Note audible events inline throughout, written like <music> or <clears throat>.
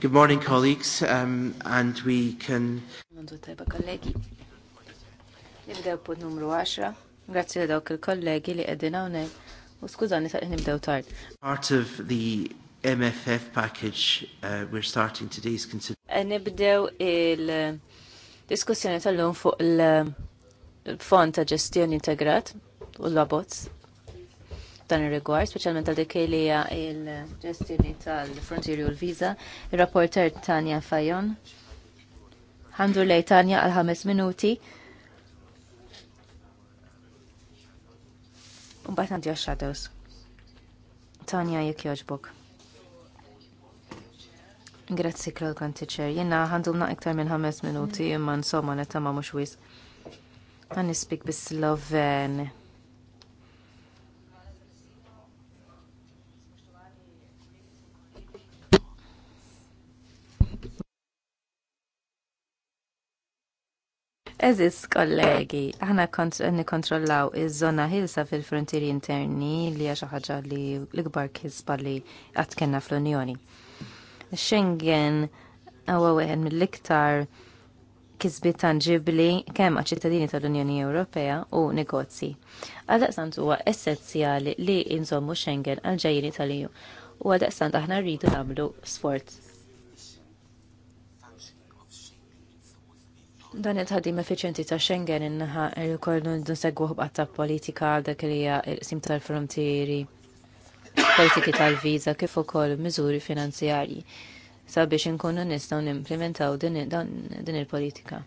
Good morning, colleagues, um, and we can... Għandu tajba kollegi. Nibdew pod numru 10. Grazzi dawk il-kollegi li għedin U skużani nibdew tard. Part of the MFF package uh, we're starting today's consideration. Eh, nibdew il-diskussjoni tal-lum fuq il-fond ta' ġestjoni integrat u l-labots dan ir-rigward, speċjalment għal dik li hija l-ġestjoni tal-frontieri u l-viża, ir-rapporter Tanja Fajon. Ħandu lej Tanja għal ħames minuti. U Mbagħad għandi shadows. Tanja jekk jogħġbok. Grazzi Claude Kantiċer. Jiena ħandulna iktar minn ħames minuti imma netta ma mhux wis. Għan nispik bis-Sloven. Eżis kollegi, aħna nikontrollaw iż-żona ħilsa fil-frontieri interni li hija xi ħaġa li l-ikbar kisba li għatkenna fl-Unjoni. Schengen huwa wieħed mill-iktar kisbi tangibli kemm għaċ-ċittadini tal-Unjoni Ewropea u negozji. Għaldaqstant huwa essenzjali li inżommu Schengen għal ġejjini tal-EU u għaldaqstant aħna rridu nagħmlu sforz Dan il ħaddim effiċenti ta' Schengen innaħa il-kollu n-segwu ta' politika għal dak li hija sim tal-frontieri, politiki tal-viza kif ukoll miżuri finanzjarji sabiex inkunu nistgħu nimplementaw din il-politika.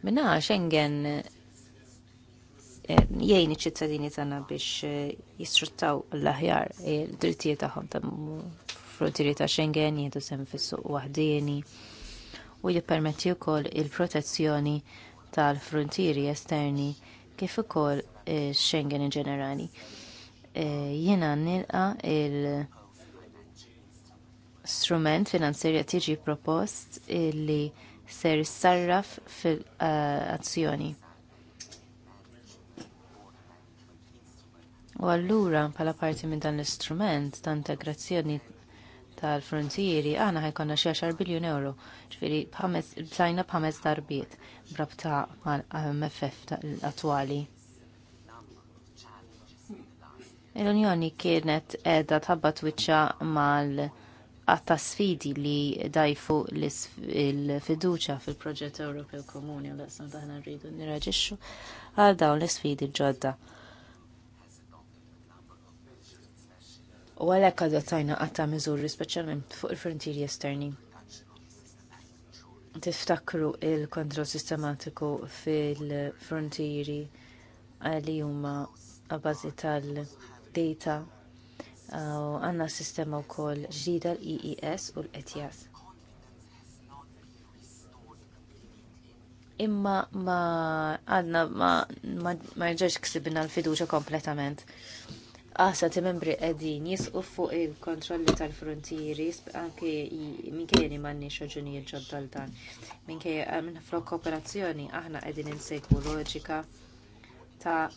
Minna Schengen eh, jgħin iċ-ċittadini tagħna biex eh, jistruttaw l-aħjar drittijiet tagħhom ta' frontieri ta' Schengen jieħdu sem fis-suq waħdieni u jippermetti wkoll il-protezzjoni tal-frontieri esterni kif ukoll Schengen in ġenerali. E, jiena nilqa il- strument finanzjarja tiġi propost li ser sarraf fil-azzjoni. U allura bħala parti minn dan l-istrument ta' integrazzjoni tal-frontieri aħna ħajkonna xi 10 biljun euro, ġifieri bħajna b'ħames darbiet brabta mal-MFF attwali. L-Unjoni kienet edha tabba twiċċa mal għatta sfidi li dajfu l-fiduċa fil-proġett Ewropew Komuni u l-qsam rridu nirraġixxu għal dawn l-sfidi ġodda. u għalhekk adottajna qatta' miżuri speċjalment fuq il-frontieri esterni. Tiftakru il-kontroll sistematiku fil-frontieri li huma għabażi tal-data u għandna sistema wkoll ġdida l IES u l-ETIAS. Imma ma għadna ma, ma, ma ksibna l-fiduċa kompletament. Għasa ah, ti membri qegħdin jisqu fuq il-kontrolli tal-frontieri, anke minkejja li m'għandniex raġunijiet ġodda għal dan. Minkejja eh, minn flok kooperazzjoni aħna qegħdin insegwu loġika ta'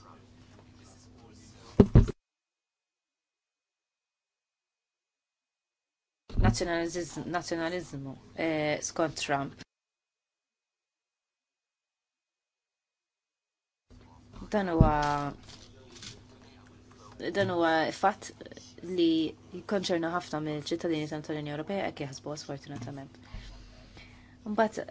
nazzjonaliżmu eh, skont Trump. Dan huwa dan huwa fatt li jikkonċerna ħafna mill ċittadini tal-Unjoni Ewropea hekk jaħsbu sfortunatament. Mbagħad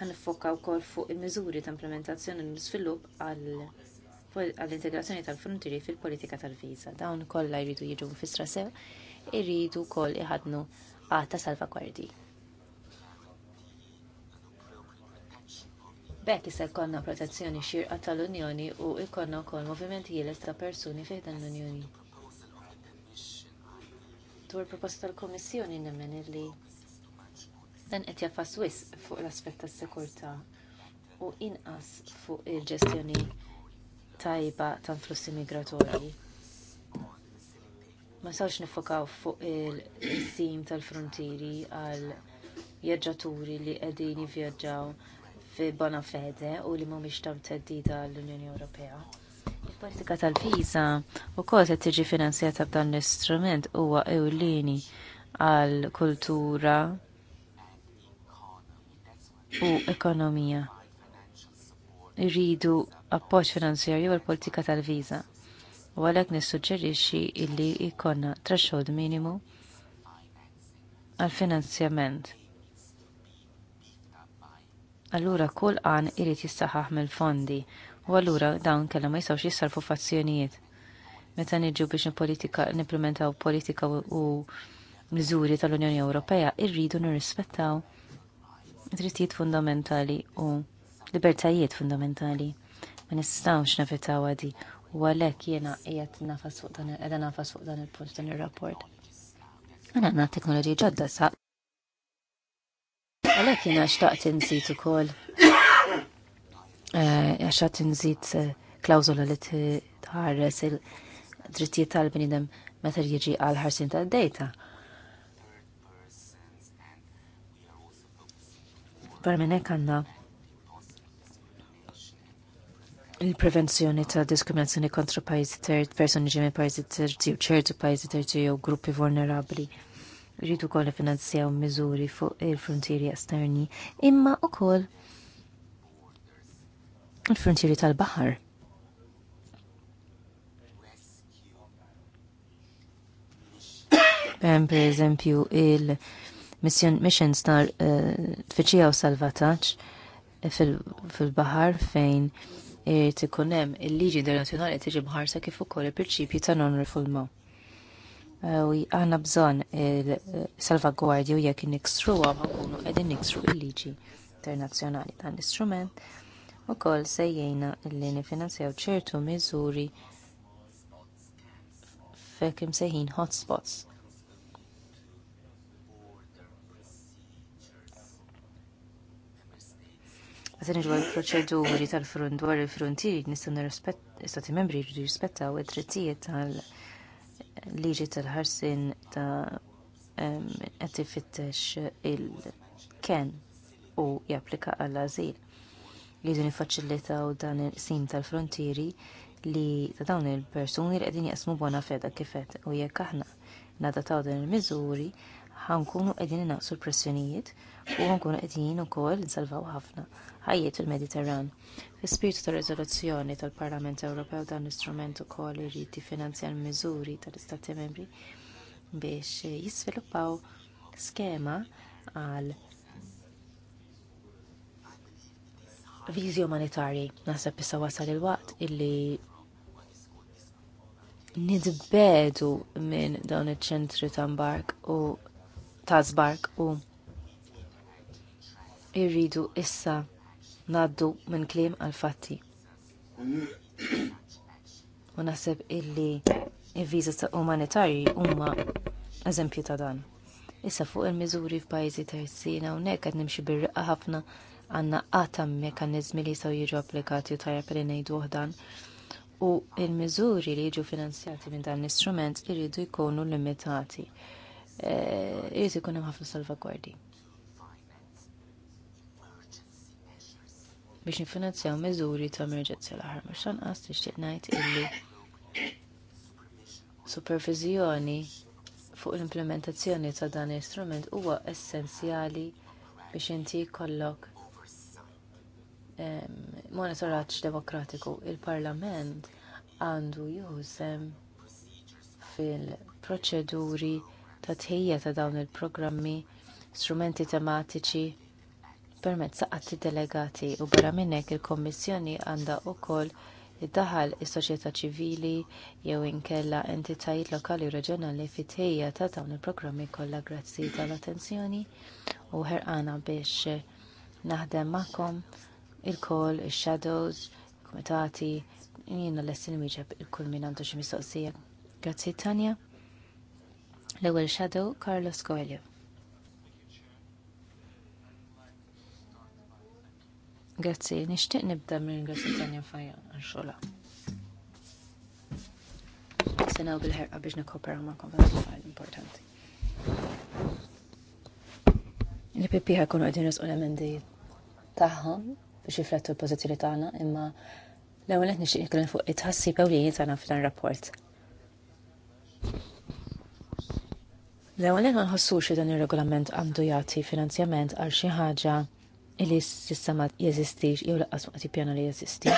ħanifoka wkoll fuq il-miżuri ta' implementazzjoni l svilupp għall-integrazzjoni tal-frontieri fil-politika tal-viża. Dawn kollha jridu jiġu fis sew, irridu wkoll iħadnu għata salvagwardji. Bekk issa jkollna protezzjoni xirqa tal-Unjoni u jkollna wkoll movimenti ħieles ta' persuni fih dan l-Unjoni. Dwar proposta tal-Kummissjoni nemmen illi dan qed jafas wisq fuq l-aspett tas sekurtà u inqas fuq il-ġestjoni tajba tal-flussi migratorji. Ma sawx nifokaw fuq il-sim tal-frontieri għal vjaġġaturi li qegħdin jivvjaġġaw bona fede u li mhumiex tam teddida l-Unjoni Ewropea. Il-politika tal-viża wkoll qed tiġi finanzjata b'dan l-istrument huwa ewlieni għal kultura u ekonomija. Irridu appoġġ finanzjarju għall politika tal-viża. U għalhekk nissuġġerixxi illi jkollna threshold minimu għal finanzjament allura kull qan irid jissaħaħ mill-fondi u allura dawn kellha ma jistgħux jissarfu fazzjonijiet. Meta niġu biex nipolitika nimplementaw politika u miżuri tal-Unjoni Ewropea irridu nirrispettaw drittijiet fundamentali u libertajiet fundamentali. Ma nistgħux navitaw għadi u għalhekk jiena qiegħed nafas fuq dan qiegħda nafas fuq dan il-punt dan ir-rapport. Għana għandna teknoloġija ġodda sa' Għalhekk jiena xtaqt inżid ukoll <coughs> eh, għaxat nżid eh, klawzola li tħares il-drittijiet tal-bnidem meta jiġi għal ħarsin tad-dejta. Barra minn hekk għandna il-prevenzjoni ta' diskriminazzjoni kontra pajzi terzi, persuni ġie minn terzi u ċertu pajzi terzi jew gruppi vulnerabbli rridu kolla finanzjaw miżuri fuq il-frontieri esterni, imma u koll il-frontieri tal-bahar. <coughs> per eżempju il-missions tal eh, tfeċija u salvataċ eh, fil-bahar fejn irrid ikun hemm il-liġi internazzjonali tiġi bħarsa kif ukoll il-prinċipji ta' non-refoulement Eh, u għanna bżon il-salvagwardju jekk nikstruwa ma kunu edin nikstru il-liġi internazzjonali dan l-istrument u kol sejjena li nifinanzjaw ċertu miżuri fekk imsejħin hotspots. Għazin ġwar proċeduri tal-front dwar il-frontier n nirrispett, istati membri jridu jispettaw id-drittijiet tal liġi tal-ħarsin ta' qed il-ken u japplika għall-azil. Jidu nifaċilitaw dan il-sim tal-frontieri li ta' dawn il-persuni li qegħdin jaqsmu bona feda kifet u jekk aħna nadataw dan il-miżuri ħankunu qegħdin innaqsu l-pressjonijiet u ħankunu qegħdin ukoll insalvaw ħafna ħajjiet fil-Mediterran. Fis-spiritu ta' riżoluzzjoni tal-Parlament Ewropew dan l-istrument ukoll irid jiffinanzja l-miżuri tal-Istati Membri biex jisviluppaw skema għal viżi umanitarji. Naħseb issa wasal il-waqt illi nidbedu minn dawn iċ-ċentri ta' mbark u ta' zbark u irridu issa naddu minn kliem għal fatti. U naħseb illi il-viza ta' umanitarji huma eżempju ta' dan. Issa fuq il-miżuri f'pajjiżi terzina hawnhekk qed nimxi bir-reqqa ħafna għandna qata mekkaniżmi li jistgħu jiġu applikati u tajjeb li ngħidu dan. U l miżuri li jiġu finanzjati minn dan l-istrument iridu jkunu limitati Eh, irrid ikun hemm ħafna salvagwardi. biex nifinanzjaw miżuri ta' emerġenzja l-aħħar mhux tanqas tixtieq ngħid illi supervizjoni fuq l-implementazzjoni ta' dan l-istrument huwa essenzjali biex inti jkollok monitorat demokratiku. Il-Parlament għandu jużem fil-proċeduri ta' tħejja ta' dawn il-programmi, strumenti tematiċi, permezz ta' atti delegati u barra minn hekk il kummissjoni għandha wkoll iddaħħal is-soċjetà ċivili jew inkella entitajiet lokali u reġjonali fit-tħejja ta' dawn il-programmi kollha grazzi tal-attenzjoni u ħerqana biex naħdem magħkom il-kol, shadows il-komitati, jiena l-essin miġab il minn għandu xi mistoqsija. Grazzi Tanja. L-ewwel shadow Carlos Coelho. Grazzi, nixtieq nibda minn grazzi Tanja Fajan Sena u bil-ħerqa biex nikkopera ma' konvenzjonali importanti. Il-PP ħakun għadin nisqu l-emendi taħħom biex jiflettu l-pozizjoni taħna imma l-ewwel qed nixtieq nitkellem fuq it-tħassib ewlieni għana f'dan rapport L-ewwel ma nħossux li dan ir-regolament għandu jagħti finanzjament għal xi ħaġa li s'issa ma jeżistix jew laqqas ma' ippjana li jeżisti.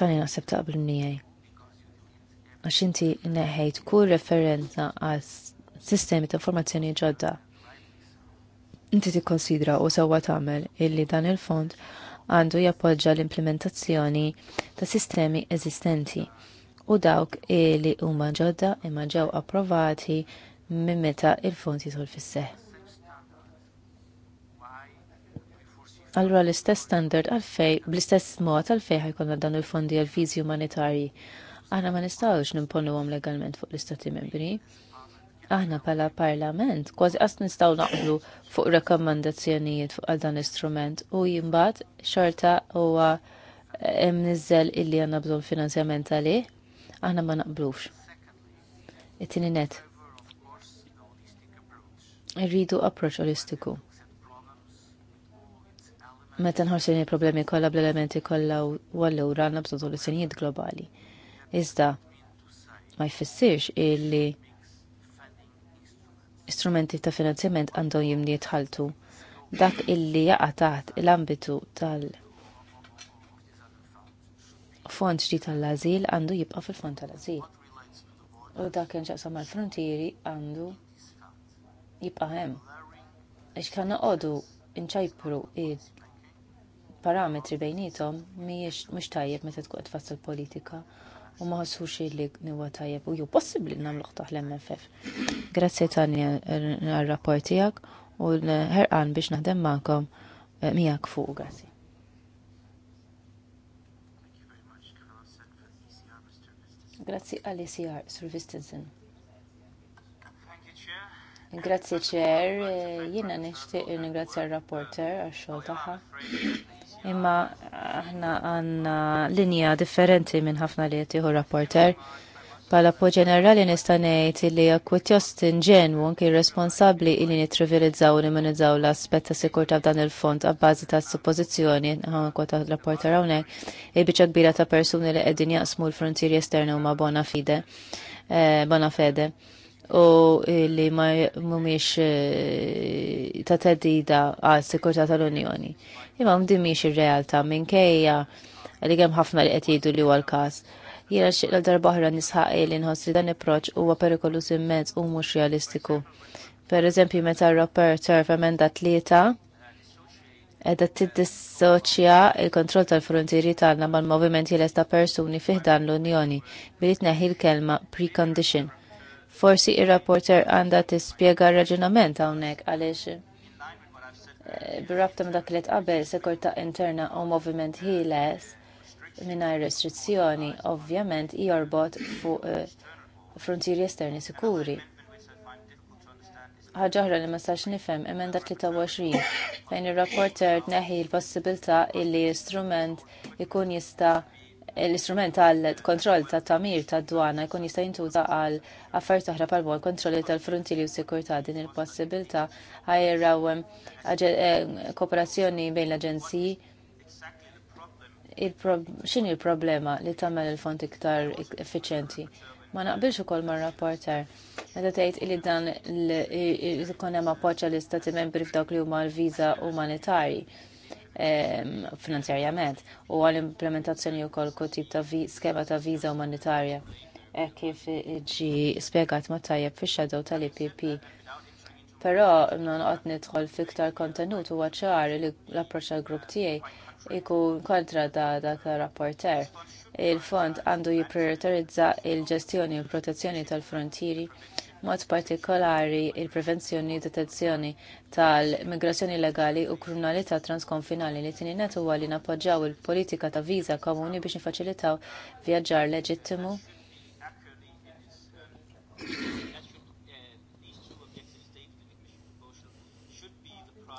Tani naħseb taqbel miegħi. Għax inti neħejt kull referenza għal sistemi ta' informazzjoni ġodda. Inti tikkonsidra u sewwa tagħmel illi dan il-fond għandu jappoġġa l-implementazzjoni ta' sistemi eżistenti u dawk li huma ġodda imma ġew approvati minn meta il-fond jidħol fis-seħ. Allura l-istess standard għalfej, bl-istess mod għalfej ħajkonna dan il-fondi għal-viżi umanitarji. Aħna ma nistgħux nimponu għom legalment fuq l-istati membri. Aħna pala parlament, kważi qas nistgħu naqblu fuq rekomandazzjonijiet fuq dan l-istrument u jimbagħad xorta huwa imniżżel eh, illi għandna bżonn finanzjament għalih aħna ma naqblux. It-tieni net. Irridu approach holistiku. Meta nħarsu il problemi kollha bl-elementi kollha u allura għandna bżonn soluzzjonijiet globali. Iżda ma jfissirx illi strumenti ta' finanzjament għandhom jimni jitħaltu dak illi jaqa' taħt l-ambitu tal- fond ġdid tal-azil għandu jibqa' fil-fond tal-azil. U dak inċaqsam mal-frontieri għandu jibqa' hemm. Għax kan noqogħdu nċajpru parametri bejnietom mhijiex mhux tajjeb meta tkun tfassal politika u ma ħassux li huwa tajjeb u jew possibbli nagħmlu ħtaħ l-MFF. Grazzi tani għal-rapport tiegħek u l-ħerqan biex naħdem magħkom eh, miegħek fuq grazzi. Grazzi għal-ICR, Sir Vistinson. Grazzi ċer, jina nishtiq ringrazzja l-rapporter għax-xogħol tagħha. Imma aħna għandna linja differenti minn ħafna li qed rapporter Pala po ġenerali nista' ngħid li kwitjost inġenwu anke responsabbli li nitrivilizzaw u nimmunizzaw l-aspett ta' sikurta f'dan il-fond għabbażi ta' suppożizzjoni ħanku ta' rapport hawnhekk il-biċċa kbira ta' persuni li qegħdin jaqsmu l-frontieri esterni huma bona fide, eh, bona fede u li ma mumiex eh, ta' teddida għal sikurtà tal-Unjoni. Imma mdimiex ir-realtà minkejja li hemm ħafna li qed jgħidu li huwa l-każ Jiena xieq l-darba oħra nisħaq li nħoss li dan approċ huwa perikolus immens u mhux realistiku. Per eżempju meta r-rapporter f'emenda tlieta edha tiddissoċja il-kontroll tal-frontieri tagħna mal moviment l ta' persuni fiħdan l-Unjoni billi tneħħi l-kelma precondition. Forsi ir-rapporter għandha tispjega r-raġunament hawnhekk għaliex eh, bir-rabta ma' dak li qabel, sekurtà interna u moviment ħieles mingħajr restrizzjoni ovvjament jorbot fuq eh, frontieri esterni sikuri. Ħaġa oħra li ma stax nifhem emenda 23 fejn ir-rapporter neħi l-possibilità li l-istrument ikun jista' l-istrument għal kontroll ta' tamir ta' dwana jkun jista' jintuża għal affarijiet oħra pal bol kontrolli tal-frontieri u sikurtà din il-possibilità ħajraw eh, kooperazzjoni bejn l-aġenziji x'inhi l-problema li tagħmel il-fond iktar e-, effiċenti. Ma naqbilx ukoll mar-rapporter. Meta tgħid li dan ikun hemm appoġġ l-istati membri f'dawk li huma l-viża umanitarji ehm, finanzjarjament u għall-implementazzjoni wkoll kull tip ta' skema ta' viża umanitarja e kif ġi spiegat ma tajjeb fi shadow tal-IPP. Però non qed nidħol fiktar kontenut u ċar li l-approċċ għall grupp tiegħi ikun kontra da dak rapporter. Il-fond għandu jiprioritizza il-ġestjoni u l-protezzjoni tal-frontieri, mod partikolari il-prevenzjoni u detenzjoni tal-migrazzjoni legali u kriminalità transkonfinali li tini netu li napoġġaw il-politika ta' viza komuni biex nifaċilitaw vjaġġar leġittimu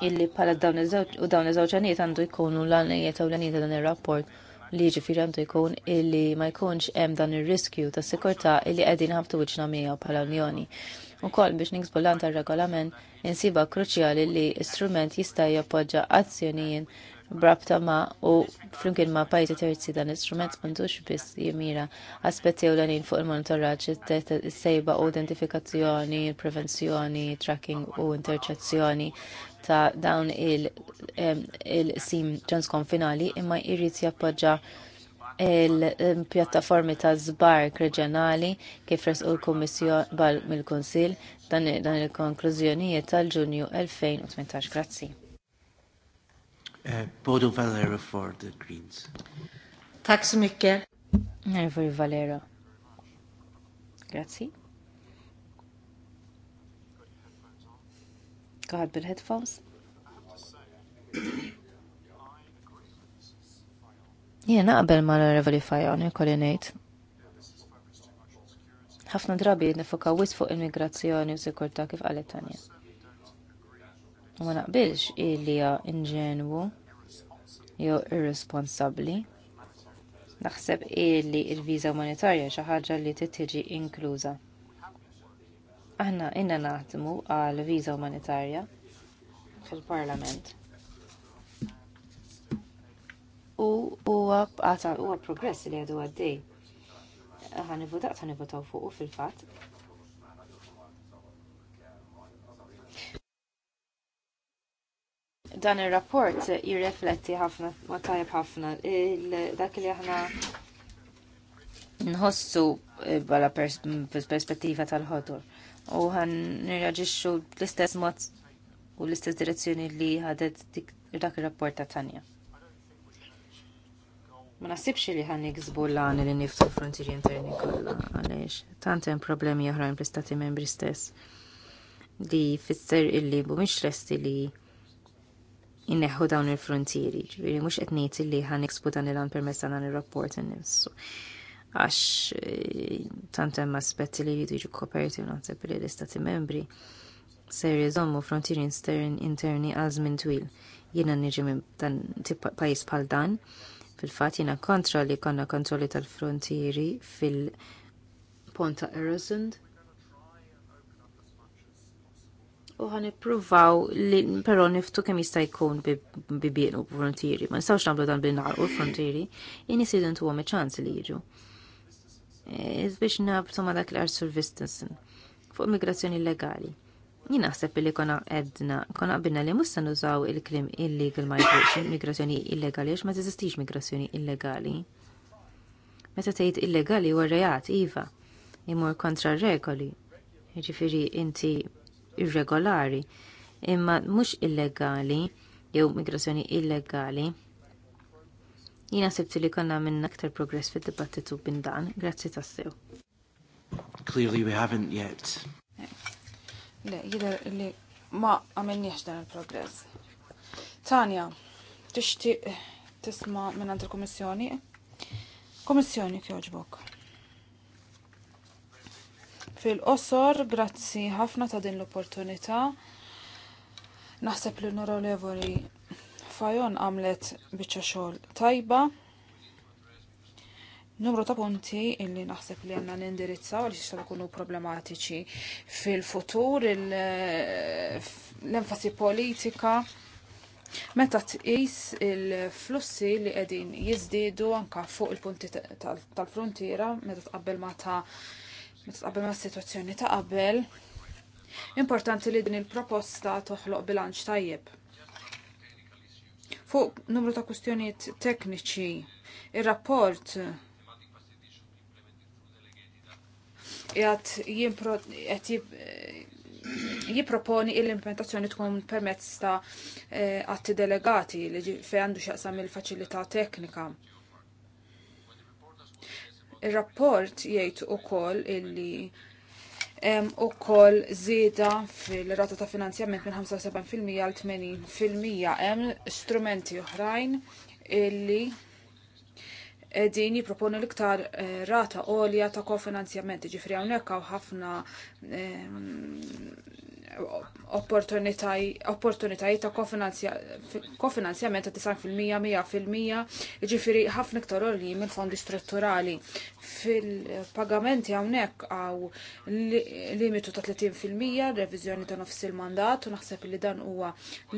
illi bħala dawn iż-żewġ u dawn iż-żewġ għandu jkunu l-għanijiet u l-għanijiet dan ir-rapport li ġifiri għandu jkun illi ma jkunx hemm dan ir-riskju ta' sikurtà illi qegħdin ħabtu wiċċna miegħu bħala Unjoni. Ukoll biex niksbu lan regolament insiba kruċjali li strument jista' jappoġġa azzjonijin brabta ma u flimkien ma pajti terzi dan l-istrument mandux biss jimira aspetti u l-għanin fuq il-monitoraċ, sejba u identifikazzjoni, prevenzjoni, tracking u interċazzjoni ta' dawn il-sim il transkonfinali imma jrid jappoġġa il-pjattaformi ta' żbark reġjonali kif resqu l-Kummissjon bal mill-Kunsill dan, dan il-konklużjonijiet tal-Ġunju 2018. Grazzi. Uh, Bodo Valero for the Greens. Tack så mycket. Nervor Valero. Grazie. tkaħad bil-headphones. Jien naqbel ma mal-Revoli Fajon, ikolli ngħid. Ħafna drabi nifuka wis fuq immigrazzjoni u sekurta kif qalet Tanja. U ma naqbilx illi inġenwu jew irresponsabli. naħseb illi il viza umanitarja xi ħaġa li tittiġi inkluża Aħna inna naħdmu għal viża umanitarja fil-Parlament. U huwa huwa progress li għadu għaddej. Ħanivvotat ħanivvotaw fuq fil-fatt. dan il-rapport jirrefletti ħafna, ma tajab ħafna, dak li aħna nħossu eh, bħala pers perspettiva tal-ħodur u għan nirraġiċu l-istess mod u l-istess direzzjoni li ħadet dak il rapporta tanja. Ma nasibx li għan nikzbu l-għan li niftu l-frontieri interni kollha għaliex tant hemm problemi oħrajn bl membri stess li fisser illi mhumiex resti li inneħħu dawn il-frontieri, ġviri mux etniti li għan nikzbu dan il-għan permessa dan il-rapport n-nifsu għax eh, tantem aspetti li jridu jiġu koperti u naħseb li l-istati membri ser jizommu frontieri interni għal żmien twil. Jiena niġi minn dan pajis bħal dan, fil-fatt jiena kontra li konna kontrolli tal-frontieri fil-Ponta Erosund. U għan ipruvaw li pero niftu kem jista' jkun bibien frontieri. Ma nistawx namlu dan bil-naqru l-frontieri, jien isidu ntuhom iċ-ċans li jiġu biex nabtu ma dak l-Arsur Vistensen fuq migrazzjoni legali. Jien naħseb li kona edna, kona qbilna li musta nużaw il-klim illegal migration, migrazzjoni illegali, għax ma teżistix migrazzjoni illegali. Meta tgħid illegali huwa reat iva, imur kontra regoli, jiġifieri inti irregolari, imma mhux illegali jew migrazzjoni illegali Jina sebti li konna minn aktar progress fid dibattitu bin dan. Grazzi tassew. Clearly we haven't yet. Le, jider li ma għamenniex dan il-progress. Tanja, tixti tisma minn għand il-Komissjoni? Komissjoni ġbok. Fil-qosor, grazzi ħafna ta' din l-opportunità. Naħseb li l-onorevoli Fajon għamlet biċċa xogħol tajba. Numru ta' punti illi naħseb li għanna nindirizza li xistaw ikunu problematiċi fil-futur, l-enfasi politika, Meta tqis il-flussi li qegħdin jiżdiedu anka fuq il-punti tal-frontiera meta tqabbel ma ta' meta tqabbel ma' situazzjoni ta' qabel, importanti li din il-proposta toħloq bilanċ tajjeb. Fuq numru ta' kustjonijiet tekniċi, il-rapport jgħat jiproponi l-implementazzjoni tkun permezz ta' eh, atti delegati li fej għandu xaqsam il-faċilità teknika. Il-rapport jgħid ukoll illi u kol zida fil-rata ta' finanzjament minn 75% għal 80% hemm strumenti oħrajn illi din jipproponu l-iktar eh, rata għolja ta' kofinanzjament, ġifri għawnek għaw ħafna eh, opportunitajiet ta' kofinanzjament ta' 90% ġifiri ħafna iktar orli minn fondi strutturali. Fil-pagamenti hawnhekk għaw limitu ta' 30% revizjoni ta' nofs il-mandat u naħseb li dan huwa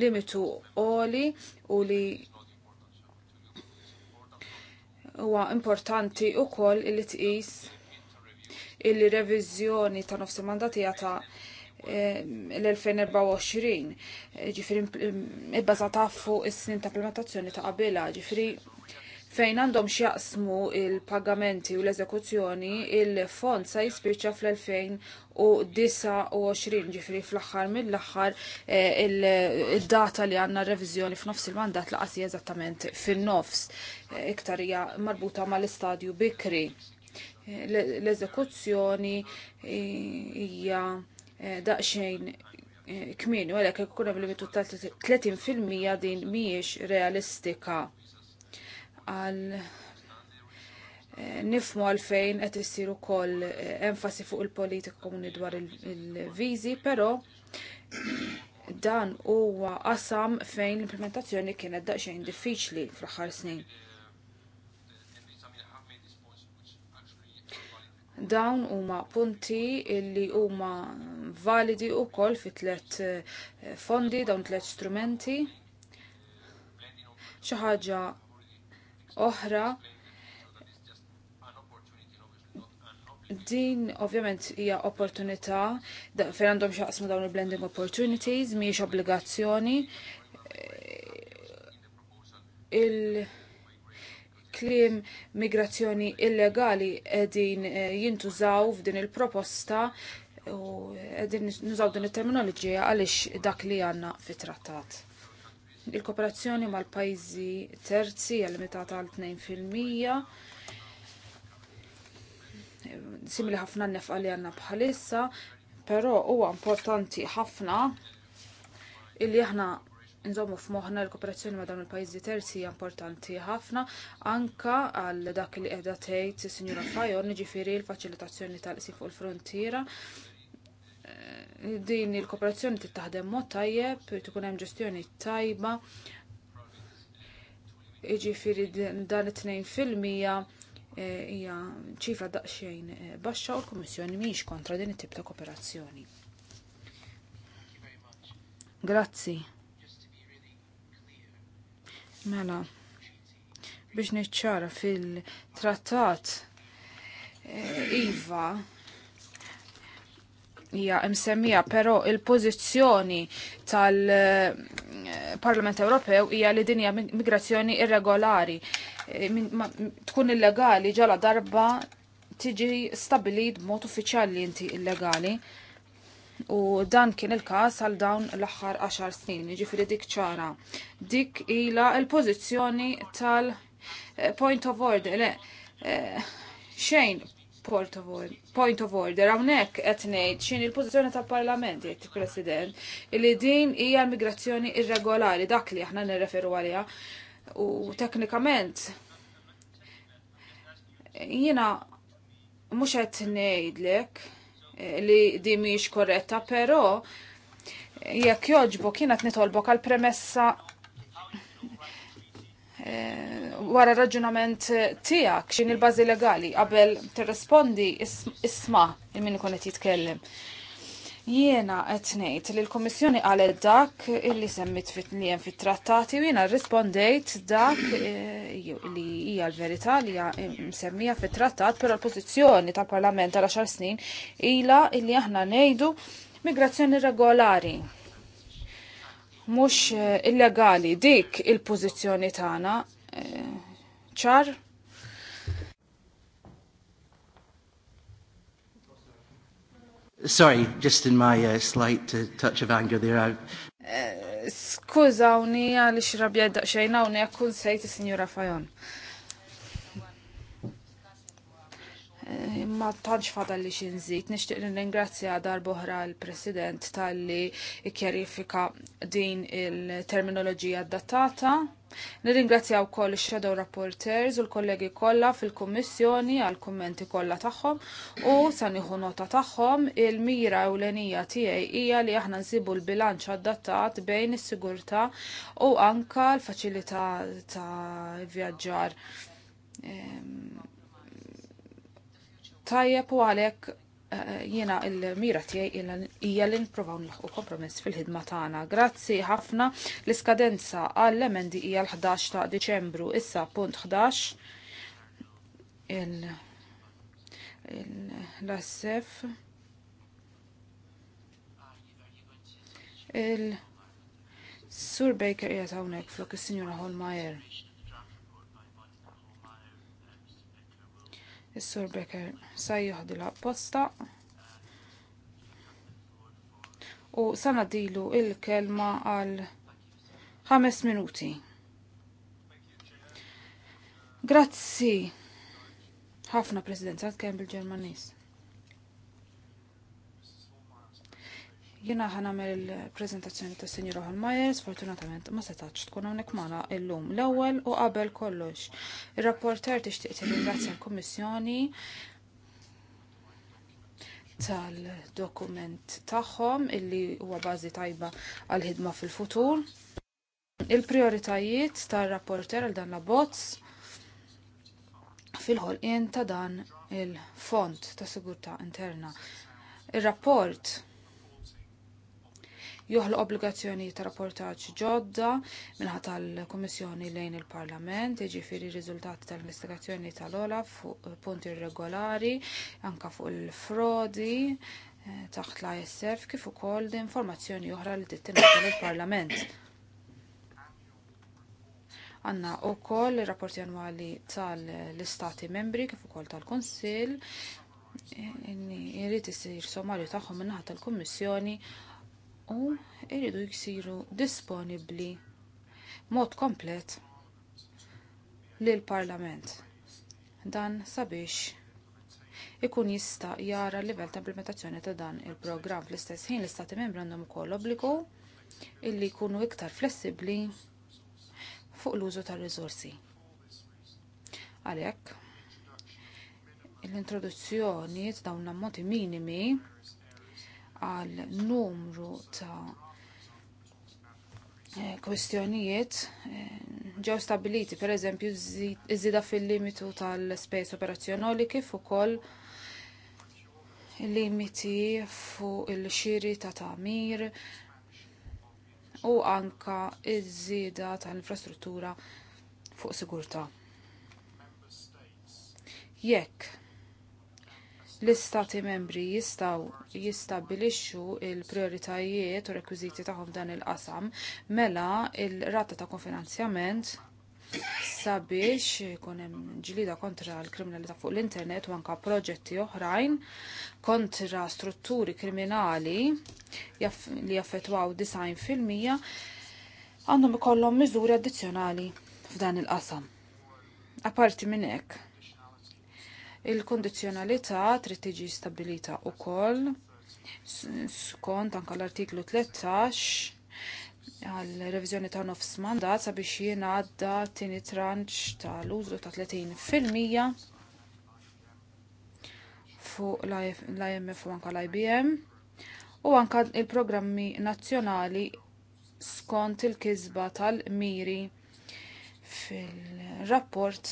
limitu oli u li huwa importanti ukoll li tqis il-reviżjoni ta' nofs il-mandat hija ta' Eh, l-2024, eh, ġifiri mm, ibbażata fuq is-snin ta' implementazzjoni ta' qabila, ġifiri fejn għandhom xjaqsmu il-pagamenti u l-eżekuzzjoni, il-fond sa jispiċċa fl-2029, ġifiri fl axar mill-axħar eh, il-data li għanna revizjoni f'nofs il-mandat laqasi eżattament fin-nofs, iktarija marbuta mal-istadju bikri. L-eżekuzzjoni hija Eh, daqxejn eh, kmin, u għalek kuna bil-limitu ta' 30% din miex realistika għal eh, nifmu għalfejn qed issiru koll enfasi fuq il-politika komuni dwar il-viżi, però dan huwa qasam fejn l-implementazzjoni kienet daqsxejn diffiċli fl-aħħar snin. Dawn huma punti illi huma validi wkoll fi tliet eh, fondi dawn tliet strumenti. Xi ħaġa oħra din ovvjament hija opportunità fejn għandhom xaqsmu dawn il-blending opportunities mhijiex obbligazzjoni il- klim migrazzjoni illegali edin eh, jintużaw f'din il-proposta u edin nużaw din il-terminoloġija għalix dak li għanna fit-trattat. Il-kooperazzjoni mal-pajzi terzi għal-limitata għal 2%, simili ħafna nefqa li għanna bħalissa, pero huwa importanti ħafna illi aħna nżommu f'moħħna l-kooperazzjoni ma' dawn il-pajjiżi terzi hija importanti ħafna anka għal dak li qiegħda tgħid is-Sinjura Fajon jiġifieri l-faċilitazzjoni tal-qsi fuq il-frontiera. Eh, din il-kooperazzjoni tittaħdem mod tajjeb, tkun hemm ġestjoni tajba. Jiġifieri dan it-tnejn fil-mija eh, hija ċifra daqsxejn eh, baxxa u l-Kummissjoni mhijiex kontra din it-tip ta' kooperazzjoni. Grazzi. Mela, biex niċċara fil-trattat eh, Iva hija msemmija, però il-pożizzjoni tal-Parlament Ewropew hija li dinja migrazzjoni irregolari eh, tkun illegali ġala darba tiġi stabilit b'mod uffiċjali inti illegali. U dan kien il-każ għal dawn l-aħħar 10 snin, ġifiri dik ċara. Dik ila l-pożizzjoni tal-point eh, of order, le, eh, xejn point of order, point of order, għawnek etnejt xejn il-pozizjoni tal-parlament, jgħet president illi din hija migrazzjoni irregolari, dak li aħna nirreferu għalija, u teknikament, jina mux etnejt lek, li di miex korretta, pero jekk joġbu kienet nitolbok għal premessa e, wara raġunament tijak xin il-bazi legali qabel tirrispondi isma il-min ikun qed jitkellem. Jiena qed ngħid li l-Kummissjoni qalet dak illi semmit li fit-trattati u jiena rrispondejt dak eh, li hija l-verità li hija msemmija fit-trattat, però l-pożizzjoni tal-Parlament għal xar snin ilha illi aħna ngħidu migrazzjoni regolari mhux eh, illegali dik il-pożizzjoni tagħna eh, ċar Sorry, just in my uh, slight uh, touch of anger there. Uh, I... Eh, skużawni għaliex rabja daqxejn hawnhekk kun sejt signora sinjura Fajon. Uh, Ma tantx fadal li xinżit, nixtieq ringrazzja darboħra l-President tal-li ikkjarifika din il-terminoloġija datata. Nirringrazzja wkoll koll shadow rapporters u l-kollegi kollha fil-Kummissjoni għal kummenti kollha tagħhom u sa nieħu nota tagħhom il-mira ewlenija tiegħi hija li aħna nsibu l-bilanċ adattat bejn is-sigurtà u anka l-faċilità ta' vjaġġar tajjeb u għalhekk eh, jiena il-mira tiegħi hija li nippruvaw nilħqu kompromess fil-ħidma tagħna. Grazzi ħafna l-iskadenza għall-emendi hija l-11 ta' Diċembru issa punt 11 il l il Sur Baker jgħat hawnhekk flok is-Sinjura Holmajer. Is-Sur Becker sa l posta u sana dilu il-kelma għal ħames minuti. Grazzi ħafna presidenza kemm bil Jena ħana il prezentazzjoni ta' Senjur Holmajer, fortunatament ma setax tkun hawnhekk magħna illum l-ewwel u qabel kollox. Ir-rapporter tixtieq tirringrazzja l-Kummissjoni tal-dokument tagħhom illi huwa bażi tajba għal ħidma fil-futur. Il-prioritajiet tar-rapporter għal dan l-abbozz fil-ħolqien ta' dan il-font ta' sigurtà interna. Ir-rapport il joħloq obbligazzjoni ta' rapportaġġ ġodda minħa tal-Kummissjoni lejn il-Parlament, jiġifieri riżultati tal-investigazzjoni tal-Olaf fuq punti irregolari, anka fuq il-frodi eh, taħt l-ISF kif ukoll informazzjoni oħra li tittinata lill-Parlament. Għanna u koll rapporti annwali tal-istati membri kif ukoll tal-Konsil, irrid isir sommarju tagħhom minnaħa tal-Kummissjoni u irridu jsiru disponibbli mod komplet lil parlament dan sabiex ikun jista' jara l-livell ta' implementazzjoni ta' dan il-programm fl-istess ħin l-istati membri għandhom ukoll obbligu illi jkunu iktar flessibbli fuq l-użu tar-riżorsi. Għalhekk l-introduzzjoni ta' dawn l-ammonti minimi għal numru ta' eh, kwestjonijiet eh, ġew stabiliti per eżempju iżida fil-limitu tal spejs operazzjonali kif ukoll limiti fuq il-xiri ta' tamir u anka iż-żieda tal-infrastruttura fuq sigurtà. Jekk l-istati membri jistaw jistabilixxu il-prioritajiet u rekwiżiti tagħhom dan il-qasam mela il-rata ta' kofinanzjament sabiex ikun hemm ġlida kontra l-kriminalità fuq l-internet u anka proġetti oħrajn kontra strutturi kriminali li jaffetwaw 90% għandhom ikollhom miżuri addizzjonali f'dan il-qasam. Aparti minn hekk, Il-kondizjonalità trid tiġi stabilita wkoll skont anke l-artiklu 13 għal reviżjoni ta' nofs mandat sabiex jingħadda tieni tranċ tal-użu ta' 30 fil-mija fuq l-IMF u anka l-IBM u anke il-programmi nazzjonali skont il-kizba tal-miri fil-rapport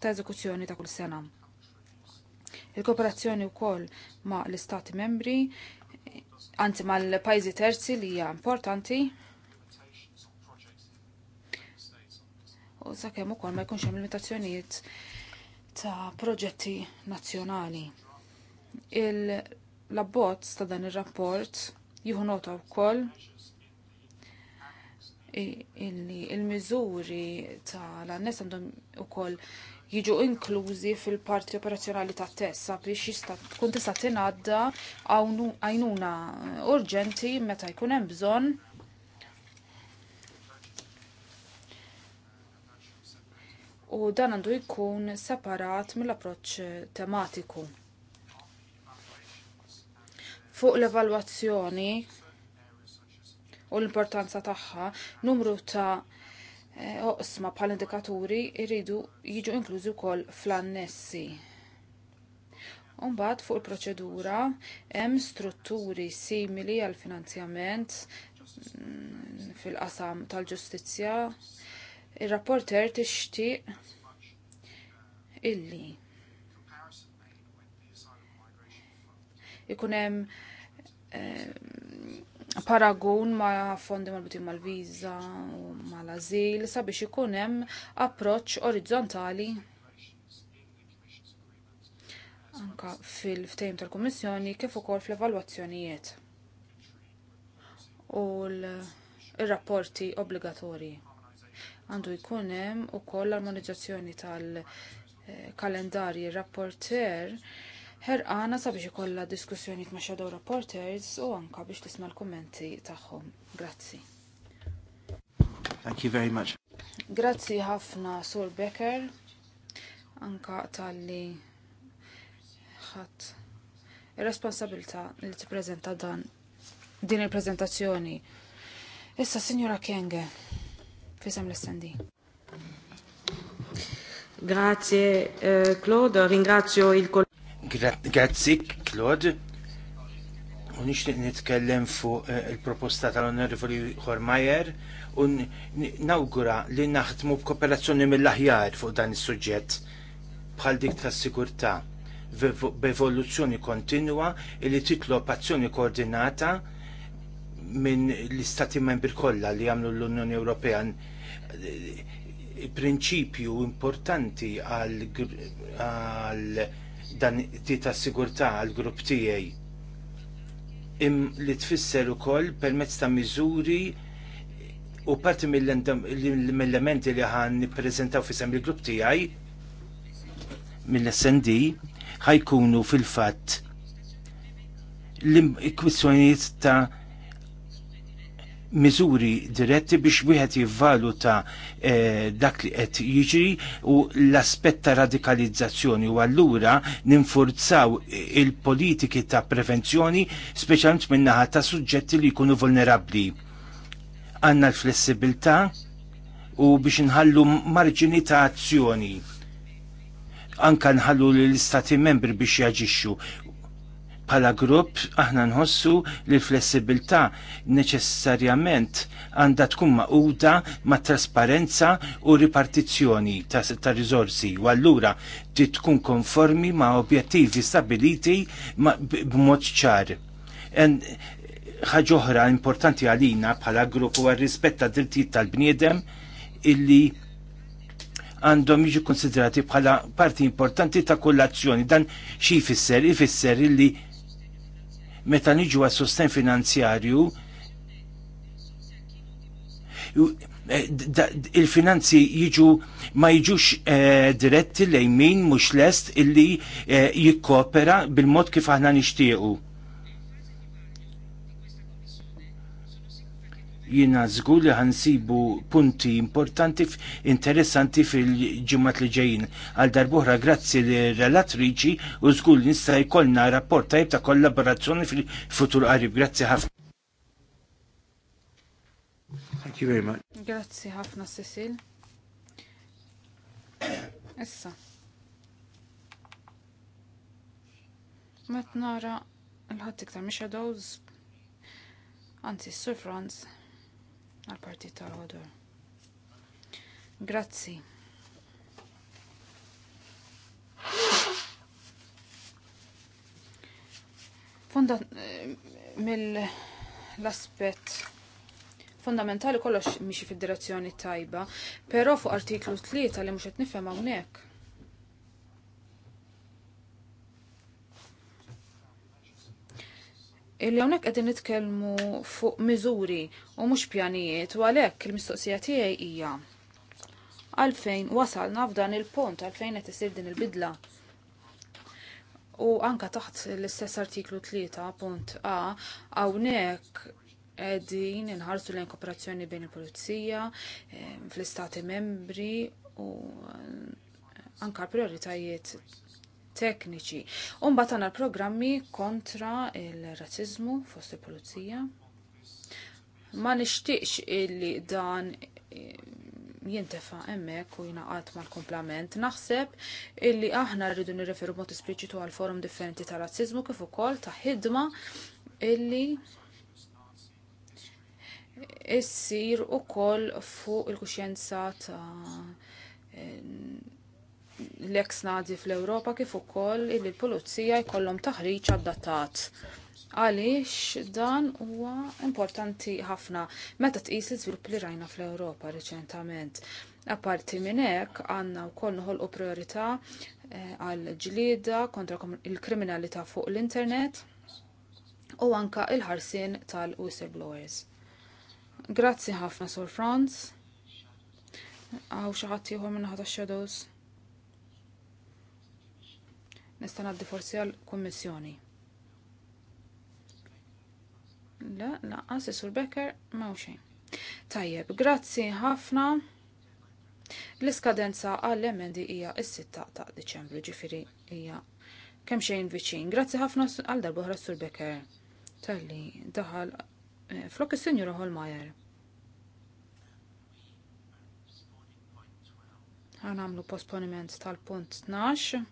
ta' eżekuzzjoni ta' kull sena. Il-kooperazzjoni wkoll ma' l-Istati membri, anzi mal-pajzi terzi li hija importanti, u sakemm ukoll ma jkunx hemm limitazzjonijiet ta' proġetti nazzjonali. il labbot ta' dan ir-rapport jieħu nota wkoll illi il-miżuri tal-annes għandhom ukoll jiġu inklużi fil-parti operazzjonali ta' tessa biex jista' tkun tista' tingħadda għajnuna urġenti meta jkun hemm bżonn. U dan għandu jkun separat mill-approċċ tematiku. Fuq l-evalwazzjoni u l-importanza tagħha, numru ta' Eh, oqsma bħal indikaturi jridu jiġu inklużi wkoll fl-annessi. Umbagħad fuq il-proċedura hemm strutturi simili għal finanzjament mm, fil-qasam tal-ġustizzja. Ir-rapporter tixtieq illi ikun hemm eh, paragun ma' fondi marbutin mal-viza u mal-azil sabiex ikun hemm approċċ orizzontali anka fil-ftejm tal-Kummissjoni kif ukoll fl-evalwazzjonijiet u l-rapporti obbligatorji. Għandu jkun hemm ukoll l-armonizzazzjoni tal-kalendarji rapporter ħerqana sabiex ikollha diskussjonijiet ma' shadow reporters u anka biex tisma' l-kummenti tagħhom. Grazzi. Thank you very much. Grazzi ħafna Sur Becker anka tal-li ħadd ir-responsabilità li tippreżenta dan din il-preżentazzjoni. Issa Signora Kenge, fisem l-istendi. Grazie eh, Claude, ringrazio il collega. Grazzi, Claude. U nixtieq nitkellem fuq eh, il-proposta tal-Onorevoli Hormajer u nawgura li naħdmu b'kooperazzjoni mill-aħjar fuq dan is-suġġett bħal dik tas-sigurtà b'evoluzzjoni kontinwa li titlob azzjoni koordinata minn l-istati membri kollha li jagħmlu l-Unjoni Ewropea prinċipju importanti għal dan di ta' sigurtà għal grupp tiegħi. Im li tfisser ukoll permezz ta' miżuri u parti mill-elementi li ħan nippreżentaw fi il-grupp tiegħi mill-SND ħajkunu fil-fatt l-kwistjonijiet ta' miżuri diretti biex wieħed jivvaluta eh, dak li qed jiġri u l-aspett ta' radikalizzazzjoni u allura ninfurzaw il-politiki ta' prevenzjoni speċjalment min-naħa ta' suġġetti li jkunu vulnerabbli. Għandna l-flessibilità u biex nħallu marġini ta' azzjoni anka nħallu l-istati membri biex jaġixxu Pala grupp aħna nħossu li flessibilità neċessarjament għandha tkun maquda ma' trasparenza u ripartizzjoni ta', ta riżorsi u allura ti tkun konformi ma' objettivi stabiliti b'mod ċar. Ħaġoħra importanti għalina bħala grupp u għal-rispetta drittijiet tal-bniedem illi għandhom jiġu konsiderati bħala parti importanti ta' kull azzjoni. Dan xi jfisser? Ifisser illi meta niġu għas sosten finanzjarju eh, il-finanzi jiġu ma jiġux eh, diretti lejn min mhux lest illi eh, jikkopera bil-mod kif aħna nixtiequ. jina zgur li ħansibu punti importanti interessanti fil-ġimmat li ġejjin. Għal darbuħra grazzi li relatriċi u zgur li nista' jkollna rapport tajb ta' kollaborazzjoni fil-futur qarib. Grazzi ħafna. Thank you very much. Grazzi ħafna Cecil. Issa. Met nara l-ħadd iktar miex Anzi, Sur Franz, għal-partit tal-ħodur. Grazzi. Fonda mill-aspet fondamentali kollox miexi fid-direzzjoni tajba, pero fuq artiklu 3 li mhux qed nifhem hawnhekk. illi hawnhekk qegħdin nitkellmu fuq miżuri u mhux pjanijiet u għalhekk il-mistoqsija tiegħi hija għalfejn wasalna f'dan il-pont għalfejn qed isir din il-bidla. U anka taħt l-istess artiklu 3 punt A hawnhekk qegħdin inħarsu lejn kooperazzjoni bejn il-Pulizija eh, fl-Istati Membri u anka prioritajiet tekniċi. Umbat għana l-programmi kontra il-razzizmu fost il-polizija. Ma nishtiqx illi dan eh, jintefa emmek u ma mal-komplament. Naħseb illi aħna rridu nirreferu mod ispliċitu għal forum differenti ta' razzizmu kif ukoll ta' ħidma illi issir ukoll fuq il-kuxjenza ta' l-eks nazi fl-Ewropa kif ukoll li l-pulizija jkollhom taħriġ adattat. Għaliex dan huwa importanti ħafna meta tqis iżvilupp li rajna fl-Ewropa riċentament. Apparti minn hekk għandna wkoll noħolqu priorità eh, għal ġlieda kontra il-kriminalità fuq l-internet u anka il-ħarsien tal-whistleblowers. Grazzi ħafna Sur Franz. Għaw xaħat jħor minna ħata shadows. Nista' ngħaddi forsi għal kummissjoni. La la, is-Sur Becker ma' xejn. Tajjeb, grazzi ħafna. L-iskadenza għall-emendi hija is sitta ta' Deċembru, ġifieri hija kemm xejn viċin. Grazzi ħafna għal darba Sur Becker. Talli daħal eh, flok is-Sinjur Holmajer. Għan għamlu posponiment tal-punt 12.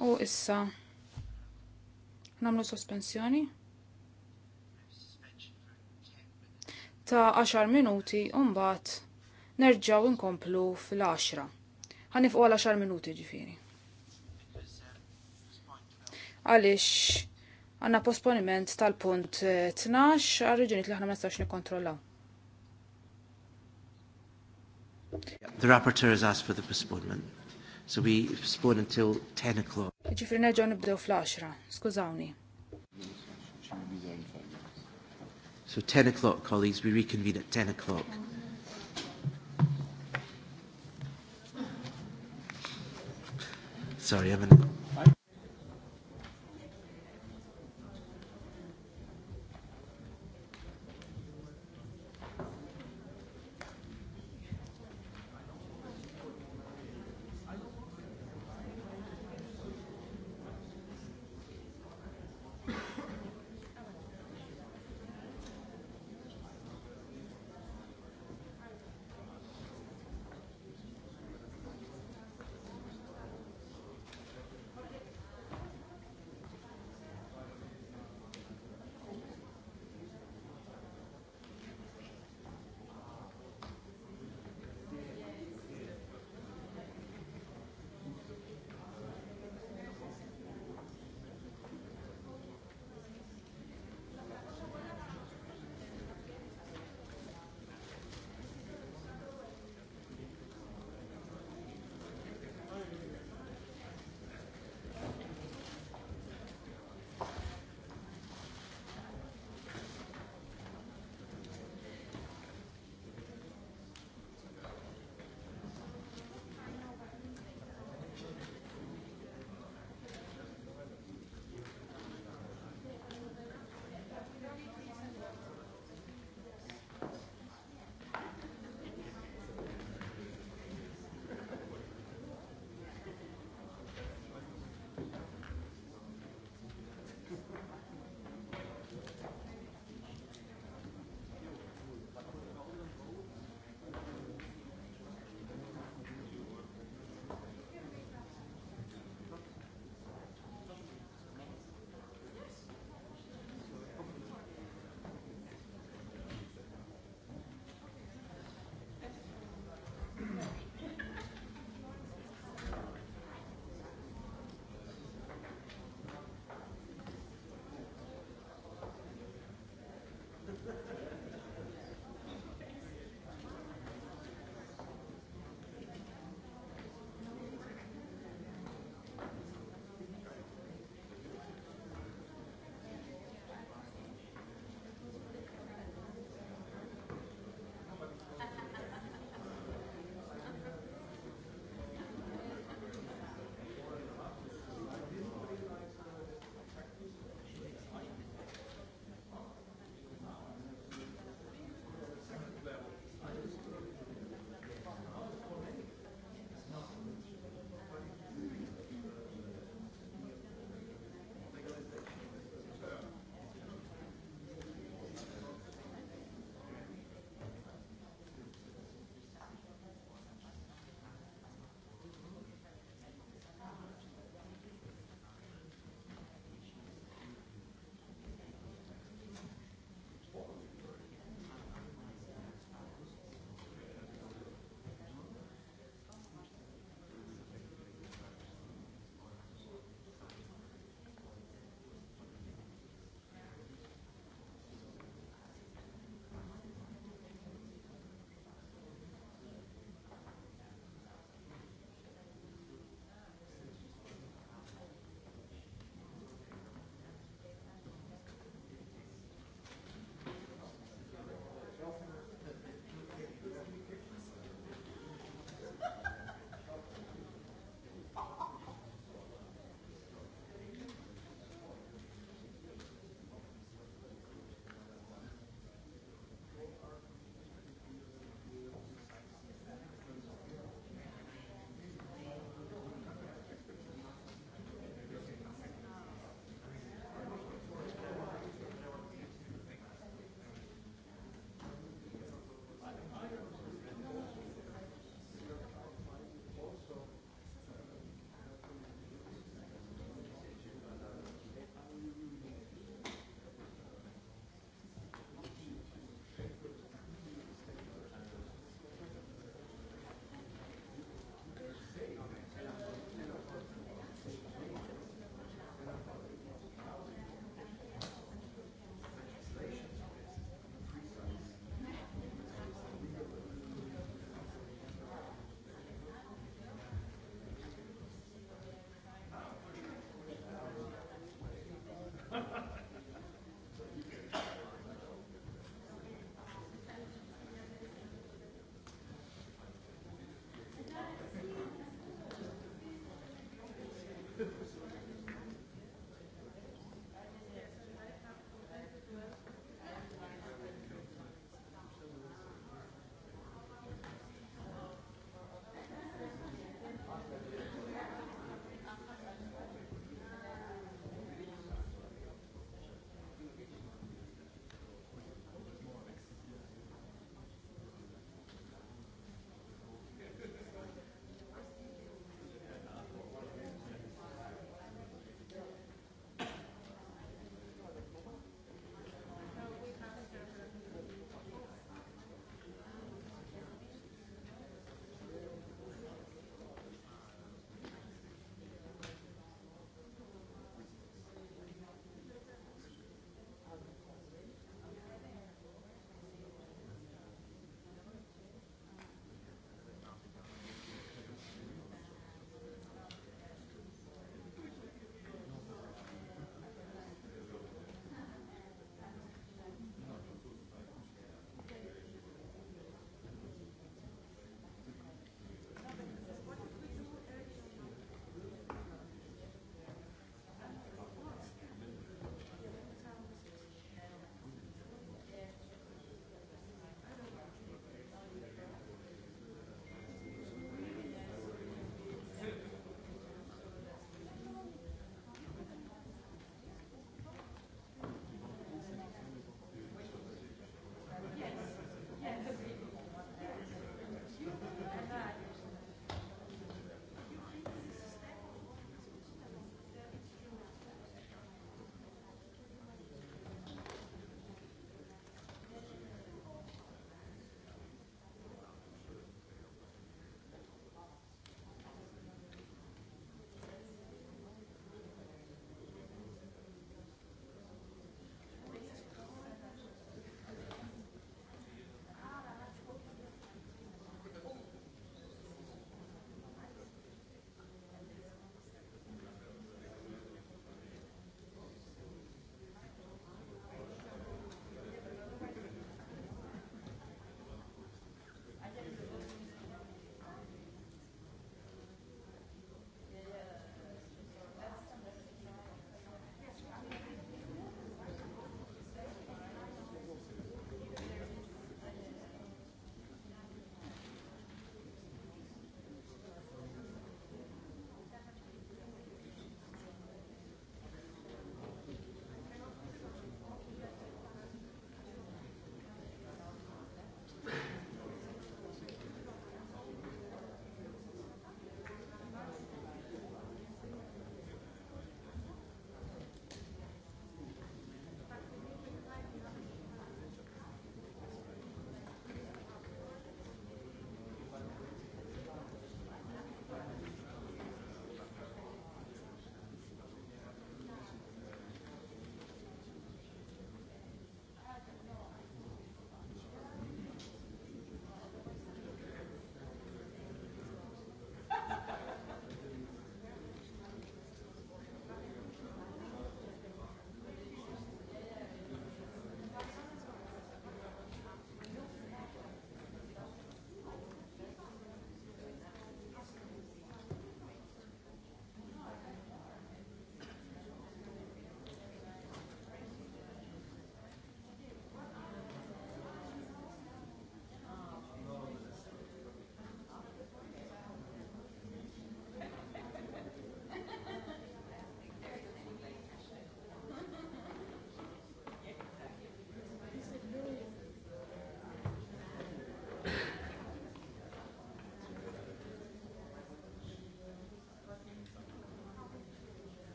U issa namlu sospensjoni ta' 10 minuti u nerġa'w inkomplu nkomplu fil-10. Ħanifqu għal 10 minuti ġifiri. Għaliex għanna posponiment tal-punt 12 eh, għarriġinit li ħna ma nistax nikontrollaw. The rapporteur has asked for the postponement. So we spun until 10 o'clock. Ġifri neġo nibdew fl-10, skużawni. So 10 o'clock, colleagues, we reconvene at 10 o'clock. Sorry, I'm in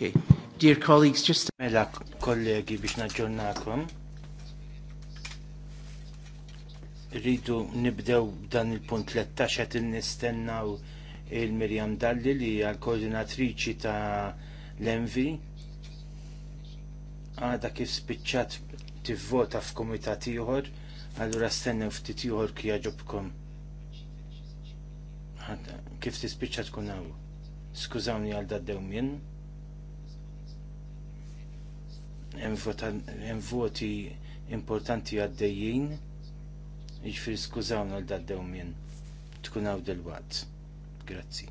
Okay. Dear colleagues, just mela kollegi biex naġġornakom. Rridu nibdew dan il-punt 13 qed nistennaw il-Mirjam Dalli li għal koordinatriċi ta' l-Envi. Għada kif spiċċat tivvota f'komitat ieħor, allura stennew ftit ieħor kif jaġobkom. Kif tispiċċa tkun hawn? Skużawni għal minn. voti importanti għaddejjin, jiġifieri skużawna l-daddew minn tkun hawn del Grazzi.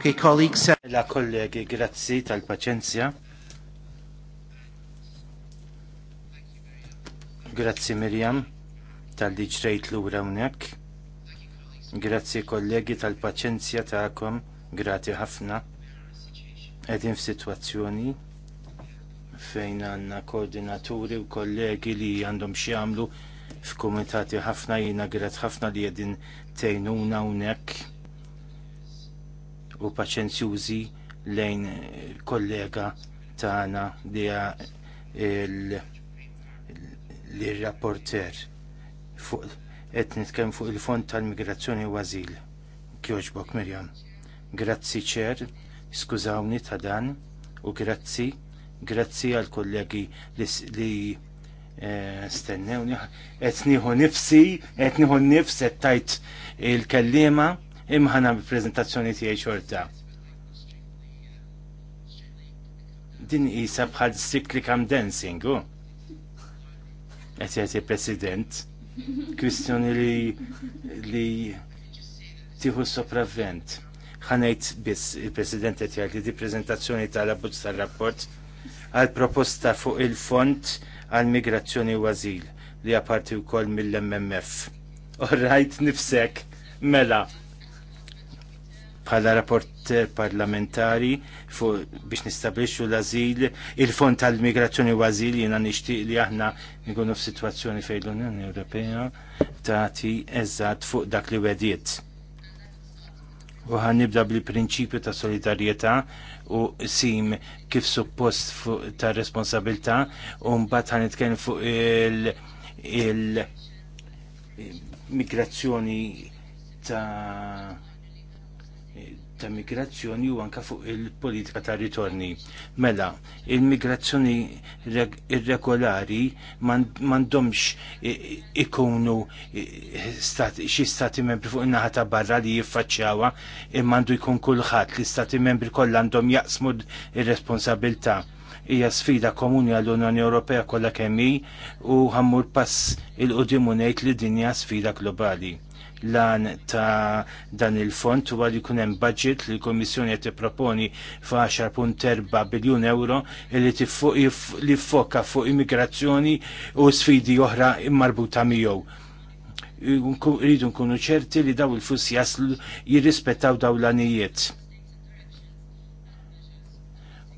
Okay, colleagues. Uh, La kollegi, grazzi tal-paċenzja. Grazzi Miriam tal-diġrejt l-ura unek. Grazzi kollegi tal-paċenzja ta'kom, grati ħafna. Edin f-situazzjoni fejn għanna koordinaturi u kollegi li għandhom xiamlu f'kumitati ħafna jina grat ħafna li jedin tejnuna unek u paċenzjużi lejn kollega tagħna li l-rapporter fuq qed kem fuq il-Fond tal-Migrazzjoni u għazil Kjoġbok Mirjam. Grazzi ċer, skużawni ta' dan u grazzi, grazzi għal kollegi li eh, stennewni, etniħu nifsi, etniħu nifs tajt il-kellima imħana prezentazzjoni tiegħi xorta. Din isa bħal cyclical dancing, u? Qed jagħti President, kwistjoni li li tieħu sopravvent. Ħanejt biss il-President qed jgħid li di preżentazzjoni tal-abbozz tar-rapport għal proposta fuq il-font għal migrazzjoni u għazil li għaparti u koll mill-MMF. Orrajt nifsek, mela, bħala rapporter parlamentari biex nistabliċu l-azil, il-fond tal-migrazzjoni u azil jina nishtiq li aħna nikunu f-situazzjoni fej l-Unjoni Ewropea tagħti eżatt fuq dak li wediet. U ħan nibda bil-prinċipju ta' solidarieta u sim kif suppost fuq ta' responsabilta u mbagħad ħan fuq il-, il migrazzjoni ta' ta' migrazzjoni u anka fuq il-politika ta' ritorni. Mela, il-migrazzjoni irregolari mandomx ikunu xi stati membri fuq in-naħa ta' barra li jiffaċċjawha imma mandu jkun kulħadd li stati membri kollha għandhom jaqsmu ir-responsabilità hija sfida komuni għall-Unjoni Ewropea kollha kemm u ħammur pass il-qudiem ngħid li dinja sfida globali lan ta' dan il-fond huwa li jkun hemm budget li l-Kummissjoni qed tipproponi 10.4 biljun euro li li foka fuq immigrazzjoni u sfidi oħra marbuta miegħu. Rridu nkunu ċerti li daw il-fus jaslu jirrispettaw daw l-anijiet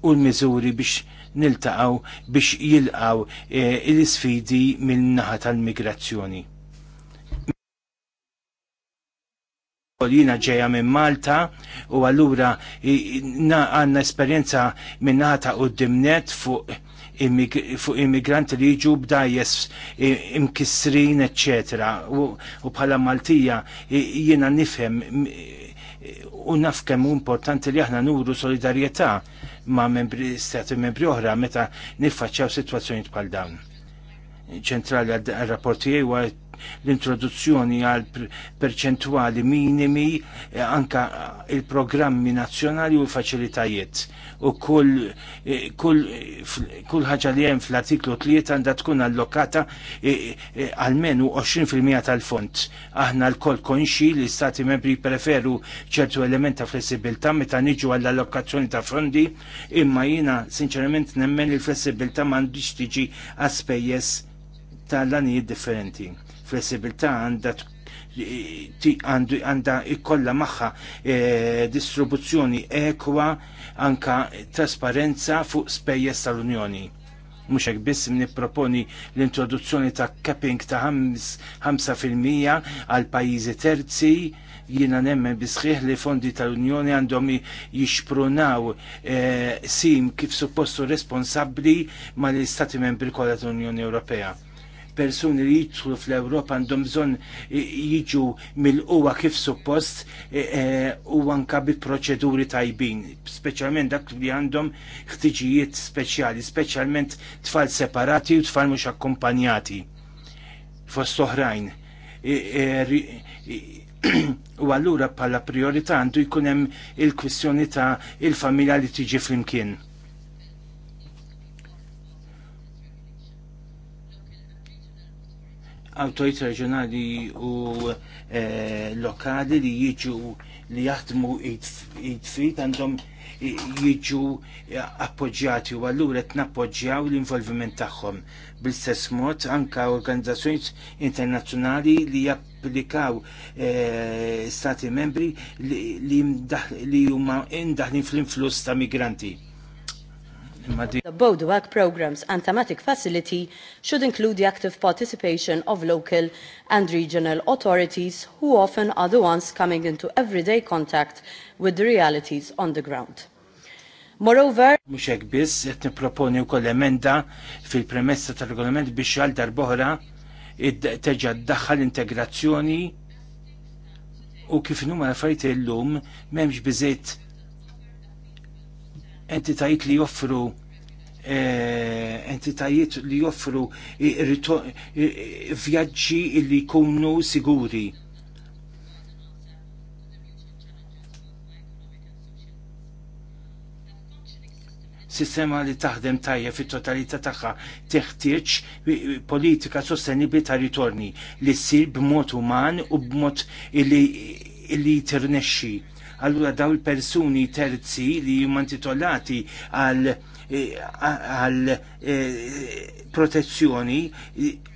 u l-mizuri biex niltaqaw biex jilqaw eh, l-isfidi mill-naħa tal-migrazzjoni. jina ġeja minn Malta u għallura għanna esperienza minnata u dimnet fuq fuq immigranti li jiġu b'dajjes imkissrin, etc. U bħala Maltija jiena nifhem u naf kemm importanti li aħna nuru solidarjetà ma' membri stati membri oħra meta niffaċċjaw sitwazzjonijiet bħal dawn. Ċentrali għal rapporti huwa l-introduzzjoni għal perċentwali minimi eh, anka il-programmi nazzjonali u l-faċilitajiet. U kull eh, kull eh, kull ħaġa li hemm fl-artiklu 3 għandha tkun allokata għalmenu 20% tal-fond. Aħna l kol konxi li stati membri preferu ċertu elementa ta' flessibilità meta niġu għall-allokazzjoni ta' fondi, imma jiena sinċerament nemmen il-flessibilità m'għandix tiġi għaspejjes tal-lanijiet differenti flessibilità għandha għanda ikkolla maħħa e, eh, distribuzzjoni ekwa anka trasparenza fuq spejjeż tal-Unjoni. Mhux hekk biss nipproponi l-introduzzjoni ta' capping ta' 5% għal pajjiżi terzi jiena nemmen bisħiħ li fondi tal-Unjoni għandhom jixprunaw e, sim kif supposto responsabbli mal istati membri kollha tal-Unjoni Ewropea persuni li jidħlu fl-Ewropa għandhom bżonn e, jiġu mill-qwa kif suppost e, e, u anka bi proċeduri tajbin, speċjalment dak li għandhom ħtiġijiet speċjali, speċjalment tfal separati u tfal mhux akkumpanjati fost oħrajn. <clears throat> U allura bħala priorità għandu jkun hemm il-kwistjoni ta' il-familja li tiġi flimkien awtorit reġjonali u eh, lokali li jiġu li jaħdmu id-fit għandhom jiġu appoġġjati u allura qed nappoġġjaw l-involviment tagħhom. Bl-istess mod anka organizzazzjonijiet internazzjonali li japplikaw eh, stati membri li huma indaħlin fl-influss ta' migranti The Bodu Program's and thematic facility should include the active participation of local and regional authorities who often are the ones coming into everyday contact with the realities on the ground. Moreover, mhux hekk biss qed nipproponi wkoll emenda fil-premessa tal-regolament biex għal darb'oħra teġa ddaħħal integrazzjoni u kif numa l-affarijiet illum m'hemmx biżejt entitajiet li joffru eh, entitajiet li joffru eh, eh, vjaġġi li jkunu siguri. Sistema li taħdem tajja fit-totalità tagħha teħtieġ politika sostenibbli ta' ritorni li ssir b'mod uman u b'mod illi, tirnexxi allura daw il-persuni terzi li huma intitolati għal eh, għal eh, protezzjoni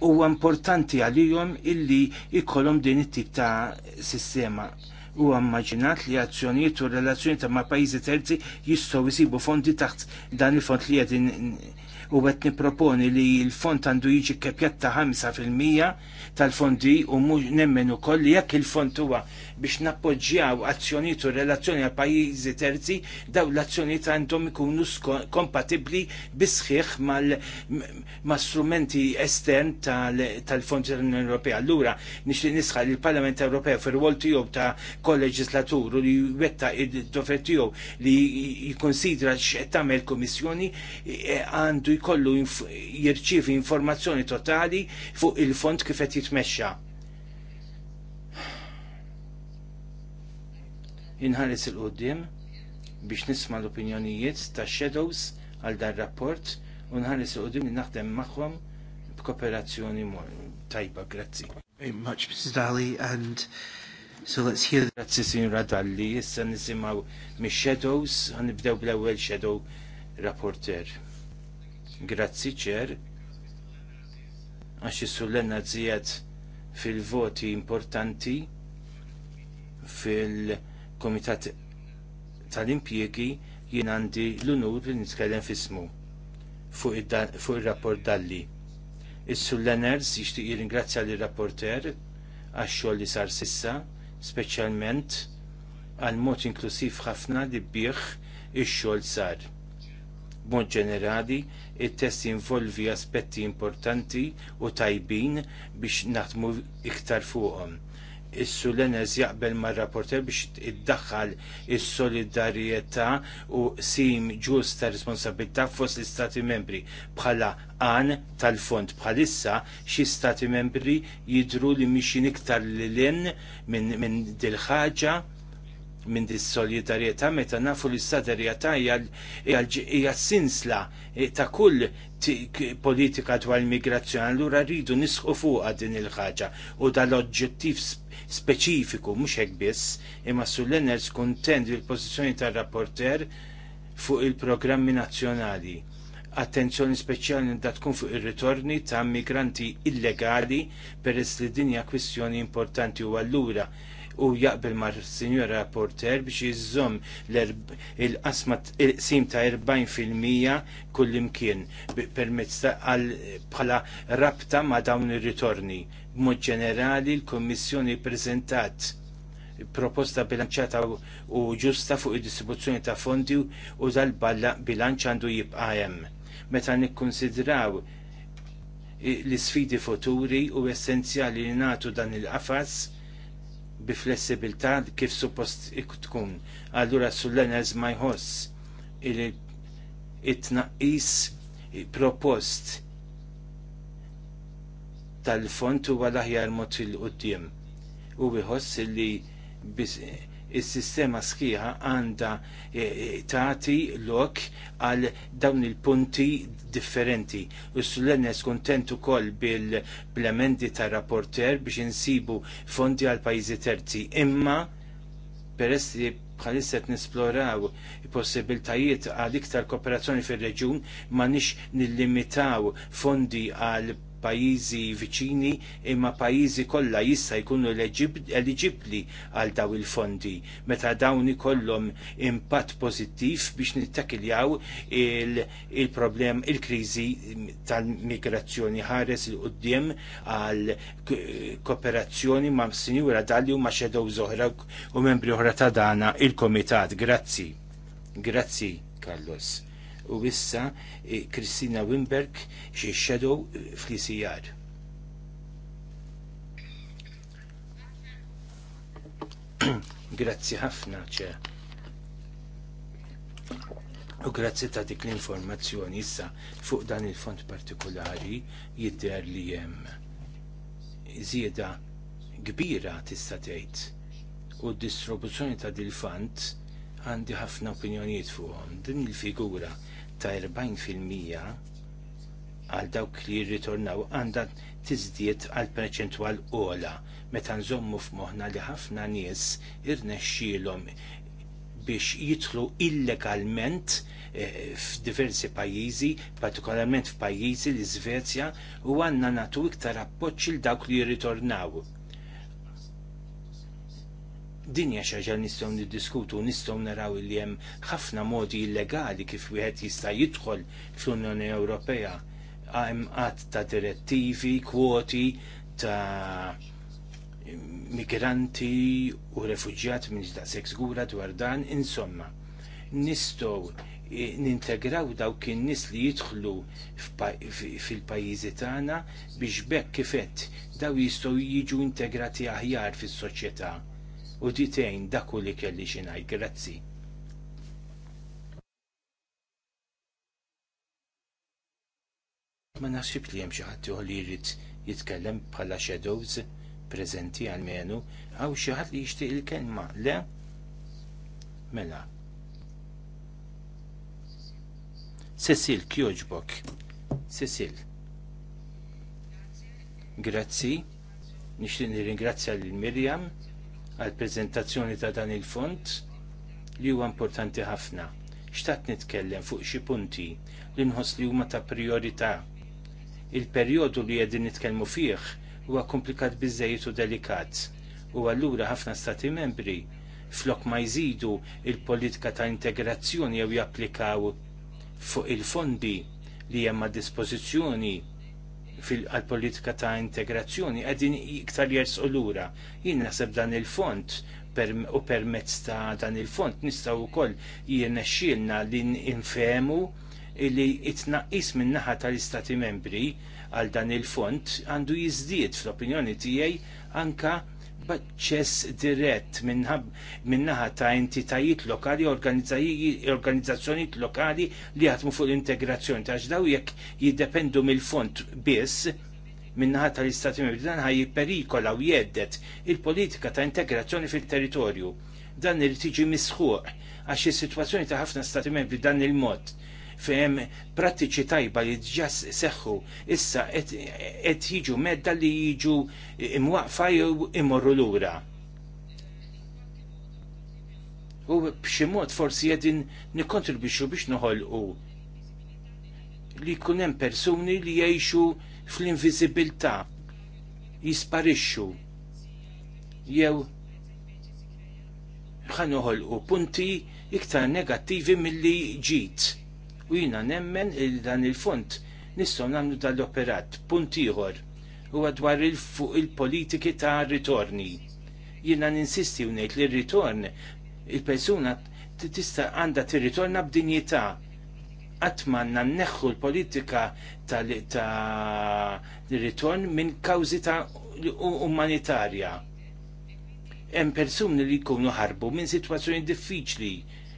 huwa importanti għalihom illi jkollhom din it-tip ta' sistema. U immaġinat li azzjonijiet u relazzjoni ta' ma' pajjiżi terzi jistgħu jsibu fondi taħt dan il-fond li qegħdin u għet niproponi li il-fond għandu jiġi kepjat ta' 5% tal-fondi u nemmen u koll jekk il-fond huwa biex nappoġġjaw azzjonijiet u relazzjoni għal pajjiżi terzi daw l-azzjonijiet għandhom ikunu kompatibbli bisħiħ mal-strumenti estern tal fondi tal-Unjoni Ewropea. Allura nixtieq nisħal il-Parlament Ewropew fir-rwol tiegħu ta' kolleġislatur u li wetta id-dofer tiegħu li jikkonsidra x'qed tagħmel kummissjoni e, għandu jkollu jirċievi informazzjoni totali fuq il-fond kif qed jitmexxa inħares il-qoddim biex nisma l-opinjonijiet ta' shadows għal dar rapport u nħares il-qoddim li naħdem maħħom b'kooperazzjoni tajba, grazzi. Much, Mrs. Dali, and so let's hear... Grazzi, signora Dali, issa nisimaw mi shadows għanibdew bl-ewel shadow rapporter. Grazzi, ċer, għax sullenna zijat fil-voti importanti fil-voti Komitat tal-impjegi jien għandi l-unur li nitkellem fismu fuq ir-rapport dalli. Is-Sur Lenners jixtieq jirringrazzja lir rapporter għax-xogħol li sar sissa, speċjalment għal mod inklusiv ħafna li bih ix-xogħol sar. B'mod ġenerali, it-test jinvolvi aspetti importanti u tajbin biex naħdmu iktar fuqhom. Is-Sulenez jaqbel ma' rapporter biex iddaħħal is-solidarjetà u sim ġus ta' responsabilità fost l-Istati membri bħala għan tal-fond bħalissa xi Stati membri jidru li mixin iktar l-len minn min dil-ħaġa minn dis solidarjetà meta nafu li s-solidarjetà hija sinsla eh, ta' kull politika dwar l-migrazzjoni, allura rridu nisħu fuqha din il-ħaġa u dal-oġġettiv speċifiku mhux hekk biss, imma sul Lenners kuntent il pożizzjoni tar-rapporter fuq il-programmi nazzjonali. Attenzjoni speċjali da tkun fuq ir-ritorni ta' migranti illegali peress li dinja kwistjoni importanti u allura u jaqbel mar Signor rapporter biex jizzom il-qsim ta' 40% kull imkien permezz għal bħala rabta ma' dawn ir-ritorni. B'mod ġenerali l-Kommissjoni prezentat proposta bilanċata u ġusta fuq id-distribuzzjoni ta' fondi u dal-bilanċ għandu jibqa' hemm. Meta nikkonsidraw l-sfidi futuri u essenzjali li natu dan il-qafas bi flessibilità kif suppost tkun. Allura sull-eners ma jħoss il-tnaqqis propost tal fontu huwa l-aħjar mod fil-qudiem u jħoss li is-sistema sħiħa għandha l e, e, lok għal dawn il-punti differenti. U Sulenes kontent ukoll bil plamendi ta' rapporter biex insibu fondi għal pajjiżi terzi. Imma peress li bħalissa nisploraw nisploraw possibiltajiet għal iktar kooperazzjoni fir-reġjun ma nix nillimitaw fondi għal pajjiżi viċini imma pajjiżi kollha jista' jkunu eliġibbli għal daw il-fondi meta dawn ikollhom impatt pożittiv biex nittakiljaw il-problem il il-kriżi tal-migrazzjoni ħares il qudiem għal kooperazzjoni ma' sinjura dalli u ma' xedow zoħra u membri oħra ta' dana il-komitat. Grazzi. Grazzi, Carlos u issa eh, Kristina Wimberg xi shadow eh, fl-ICR. <clears throat> grazzi ħafna ċe. U grazzi ta' dik l-informazzjoni issa fuq dan il-fond partikolari jidder li jem zieda kbira tista' tgħid u d-distribuzzjoni ta' dil-fond għandi ħafna opinjonijiet fuqhom. Din il-figura ta' 40% għal dawk li jirritornaw għandha tiżdiet għal perċentwal ola meta nżommu f'moħħna li ħafna nies irnexxielhom biex jidħlu illegalment eh, f'diversi pajjiżi, partikolarment f'pajjiżi l-Iżvezja, u għandna nagħtu iktar appoġġ il dawk li jirritornaw dinja xaġa nistgħu niddiskutu nistgħu naraw li hemm ħafna modi illegali kif wieħed jista' jidħol fl-Unjoni Ewropea ah, hemm għat ta' direttivi, kwoti ta' migranti u refuġjati minn ġdaq seks gura dwar dan, insomma, nistgħu eh, nintegraw dawk in-nies li jidħlu fil-pajjiżi tagħna biex bekk kifett daw jistgħu jiġu integrati aħjar fis-soċjetà u ditejn daku li kelli xinaj. Grazzi. Ma naħsib li hemm xi ħadd li jrid jitkellem bħala shadows preżenti menu għaw xi ħadd li jixtieq il-kelma. Le? Mela. Cecil kjoġbok. Cecil. Grazzi. Nixtieq nirringrazzja lil Mirjam għal prezentazzjoni ta' dan il-font li huwa importanti ħafna. Xtaqt nitkellem fuq xi punti li nħoss li huma ta' priorità. Il-perjodu li qegħdin nitkellmu fih huwa komplikat biżejjed u delikat u allura ħafna stati membri flok ma jżidu il-politika ta' integrazzjoni jew japplikaw fuq il-fondi li hemm a dispożizzjoni fil-politika ta' integrazzjoni għedin iktar jersu lura. Jien nasib dan il-font u permezz ta' dan il-font nistaw ukoll xilna li infemu li itnaqqis min-naħa tal-Istati Membri għal dan il-font għandu jiżdied fl-opinjoni tiegħi anka b'aċċess dirett minnaħa ta' entitajiet lokali, organizzazzjonijiet lokali li għatmu fuq l-integrazzjoni. ta' daw jekk jiddependu mill-font biss, minnaħa tal-Istati Uniti dan ħaj perikola u jeddet il-politika ta' integrazzjoni fil-territorju. Dan irid tiġi misħuq għax is-sitwazzjoni ta' ħafna Stati Membri dan il-mod fejn prattiċi tajba li ġas seħħu issa qed jiġu medda li jiġu imwaqfa jew imorru lura. U b'xi mod forsi qegħdin nikkontribwixxu biex noħolqu li jkun hemm persuni li jgħixu fl-inviżibilità jisparixxu jew ħanuħolqu punti iktar negattivi mill-li ġit. U jina nemmen il dan il-font nistgħu nagħmlu dal-operat. Punt ieħor huwa dwar il fuq il-politiki ta' ritorni. Jina ninsisti u ngħid li ritorn il-persuna tista' għandha tirritorna b'dinjità għatmanna neħħu l-politika tal-ritorn minn kawzi ta' umanitarja. Hemm persuni li jkunu ħarbu minn situazzjoni diffiċli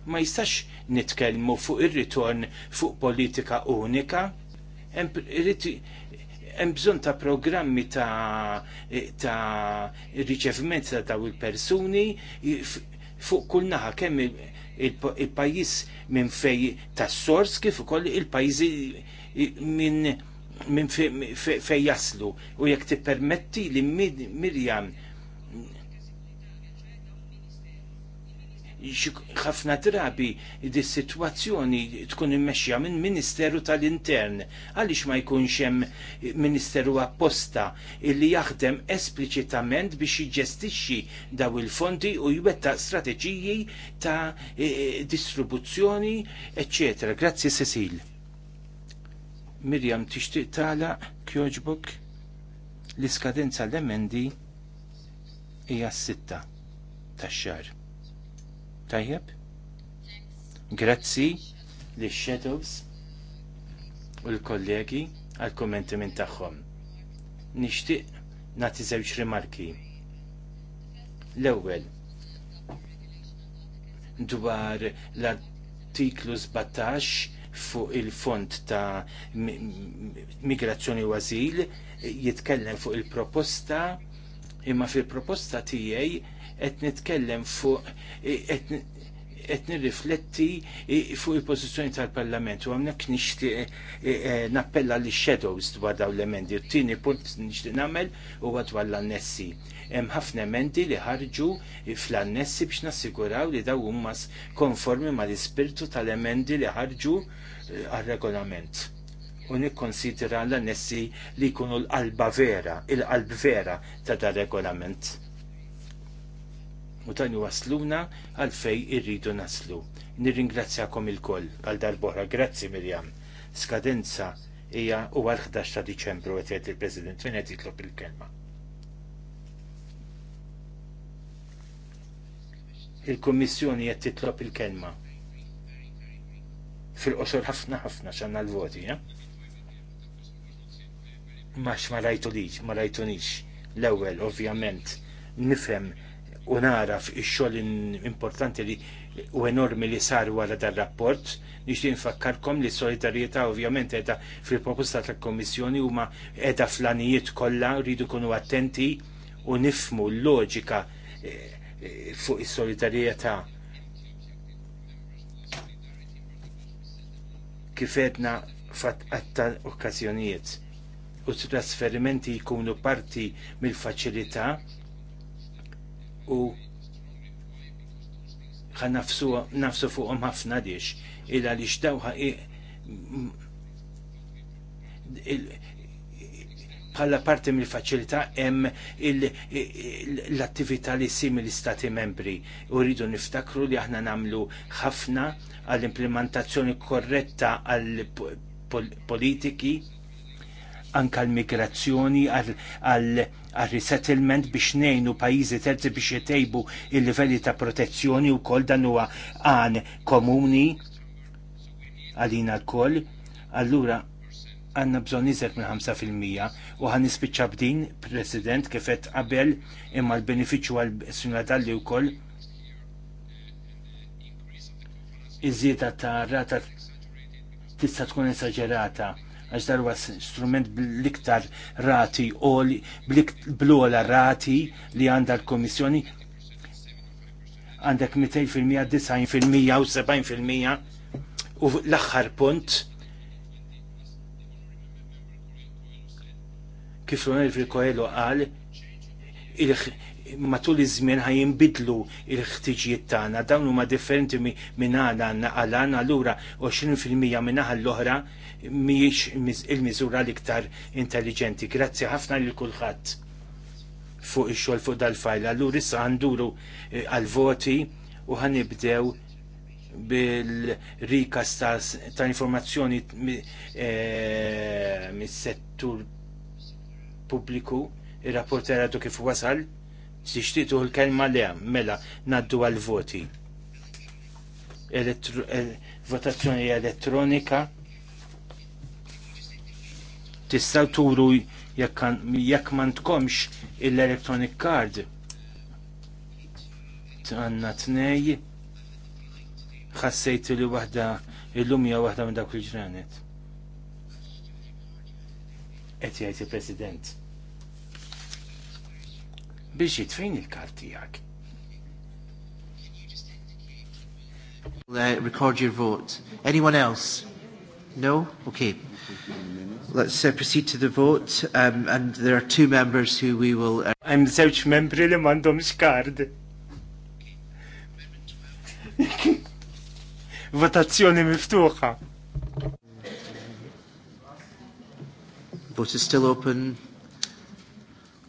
ma jistax nitkellmu fuq ir-ritorn fuq politika unika. Hemm bżonn ta' programmi ta', ta riċevment ta' daw il-persuni fuq kull naħa kemm il-pajjiż minn fej tas-sors kif ukoll il-pajjiżi minn fej jaslu u jekk tippermetti li Mirjam ħafna drabi dis-sitwazzjoni tkun immexxija minn Ministeru tal-Intern għaliex ma jkunx hemm Ministeru apposta illi jaħdem espliċitament biex jiġġestixxi daw il-fondi u jwettaq strateġiji ta' e, distribuzzjoni, eccetera. Grazzi Cecil. Mirjam tixtieq tala kjoġbok l-iskadenza l-emendi hija s-sitta tax-xahar. Tajjeb? Grazzi li shadows u l-kollegi għal kommenti minn tagħhom. Nixtieq nagħti żewġ rimarki. L-ewwel dwar l-artiklu 17 fuq il-fond ta' migrazzjoni u għazil jitkellem fuq il-proposta imma fil-proposta tiegħi qed nitkellem fuq e, qed nirrifletti e, fuq il-pożizzjoni tal-Parlament u hawnhekk nixtieq e, nappella li shadows dwar dawn l-emendi. Tieni punt nixtieq nagħmel huwa dwar l-annessi. Hemm ħafna emendi li ħarġu fl-annessi biex nassiguraw li daw huma konformi mal-ispirtu tal-emendi li ħarġu għal-regolament u nikkonsidera l-annessi li jkunu l-qalba vera, il-qalb vera ta' dar regolament u dan wasluna għal fej irridu naslu. Nirringrazzjakom il-koll għal darbora. Grazzi Mirjam. Skadenza hija u għal 11 ta' Diċembru qed il-President fejn qed jitlob il-kelma. Il-Kummissjoni qed titlob il-kelma. Fil-qosor ħafna ħafna x'għandna l-voti, ja? Max ma rajtu liġ, ma rajtu nix. L-ewwel, ovvjament, nifhem u naraf il xogħol importanti li u enormi li sar wara dar-rapport, nixtieq nfakkarkom li solidarjetà ovvjament edha fil-proposta tal u huma qiegħda flanijiet kollha rridu kunu attenti u nifmu l-loġika eh, eh, fuq is-solidarjetà. Kif edna għatta okkażjonijiet u trasferimenti jkunu parti mill-faċilità u ħa nafsu fuqhom ħafna diex il għaliex dawħa bħala parti mill faċilità hemm l-attività li simi l-istati membri u rridu niftakru li aħna namlu ħafna għall-implementazzjoni korretta għall politiki anka l-migrazzjoni għall għal resettlement biex nejnu pajizi terzi biex jtejbu il-livelli ta' protezzjoni u kol dan huwa għan komuni għalina l-koll. Allura, għanna bżon iżet minn 5% u għan nispicċa b'din, President, kifet qabel imma l-beneficju għal sunadalli u koll iż ta' rata tista' tkun esaġerata għax darwa strument bl-iktar rati u bl-ola rati li għanda l-Komissjoni għandek 200%, 90% u 70% u l-axħar punt kif l-Onorevoli għal matul iż-żmien ħajinbidlu il-ħtiġijiet tagħna dawn huma differenti minn għana għandna għandna allura 20% minn aħal l-oħra mhijiex il-miżura l-iktar intelligenti. Grazzi ħafna lil kulħadd fuq ix-xogħol fuq dal-fajl. Allur issa għanduru eh, għal-voti u ħanibdew bil-rikas ta' informazzjoni eh, mis-settur pubbliku, ir-rapporter għadu kif wasal tixtitu l-kelma le, mela, naddu għal-voti. votazzjoni elettronika. Tistaw turu jekk ma tkomx l-electronic card. Għanna tnej, Xassajt li wahda illum hija waħda minn dak il-ġranet. Qed jgħid il-President biex jitfejn il-kartijak. Uh, record your vote. Anyone else? No? Okay. Let's uh, proceed to the vote. Um, and there are two members who we will... Uh... I'm zewċ membri li mandom xkard. <laughs> Votazzjoni miftuħa. Vote is still open.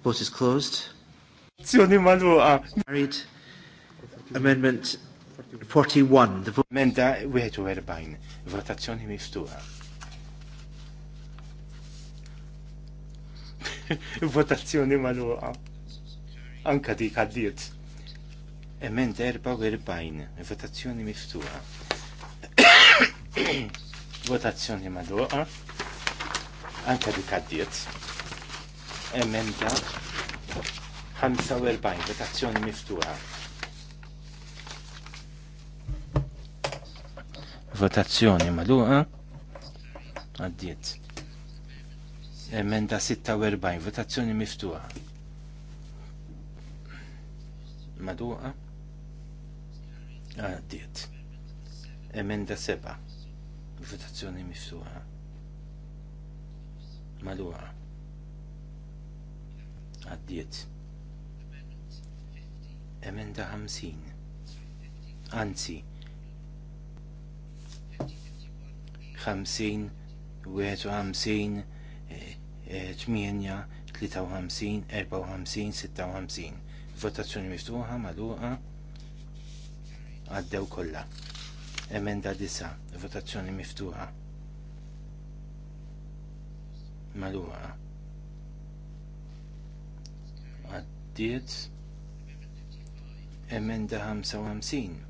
Vote is closed votazzjoni maluqa. Amendment 41. Amenda 41. Votazzjoni miftuqa. <laughs> Votazzjoni maluqa. Anka dik għaddiet. Emenda 44. Votazzjoni miftuqa. <coughs> Votazzjoni maluqa. Anka dik għaddiet. Emenda 45 votazzjoni miftuħa. Votazzjoni magħluqa għaddiet. Emenda 46 votazzjoni miftuħa. Magħluqa għaddiet. Emenda 7 votazzjoni miftuħa. Magħluqa għaddiet emenda 50 anzi 50 51 8 53, 54, 56. Votazzjoni miftuħa, magħluqa, għaddew kollha. Emenda disa, votazzjoni miftuħa. Magħluqa emenda 55.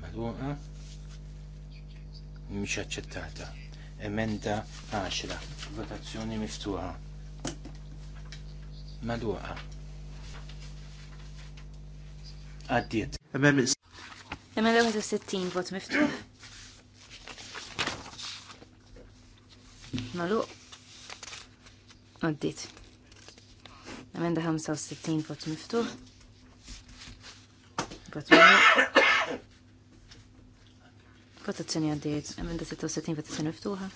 Madwoqa mhix aċċettata. Emenda 10. Votazzjoni miftuħa. Madwoqa. Addiet Emenda 60 vot miftuħ. Maluq. Addiet Għamenda 65 vot miftuħ. Vot miftuħ. Votazzjoni għaddiet. Emenda 66 votazzjoni miftuħa.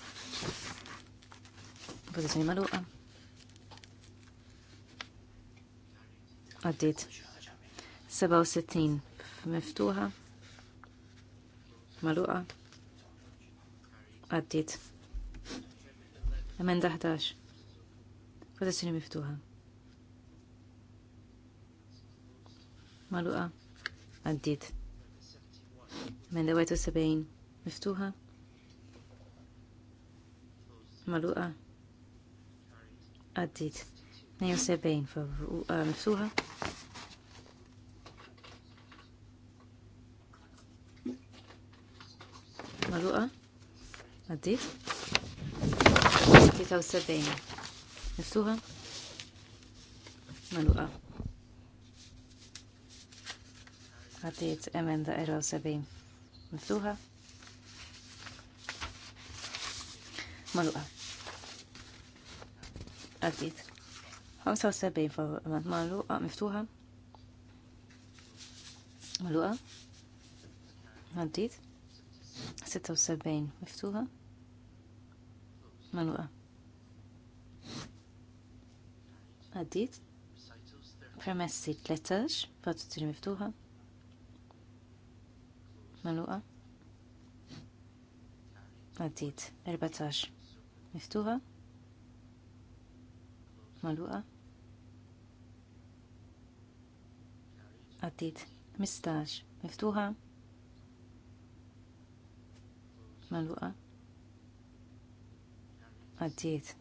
Votazzjoni maluqa. Għaddejt. 67 miftuħa. Maluqa. Għaddejt. Għamenda 11. Votazzjoni miftuħa. maluqa għaddit. Men Menda sebejn, miftuħa maluqa għaddit. Eh, sebejn, miftuħa maluqa għaddit. sebejn, miftuħa maluqa Għaddiet emenda 74. Miftuħa. Maluqa. Għaddiet. 75 favur maluqa miftuħa. Maluqa. Għaddiet. 76 miftuħa. Maluqa. Għaddiet. Permessi 13, fatu tiri miftuħa ħafna maluqa. Għaddit, 14. Miftuħa. Maluqa. Għaddit, 15. Miftuħa. Maluqa. Għaddit.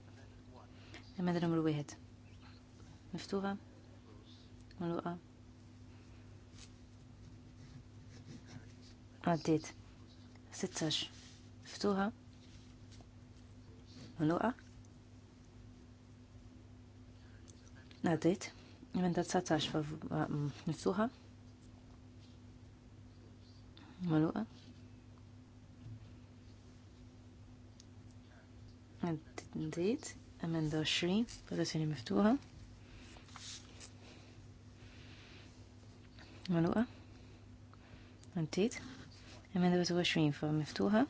Emenda numru 1. Miftuħa. Maluqa. Għaddit. 16. Ftuħa. Mluqa. Għaddit. Menda 19 miftuħa. mluqa Għaddit. Emenda 20, votazzjoni miftuħa. mluqa Għaddit. Emenda 20 fuq miftuħa.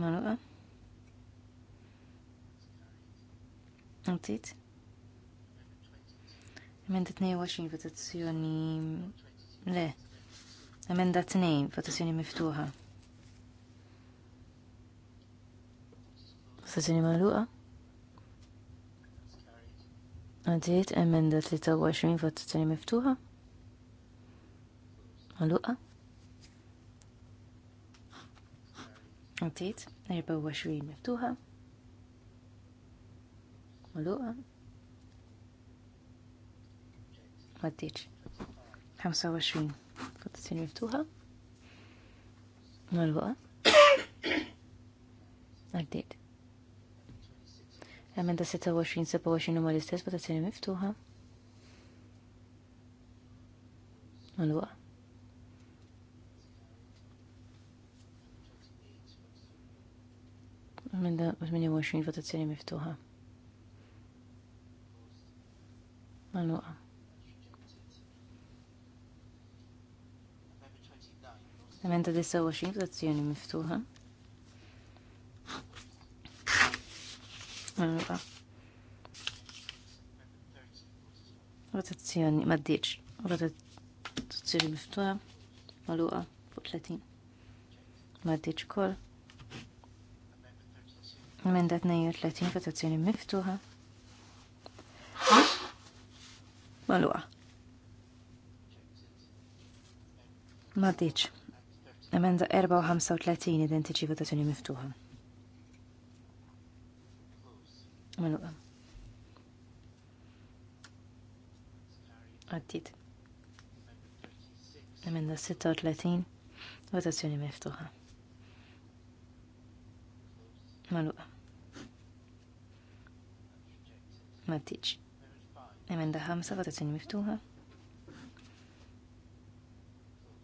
Maluqa. Għantit. Emenda 22 votazzjoni le. Emenda 2 votazzjoni miftuħa. Votazzjoni maluqa. Għantit emenda 23 votazzjoni miftuħa. Għaluqa? Għantit, 24 miftuħa. Għaluqa? Għantit, 25 votazzjoni miftuħa. Għaluqa? Maluqa. Għantit. da 26-27 huma l-istess votazzjoni miftuħa. Maluqa. Amenda 28 votazzjoni miftuħa. Maluqa. Amenda 29 votazzjoni miftuħa. Maluqa. Votazzjoni maddiċ. Votazzjoni miftuħa. Maluqa. Fuq 30. Maddiċ kol. Emenda 32 votazzjoni miftuħa. Maluqa. Ma diċ. Emenda 34 identiċi votazzjoni miftuħa. Maluqa. Għaddit. Emenda 36 votazzjoni miftuħa. Maluqa. ma tiġ. da ħamsa votazzjoni miftuħa.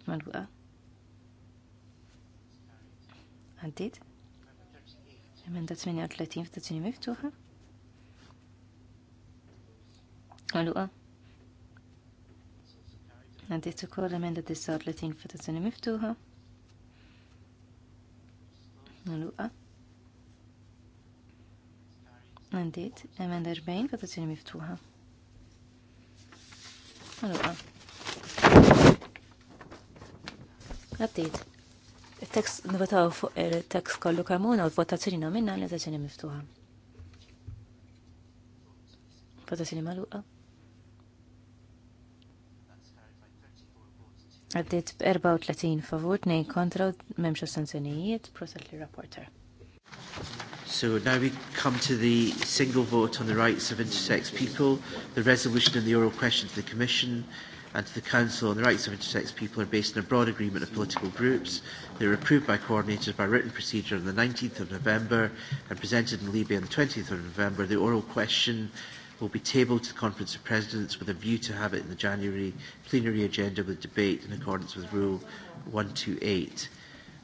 Madbuqa. Għaddit. Emenda 38 votazzjoni miftuħa. Maluqa. Għaddit ukoll emenda 39 votazzjoni miftuħa. Madwa. Madwa. Għandit, emenda 40, votazzjoni miftuħa. Allora. Għattit. Il-tekst nivotaw fuq il-tekst kollu kamuna u votazzjoni nomina l-votazzjoni miftuħa. Votazzjoni maluqa. Għaddit b-34 favur, nej kontra, memx sanzjonijiet, prosat li reporter. So now we come to the single vote on the rights of intersex people, the resolution and the oral question to the Commission and to the Council on the rights of intersex people are based on a broad agreement of political groups. They were approved by coordinators by written procedure on the 19th of November and presented in Libya on the 20th of November. The oral question will be tabled to the Conference of Presidents with a view to have it in the January plenary agenda with debate in accordance with Rule 128.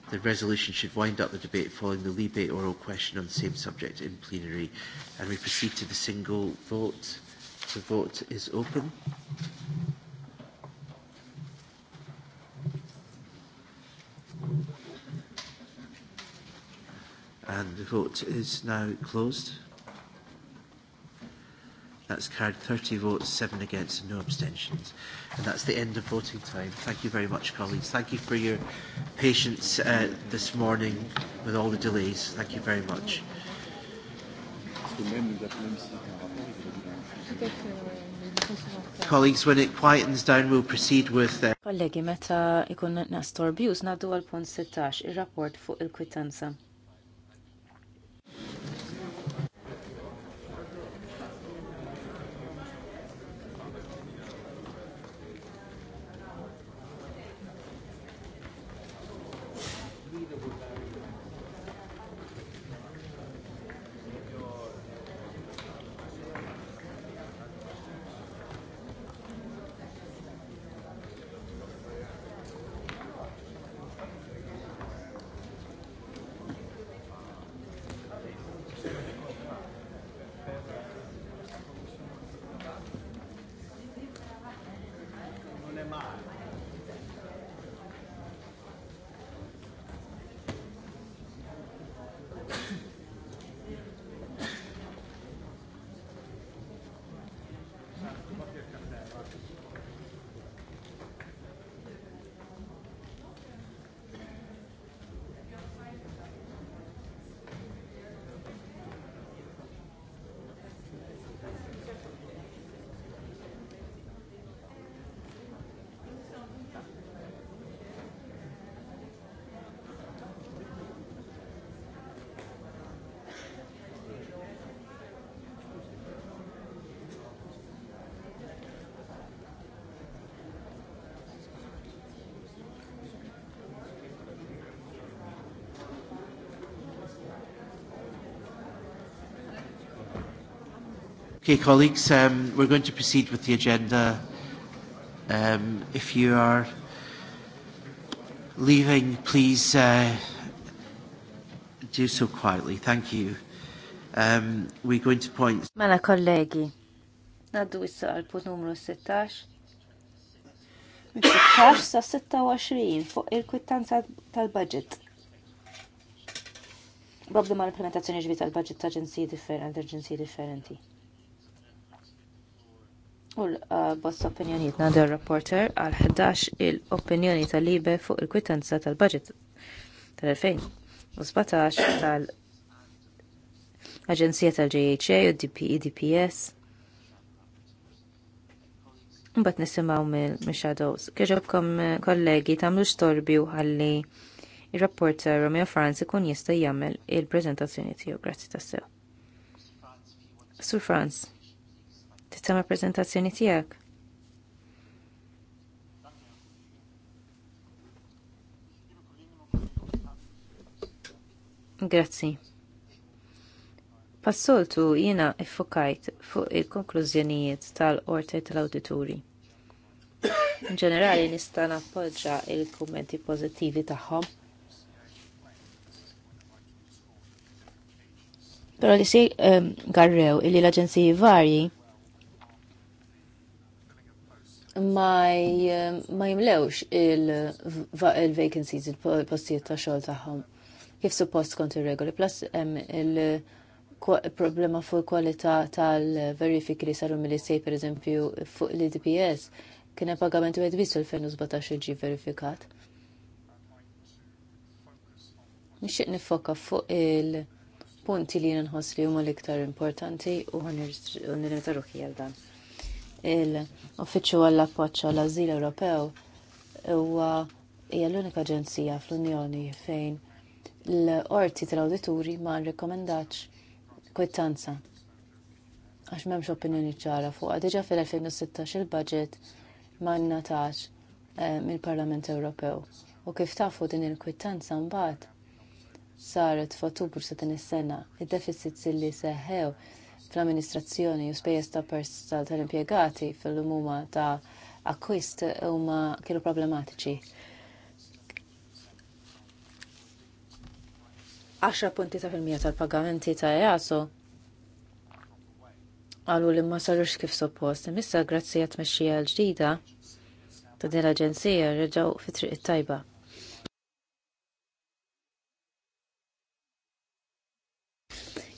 The resolution should wind up the debate following the Libe oral question on the same subject in plenary. And we proceed to the single vote. The vote is open. And the vote is now closed. That's carried 30 votes, 7 against and no abstentions. And that's the end of voting time. Thank you very much, colleagues. Thank you for your patience uh, this morning with all the delays. Thank you very much. Colleagues, when it quietens down, we'll proceed with... Uh, Kollegi, meta ikun nastorbjus, naddu għal-punt 16, il-rapport fuq il-kwitanza. Okay, colleagues, um, we're going to proceed with the agenda. Um, if you are leaving, please uh, do so quietly. Thank you. Um, we're going to point... Mela kollegi, naddu issa għal-put numru 16. Mit 16 sa 26 fuq il-kwittanza tal-budget. ma l implementazzjoni ġvi tal-budget ta' ġensi differenti. U l-bost opinjoniet nadu rapporter għal 11 il-opinjoni tal-libe fuq il-kwitanza tal-budget tal-2017 tal-Aġenzija tal-JHA u DPEDPS. Imbagħad nisimaw mill-shadows. Kieġobkom eh, kollegi tamlu xtorbi u ħalli il-rapporter Romeo Franz ikun jista' jagħmel il-preżentazzjoni tiegħu grazzi tassew. Sur Franz, titama prezentazzjoni tiegħek. Grazzi. Passoltu jiena iffokajt fuq il-konklużjonijiet tal-qorti tal-awdituri. In ġenerali nista' nappoġġa il-kummenti pożittivi tagħhom. Però li si um, garrew illi l-aġenziji varji ma jimlewx il-vacancies, il-postijiet ta' xogħol tagħhom. Kif suppost kont ir-regoli, plus hemm il-problema fuq kwalità tal-verifiki li saru mill sej pereżempju fuq l-DPS kien hemm pagament wieħed biss fil-2017 ġi verifikat. Nixtieq nifoka fuq il- punti li nħoss li huma l-iktar importanti u ruħi għal dan il-Uffiċċju għall-Appoġġ għall-Ażil Ewropew huwa hija l-unika aġenzija fl-Unjoni fejn l-qorti tal-awdituri ma rrekomendax kwittanza għax m'hemmx opinjoni ċara fuq diġà fil-2016 il-budget ma nnatax eh, mill-Parlament Ewropew. U kif tafu din il-kwittanza mbagħad saret f'Ottubru sa' din is-sena, id-deficits li seħħew l amministrazzjoni u spejjeż ta' personal tal-impjegati fil-lumuma ta' akkwist huma kienu problematiċi. 10 punti ta' fil-mija tal-pagamenti ta' jasu? għallu li ma sarux kif suppost. Missa grazzi għat l ġdida ta' din l-Aġenzija fit fitriq it-tajba.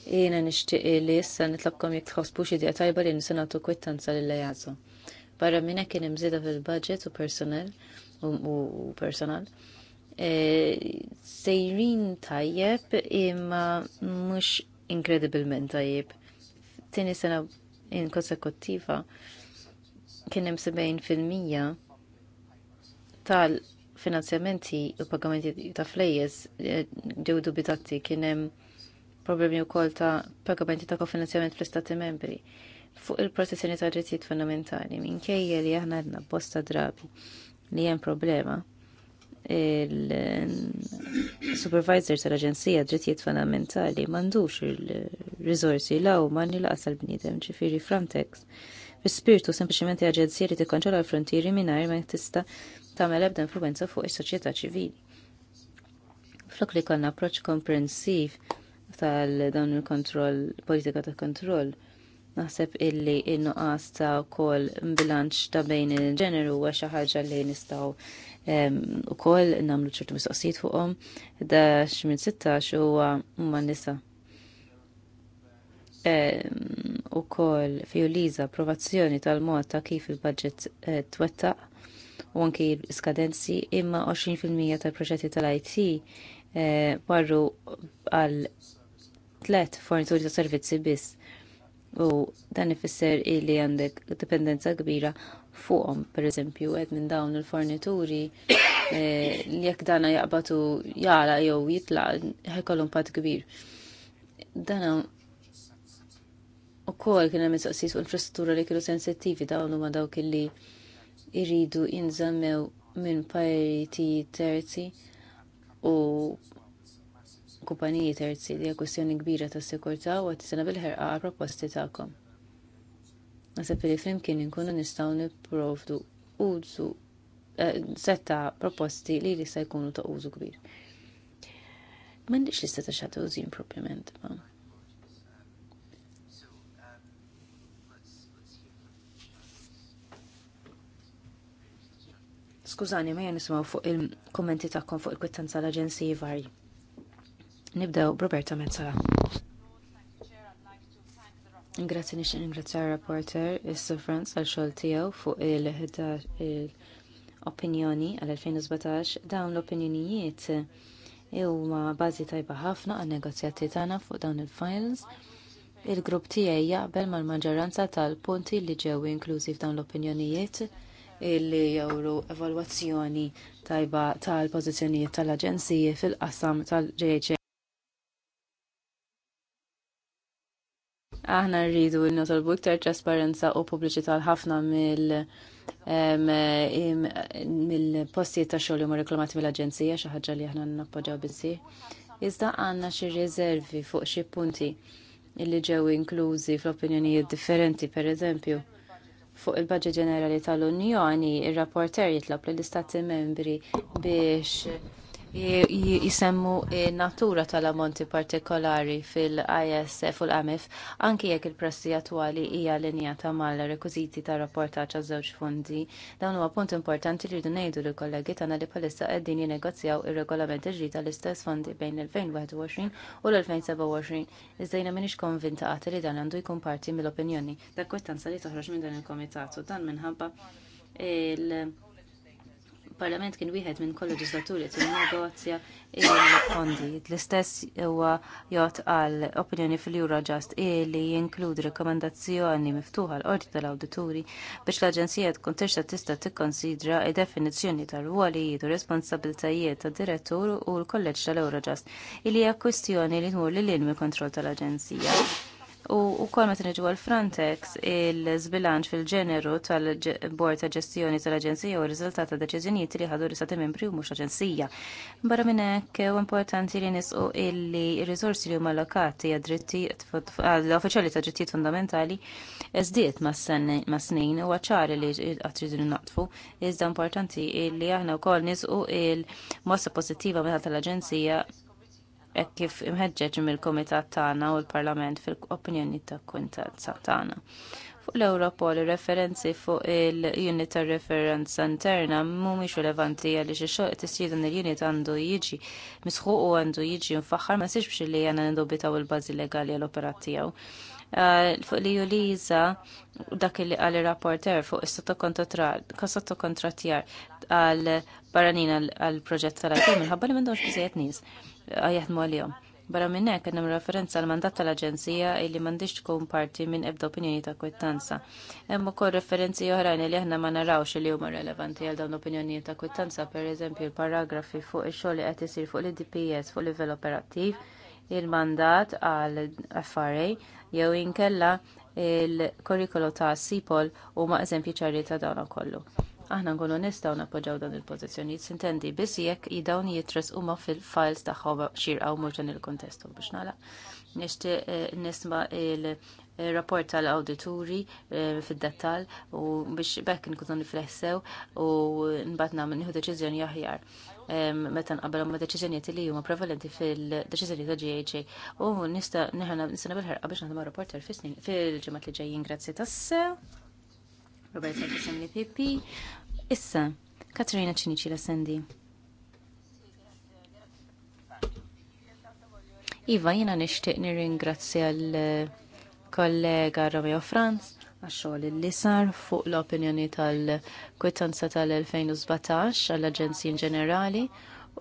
Jiena nixtieq li issa nitlobkom jekk tħossbu xi idea tajba li nisenatu kwittanza lil lejazo. Barra minn hekk kien imżieda fil-budget u personnel u personal. E, sejrin tajjeb imma mhux inkredibilment tajjeb. Tieni sena in konsekuttiva kien hemm 70 fil-mija tal-finanzjamenti u pagamenti ta' flejjes ġew dubitati kien hemm problemi wkoll ta' pagamenti ta' kofinanzjament fl-Istati membri fuq il-protezzjoni ta' drittijiet fundamentali minkejja li aħna għedna bosta drabi li hemm problema il-supervisor tal-Aġenzija Drittijiet Fundamentali mandux il-rizorsi law ma nilaqas tal-bniedem ġifiri Frontex. Fis-spirtu sempliċement l-Aġenzija li tikkontrolla l-frontieri mingħajr ma tista' tagħmel ebda influenza fuq is-soċjetà ċivili. Flok li konna approċċ komprensiv tal-dawn il-kontroll, politika ta' kontroll. Naħseb illi il-nuqqas ta' kol bilanċ ta' bejn il-ġeneru huwa xi ħaġa li nistgħu wkoll ehm, nagħmlu ċertu mistoqsijiet fuqhom da xmin 16 huwa huma nisa. Ehm, u kol fiuliza approvazzjoni tal-mod ta' kif il-budget eh, twettaq u anki skadenzi imma 20% tal-proġetti tal-IT barru eh, għal tlet fornituri ta' servizzi biss. U dan ifisser li għandek dipendenza kbira fuqhom, pereżempju, għed minn dawn il-fornituri <coughs> eh, li jekk dana jaqbatu jara jew jitlaq ħajkollhom pat kbir. Dan u kol kien hemm mistoqsis fuq infrastruttura li kienu sensittivi dawn huma dawk li jridu jinżammew minn pajjiżi terzi u kumpaniji terzi li hija kwestjoni kbira ta' sikurtà u qed sena bil-ħerqa għal proposti tagħkom. Naħseb li flimkien inkunu nistgħu nipprovdu użu eh, setta proposti li li se jkunu ta' użu kbir. M'għandix lista ta' xagħta użin propjament ma. Skużani, ma jgħan fuq il-kommenti tagħkom fuq il-kwittanza l agenziji varji. Nibdew Roberta Mezza. Ingrazzi nix ingrazzja rapporter Issa Franz għal xogħol tiegħu fuq il-opinjoni għal 2017 dawn l-opinjonijiet huma bażi tajba ħafna għan negozjati tagħna fuq dawn il-files. Il-grupp tiegħi jaqbel mal-maġġoranza tal-punti li ġew inklużi f'dawn l-opinjonijiet illi jawru evalwazzjoni tajba tal-pożizzjonijiet tal-aġenziji fil-qasam tal-JHA Aħna rridu li notolbu iktar trasparenza u pubbliċità ħafna mill mill-postijiet ta' xogħol huma reklamati mill-Aġenzija xi ħaġa li aħna nappoġġaw bissi. Iżda għandna xi riservi fuq xi punti illi ġew inklużi fl-opinjonijiet differenti, pereżempju, fuq il baġit Ġenerali tal-Unjoni, ir rapporter jitlob lill istati membri biex jisemmu natura tal-ammonti partikolari fil-ISF u l-AMIF anki jekk il-prassi attwali hija linjata mal-rekwiziti ta' rapportaġġ għaż-żewġ fondi. Dawn huwa punt importanti li rridu ngħidu li kollegi tagħna li bħalissa qegħdin jinnegozjaw ir-regolament ġdid tal-istess fondi bejn il-2021 u l-2027. Iżda jiena m'iniex konvinta qatt li dan għandu jkun parti mill-opinjoni. Dak kwittanza li toħroġ minn dan il-komitat u dan minħabba il- il-Parlament kien wieħed minn kol-leġislaturi li negozja il-fondi. L-istess huwa jgħod għal opinjoni fil-Jura Just li jinkludi rekomendazzjoni miftuħa l qorti tal-awdituri biex l-Aġenzija tkun tista' tista' tikkonsidra id-definizzjoni tal-ruolijiet u responsabiltajiet tad-direttur u l-kolleġġ tal-Eurojust illi hija kwistjoni li tmur lil mill kontroll tal-Aġenzija. U wkoll meta niġu għal-Frontex il zbilanċ fil-ġeneru tal-Bord ta' Ġestjoni tal-Aġenzija u r-riżultat ta' deċiżjonijiet li ħadu r risati membri u mhux aġenzija. Barra minn hekk u importanti li nisqu illi r-riżorsi li huma allokati għall-uffiċjali ta' drittijiet fundamentali żdiet ma' snin u għaċċari li għatridu naqtfu iżda importanti illi aħna wkoll nisqu il-mossa pożittiva meta tal-Aġenzija hekk kif imħeġġeġ mill-Kumitat tagħna u l-Parlament fil-opinjoni ta' kwintanza tagħna. Fuq l-Europol referenzi fuq il-unit ta' referenza interna mhumiex rilevanti għaliex ix-xogħol tisjid dan il-unit għandu jiġi misħuq u għandu jiġi mfaħħar ma sirx biex li għandna nindubitaw il-bażi legali għal opera tiegħu uh, fuq li juliza dak li għal rapporter fuq is-sotto kontratjar għal baranina għal proġett tal-għakim minħabba li m'għandhomx biżejjed nies jaħdmu għalihom. Barra minn hekk hemm referenza għal mandat tal-Aġenzija li m'għandix tkun parti minn ebda opinjoni ta' kwittanza. Hemm ukoll referenzi oħrajn li aħna ma narawx li huma relevanti għal dawn opinjoni ta' kwittanza, pereżempju il-paragrafi fuq ix-xogħol li qed isir fuq l-DPS fuq livell operattiv, il-mandat għal FRA jew inkella il-kurrikulu ta' SIPOL huma eżempji ċarri ta' dawn kollu aħna nkunu nistgħu nappoġġaw dan il-pożizzjonijiet sintendi biss jekk dawn jitres huma fil-files tagħhom xirqaw mhux dan il kontestu biex nagħlaq nixtieq eh, nisma' il-rapport tal-awdituri eh, fid-dettall u biex bekk nkunu nifleħsew u nbagħad nagħmel nieħu deċiżjoni aħjar meta nqabbel ma' deċiżjonijiet li huma prevalenti fil-deċiżjoni ta' GHA. U nista' neħna nista' bil-ħarqa biex naħdem rapport fis-snin fil-ġimgħat li ġejjin grazzi tassew. Roberta Fisem PP Issa, Katrina ċiniċi la sendi. Iva, jina nishtiq nirringrazzja l-kollega Romeo Franz għaxxol li sar fuq l-opinjoni tal-kwitanza tal-2017 għall-Aġenzin Ġenerali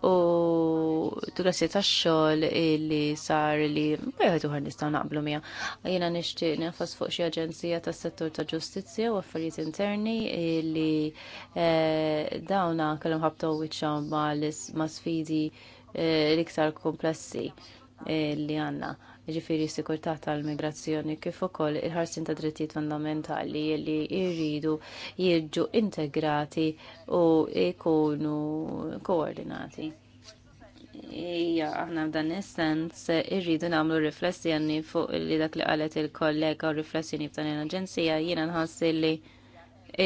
u tugrassi ta' xol li sar li bħajħet uħar nistaw naqblu mija. Jena nishtiq nifas fuq xie aġenzija ta' settur ta' ġustizja u affarijiet interni li eh, dawna kellhom ħabtu wiċċhom ma' sfidi eh, l-iktar komplessi eh, li għanna ġifiri sikurtà tal-migrazzjoni kif ukoll il-ħarsin ta' drittijiet fundamentali li jridu jiġu integrati u jkunu koordinati. Ija, aħna f'dan is-sens irridu nagħmlu riflessjoni fuq li dak li qalet il-kollega u riflessjoni f'dan l-aġenzija jiena nħossi li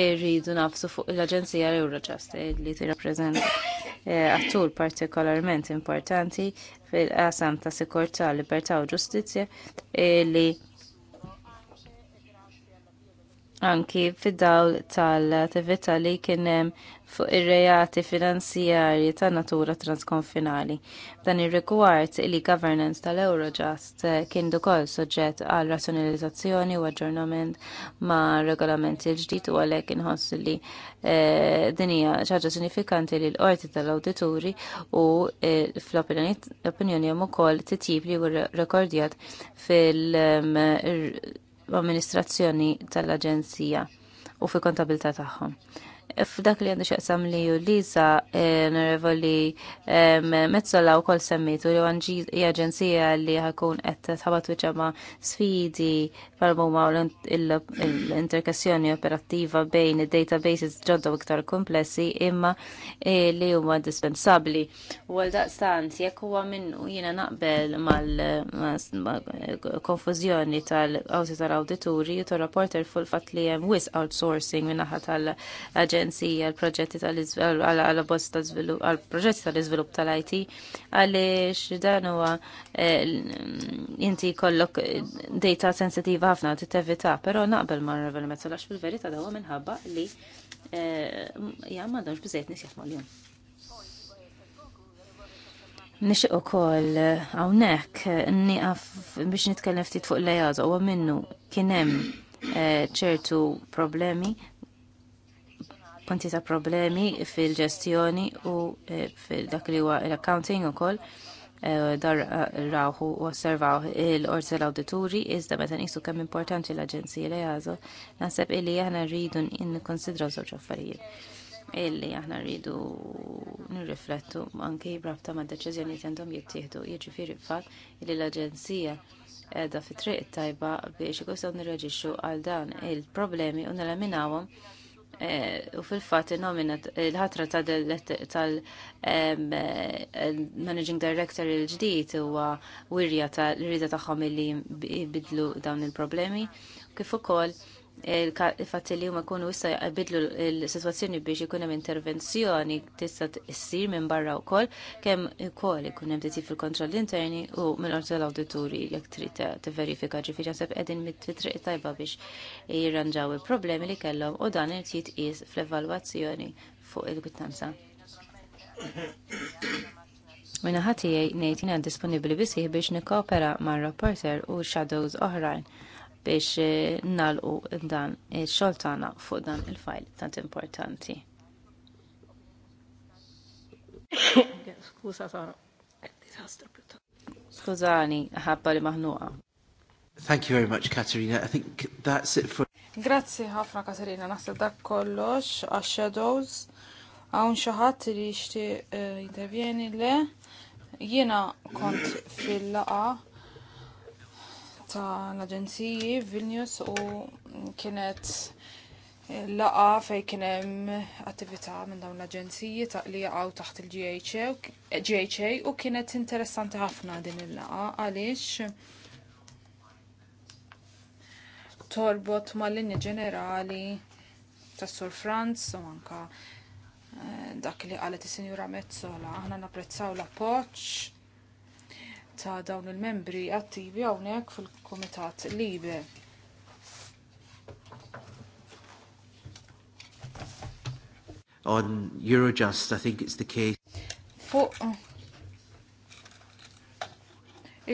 irridu nafsu fuq l-Aġenzija Eurojust li tirrappreżenta eh, attur partikolarment importanti fil-qasam ta' sikurtà, libertà u ġustizzja eh, li anki fid-dawl tal-attività li kien hemm fuq ir-reati finanzjarji ta' natura transkonfinali. Dan ir-rigward li governance tal-Eurojust kien ukoll soġġett għal razzjonalizzazzjoni u aġġornament ma' regolamenti l-ġdid u għalhekk inħoss li eh, din hija ċaġa sinifikanti li l-qorti tal-awdituri u eh, fl-opinjoni hemm ukoll titjib li rekordjat fil ehm, l-amministrazzjoni tal-Aġenzija u fi kontabilità tagħhom f'dak li għandu xaqsam li u Liza eh, nirrevoli mezzola u kol semmitu li għanġi agenzija li ħakun għed tħabat uċama sfidi pal-mumma l-interkassjoni operattiva bejn databases ġodda u iktar komplessi imma eh, li huma dispensabli. U għal-daqstant, jekk huwa u jina naqbel mal-konfuzjoni tal-awzi tal-awdituri u tal-rapporter fil-fat li jem wis outsourcing minnaħat tal-agenzija l għal-proġetti tal-proġetti tal-iżvilupp tal-IT għaliex dan huwa eh, inti kollok eh, data sensitiva ħafna titevita, però naqbel ma' Revel Mezzola fil-verità dawa minħabba li eh, ja m'għandhomx biżejjed nies jaħdmu l-jum. Nixq ukoll hawnhekk nieqaf biex nitkellem ftit fuq l-ejaż u minnu kien hemm ċertu problemi punti ta' problemi fil-ġestjoni u eh, fil-dak li huwa l-accounting ukoll eh, dar eh, rawħu u osservaw il-orza l-awdituri iżda meta nisu kemm importanti l-aġenzija li għażu naħseb illi aħna rridu nikkonsidraw żewġ affarijiet illi aħna rridu nirriflettu anki brafta ma' deċiżjoni għandhom jittieħdu jiġifieri fat illi l-aġenzija qiegħda fi triq tajba biex n nirreġixxu għal dan il-problemi u nelaminawhom Eh, u fil-fat il-ħatra tal-Managing eh, Director il-ġdijt u wirja tal-rida taħħom li bidlu dawn il-problemi kif ukoll il-fat li huma jkunu issa jaqbidlu l-sitwazzjoni biex ikun hemm intervenzjoni tista' issir minn barra wkoll kemm ukoll ikun hemm titjib fil-kontroll interni u mill-qorti tal-awdituri jekk trid tivverifika ġifieri naħseb qegħdin mit-triq tajba biex jirranġaw il-problemi li kellhom u dan irid jitqies fl-evalwazzjoni fuq il-kwittanza. Minna ħatijaj nejtina disponibli bisih biex nikopera ma' rapporter u shadows oħrajn biex eh, nalqu dan il-xol tagħna fuq dan il-fajl tant importanti. Skusa Skużani, ħabba li maħnuqa. Thank you very much, Katerina. I think that's it for... Grazzi ħafna, Katerina. Naħseb dak kollox, għax-shadows. Għawn xaħat li jishti eh, intervjeni le. Jiena kont fil-laqa ta' l-Aġenziji Vilnius u kienet laqa fej kien hemm attività minn dawn l-aġenziji ta' li jaqgħu taħt il-GHA eh, u kienet interessanti ħafna din il-laqa għaliex torbot mal-linja ġenerali tas Sur Franz u anka eh, dak li qalet is-Sinjura Mezzola aħna napprezzaw l-appoġġ ta' dawn il-membri attivi hawnhekk fil-Kumitat Libe. On Eurojust, I think it's the case. Fuq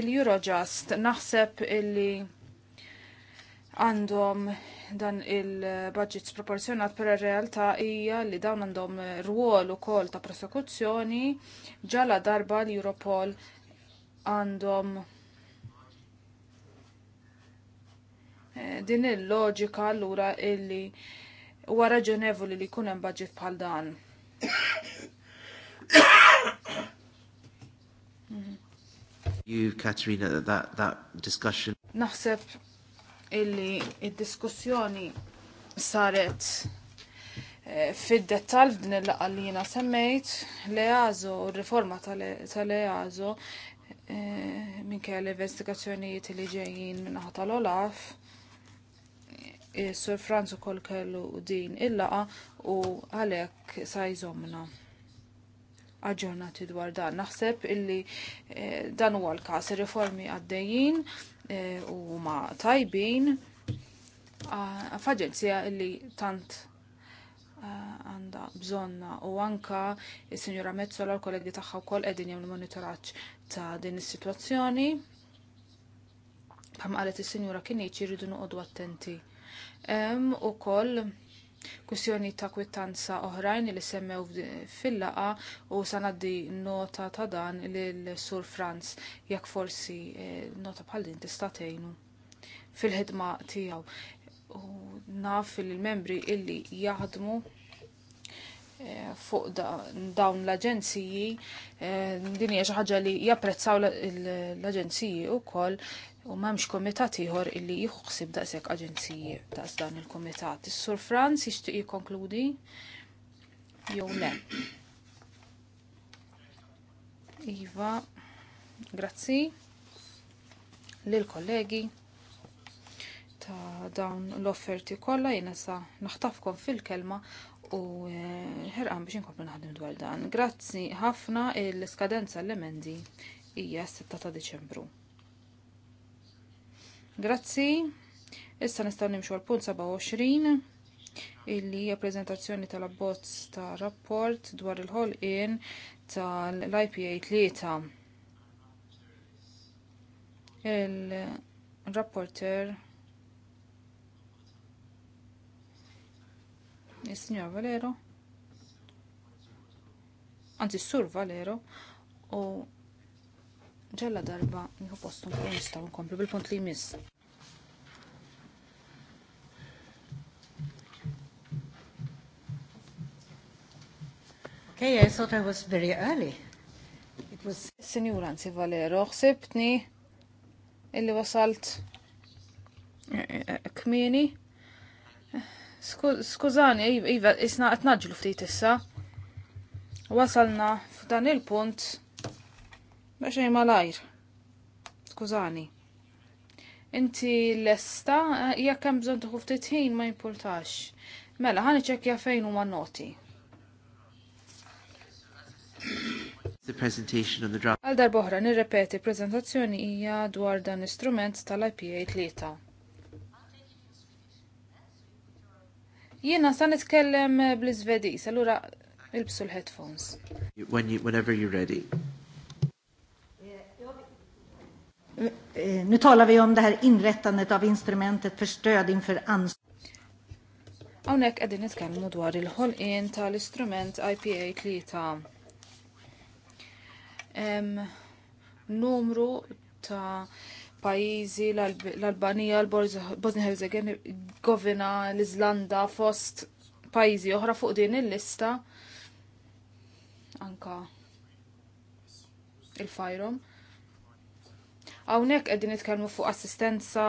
il-Eurojust naħseb illi għandhom dan il-budget sproporzjonat per realtà hija li dawn għandhom ruolu ukoll ta' prosekuzzjoni ġala darba l-Europol għandhom eh, din il-loġika allura illi huwa raġonevoli li jkun hemm baġit bħal dan. <coughs> You, Katerina, that, that discussion. Naħseb illi id-diskussjoni saret eh, fid-dettal f'din il laqalina semmejt l-EASO, r-riforma tal-EASO Eh, minn kell investigazzjonijiet li ġejjin minnaħa tal-Olaf, eh, Sur Franz kol kellu din il-laqa u għalek sa jżomna aġġornati dwar dan. Naħseb illi eh, dan huwa l-każ reformi għaddejjin u ma tajbin f'aġenzija illi tant Eh, għanda bżonna u anka il-Sinjora Mezzola l-kollegi tagħha wkoll qegħdin jagħmlu monitoraġġ ta' din is-sitwazzjoni. Pam qalet is-Sinjora Kiniċi rridu noqogħdu attenti. U koll kwistjoni ta' kwittanza oħrajn li semmew fil-laqa u sanaddi nota ta' dan lil Sur Franz jekk forsi eh, nota bħal din tista' tgħinu fil-ħidma tiegħu u naf il-membri illi jaħdmu eh, fuq dawn l-aġenziji, eh, din hija xi ħaġa li japprezzaw l-aġenziji wkoll u m'hemmx komitat ieħor illi jieħu ħsieb daqshekk aġenziji daqs dan il-komitat. Is-Sur Franz jixtieq jikkonkludi jew le. Iva, grazzi lil kollegi ta' dawn l-offerti kollha jiena sa naħtafkom fil-kelma u eh, ħerqan biex inkomplu naħdem dwar dan. Grazzi ħafna l-iskadenza l-emendi hija 6 ta' Deċembru. Grazzi, issa nistgħu nimxu għal punt 27 illi hija preżentazzjoni tal-abbozz ta' rapport dwar il-ħolqien tal-IPA 3. Il-rapporter il Signor Valero, anzi sur Valero, u ġella darba nħu postum u nistaw nkomplu bil-punt li jmiss. Okay, I thought I was very early. It was... Senjur, anzi Valero, xsibtni illi wasalt eh, eh, eh, kmini Skużani, iva, iva, isna qed naġlu ftit issa. Wasalna f'dan il-punt ma xejn malajr. Skużani. Inti lesta eh, jekk hemm bżonn tieħu ftit ħin ma jimpultax. Mela, ħani ċekkja fejn huma noti. the presentation of the draft. Għal oħra nirrepeti, prezentazzjoni hija dwar dan l-istrument tal-IPA 3. Jiena sa nitkellem bl-Iżvediż, allura ilbsu l-headphones. When you, whenever you're ready. Eh, nu talar vi om det här inrättandet av instrumentet för stöd inför ansvar. Awnek għedin nitkellmu dwar il-ħolqin tal-istrument IPA klita. numru ta' pajizi l-Albanija, l-Bosnia-Herzegovina, l-Izlanda, fost pajizi oħra fuq din il-lista. Anka il-fajrom. Hawnhekk qegħdin nitkellmu fuq assistenza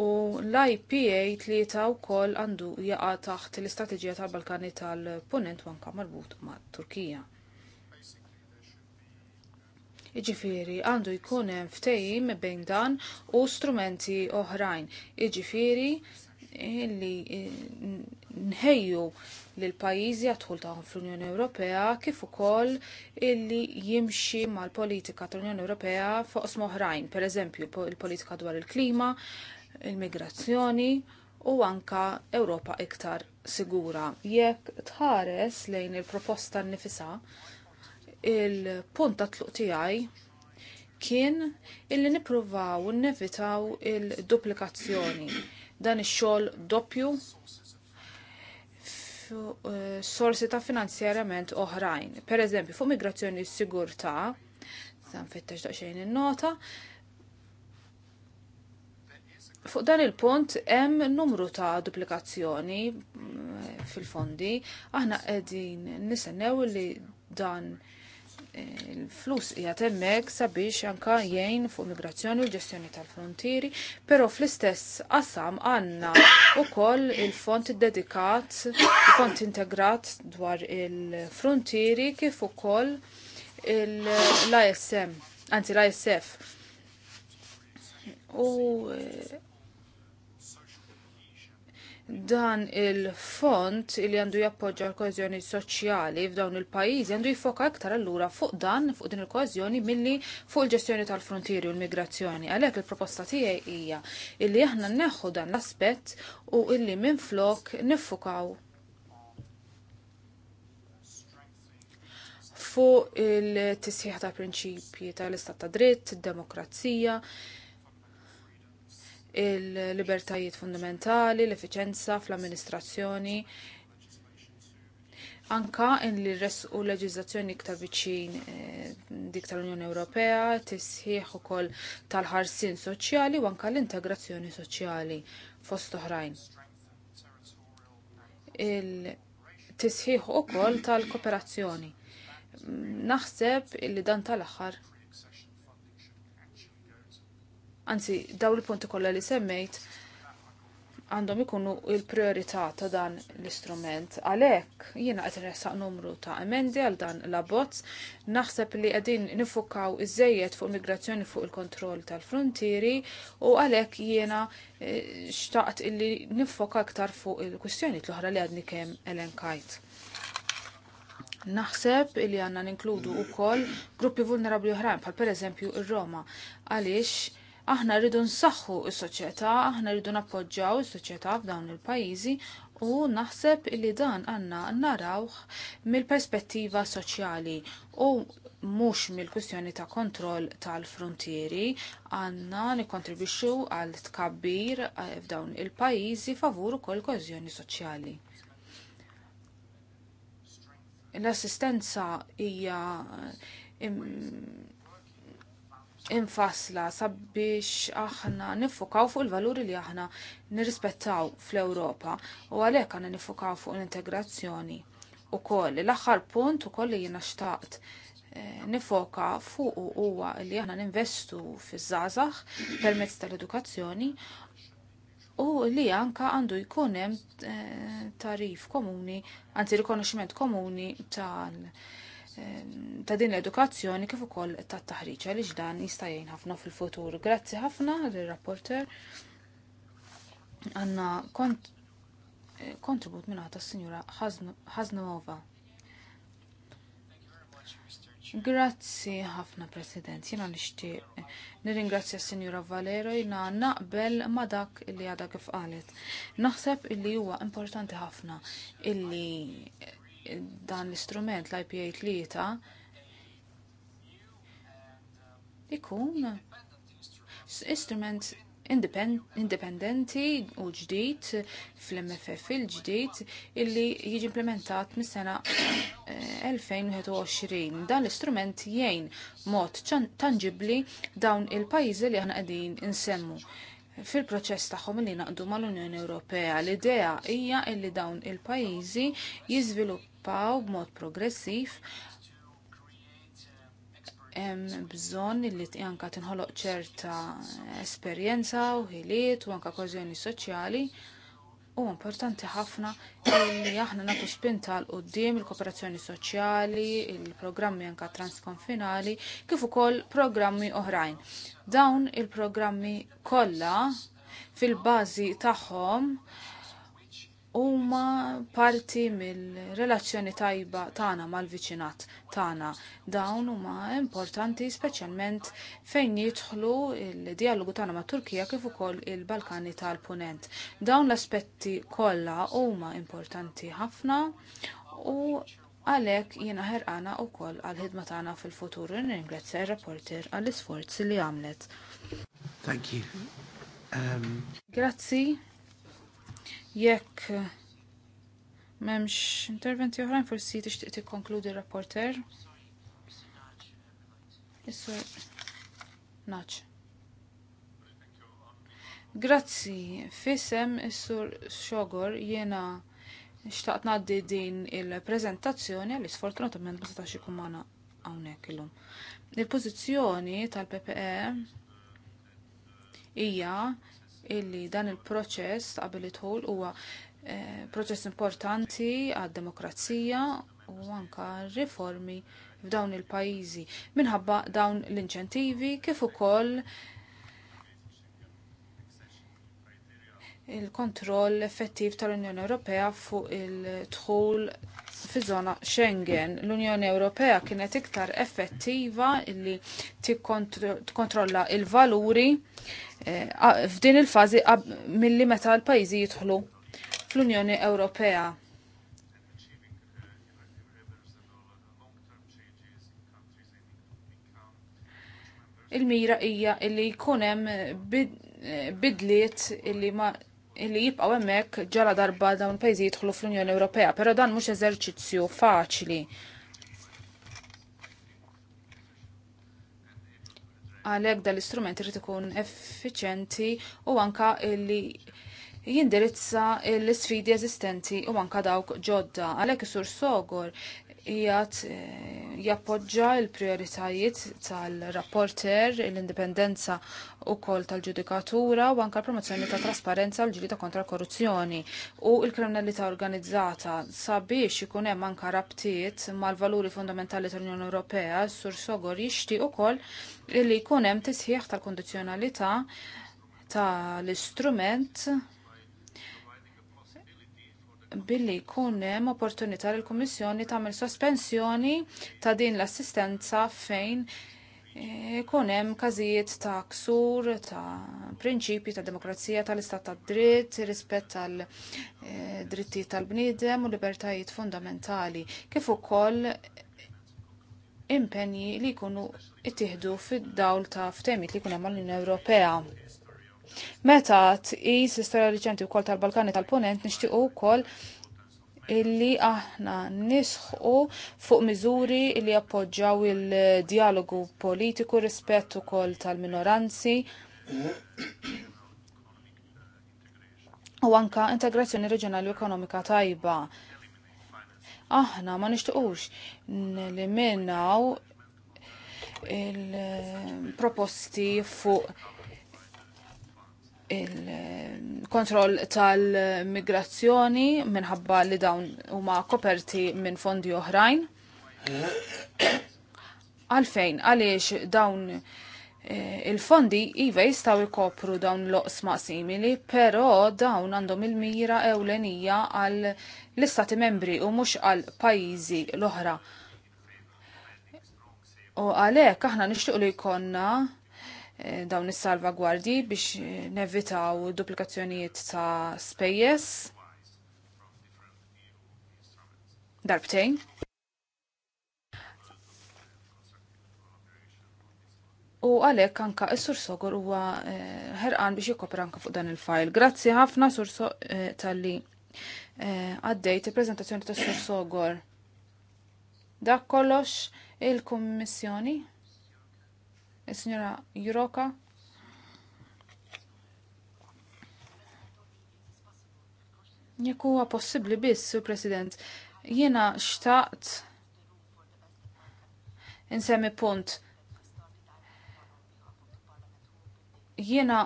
U l-IPA tlieta wkoll għandu jaqa' taħt l-istrateġija tal-Balkani tal-Punent wanka marbut ma' Turkija. Iġifiri, għandu jkun hemm ftehim bejn dan u strumenti oħrajn. Iġifiri, li eh, nħejju lil pajjiżi għadħul tagħhom fl-Unjoni Ewropea kif ukoll illi jimxi mal-politika tal-Unjoni Ewropea fuq oħrajn, pereżempju il-politika dwar il-klima, il-migrazzjoni u anka Ewropa iktar sigura. Jekk tħares lejn il-proposta nifisa' il-punt ta' tluq tiegħi kien illi nippruvaw nevitaw il-duplikazzjoni dan ix-xogħol doppju eh, sorsi ta' finanzjarjament oħrajn. Per eżempju, fuq migrazzjoni sigurtà, san fittex daqsxejn in-nota, Fuq dan il-punt hemm numru ta' duplikazzjoni mm, fil-fondi, aħna qegħdin nistennew li dan il-flus hija temmek sabiex anka jgħin fuq migrazzjoni u ġestjoni tal-frontieri, però fl-istess qasam għandna ukoll il-font dedikat, il-font integrat dwar il-frontieri kif ukoll l-ISM, anzi l-ISF. U eh, dan il-font il għandu jappoġġa l-kohezjoni soċjali f'dawn il-pajjiżi għandu jifoka aktar allura fuq dan fuq din il-kohezjoni milli fuq il-ġestjoni tal-frontieri u l-migrazzjoni. Għalhekk il-proposta tiegħi hija illi aħna neħu dan l-aspett u illi minflok nifukaw fuq il-tisħiħ ta' prinċipji tal-istat ta' dritt, id-demokrazija, il-libertajiet fundamentali, l-efficienza fl-amministrazzjoni, anka in li resqu leġizzazzjoni iktar viċin eh, dik tal-Unjoni Ewropea, tisħiħ ukoll tal-ħarsin soċjali u anka l-integrazzjoni soċjali fost oħrajn. Il-tisħiħ ukoll tal-kooperazzjoni. Naħseb li dan tal-aħħar anzi daw il-punti kollha li semmejt għandhom ikunu il-priorità ta' dan l-istrument. Għalhekk jiena qed nresaq numru ta' emendi għal dan l-abbozz, naħseb li qegħdin nifukaw iżejiet fuq migrazzjoni fuq il-kontroll tal-frontieri u għalhekk jiena eh, xtaqt illi nifoka aktar fuq il kustjoni l-oħra li għadni kemm elenkajt. Naħseb li għanna ninkludu u koll gruppi vulnerabli oħrajn, bħal per eżempju il roma għaliex Aħna rridu nsaħħu s-soċjetà, aħna rridu nappoġġaw is-soċjetà f'dawn il-pajjiżi u naħseb li dan għanna narawh mill-perspettiva soċjali u mhux mill-kwistjoni ta' kontroll tal-frontieri għanna nikkontribwixxu għal tkabbir eh, f'dawn il-pajjiżi favur ukoll kożjoni soċjali. L-assistenza hija infasla sabiex aħna nifukaw fuq il-valuri li aħna nirrispettaw fl-Ewropa u għalhekk għandna nifukaw fuq l-integrazzjoni u koll. L-aħħar punt u koll li jiena xtaqt eh, nifoka fuq huwa li aħna ninvestu fiż-żgħażagħ permezz tal-edukazzjoni u li anka għandu jkun hemm eh, tarif komuni, anzi rikonoxximent komuni tal- ta' din l-edukazzjoni kif ukoll tat taħriġ għaliex dan jista' jgħin ħafna fil-futur. Grazzi ħafna lir-rapporter. Għandna kont kontribut minn ħata s-Sinjura Ħaznova. Grazzi ħafna President, jena nixtieq nirringrazzja s-Sinjura Valero jena naqbel ma dak illi għada kif qalet. Naħseb illi huwa importanti ħafna illi dan l-istrument l-IPA tlieta ikun instrument indipendenti u ġdid fl-MFF il-ġdid illi jiġi implementat mis-sena 2021. Eh, dan l-istrument jgħin mod tangibli dawn il-pajjiżi li aħna qegħdin insemmu fil-proċess tagħhom li naqdu mal-Unjoni Ewropea. L-idea hija illi dawn il-pajjiżi jiżviluppaw niżviluppaw b'mod progressiv hemm bżonn li anka tinħoloq ċerta esperjenza u ħiliet u anka kożjoni soċjali. U importanti ħafna li aħna nagħtu spinta l qudiem il-kooperazzjoni soċjali, il-programmi anka transkonfinali, kif ukoll programmi oħrajn. Dawn il-programmi kollha fil-bażi tagħhom huma parti mill-relazzjoni tajba tagħna mal-viċinat tagħna. Dawn huma importanti speċjalment fejn jidħlu il-dialogu tagħna ma' Turkija kif ukoll il-Balkani tal-Punent. Dawn l-aspetti kollha huma importanti ħafna u għalek jiena ħerqana u koll għal-ħidma tagħna fil-futur ringrazzja r rapporter għall-isforz li għamlet. Thank you. Um... Grazzi. Jekk memx interventi oħrajn forsi tixtieq tikkonkludi rapporter. is Naċ. Grazzi, fisem is-sur Xogor jiena xtaqt naddi din il-prezentazzjoni għal sfortunatament ma setax ikun magħna hawnhekk illum. Il-pożizzjoni tal-PPE hija illi dan il-proċess ta' qabel idħul huwa eh, proċess importanti għad-demokrazija u anka riformi f'dawn il-pajjiżi minħabba dawn l-inċentivi kif ukoll il-kontroll effettiv tal-Unjoni Ewropea fuq il-dħul fi zona Schengen. L-Unjoni Ewropea kienet iktar effettiva illi tikkontrolla il-valuri eh, f'din il-fazi milli meta l-pajjiżi jidħlu fl-Unjoni Ewropea. Il-mira hija illi jkun hemm eh, bidliet illi ma' li jibqaw hemmhekk ġala darba dawn pajzi jidħlu fl-Unjoni Ewropea, però dan mhux eżerċizzju faċli. Għalhekk dal-istrument irid ikun effiċenti u anka li jindirizza l-sfidi eżistenti u anka dawk ġodda. Għalhekk isur sogor jgħat eh, jappoġġa il-prioritajiet tal-rapporter, l-indipendenza u kol tal-ġudikatura u anka promozzjoni ta' trasparenza l-ġilita kontra korruzzjoni u il-kriminalità organizzata sabiex ikun hemm anka rabtiet mal-valuri fundamentali tal-Unjoni Ewropea, sur sogor jixti u kol li jkun hemm tisħiħ tal-kondizjonalità tal-istrument billi jkun hemm opportunità l kummissjoni tagħmel sospensjoni ta' din l-assistenza fejn jkun eh, hemm każijiet ta' ksur ta' prinċipji ta' demokrazija tal-istat tad dritt, rispett tal eh, dritti tal-bniedem u libertajiet fundamentali, kif ukoll impenji li jkunu ittieħdu fid-dawl ta' ftehmiet li jkun hemm mal unjoni Ewropea. Meta tqis l reċenti riċenti wkoll tal-Balkani tal-Punent nixtiequ wkoll illi aħna nisħu fuq miżuri li appoġġaw il-dialogu politiku rispett ukoll tal-minoranzi u anka integrazzjoni reġjonali u ekonomika tajba. Aħna ma nixtiqux li minnaw il-proposti fuq il-kontroll tal-migrazzjoni minħabba li dawn huma koperti minn fondi oħrajn. Għalfejn, għaliex dawn eh, il-fondi iva jistaw ikopru dawn l-oqsma simili, pero dawn għandhom il-mira ewlenija għal l-istati membri u mux għal pajizi l-oħra. U għalek aħna nishtuq li konna Eh, dawn is-salvagwardji biex nevitaw duplikazzjonijiet ta' spejjeż darbtejn. U għalhekk anka s-sur Sogor huwa eh, ħerqan biex jikopra anka fuq dan il-fajl. Grazzi ħafna sur eh, tal-li għaddejt il-preżentazzjoni tas-sur Sogor. Dak kollox il-Kummissjoni. Signora sinjora Juroka. Jekk huwa possibbli biss, Sur President, jiena xtaqt insemmi punt. Jiena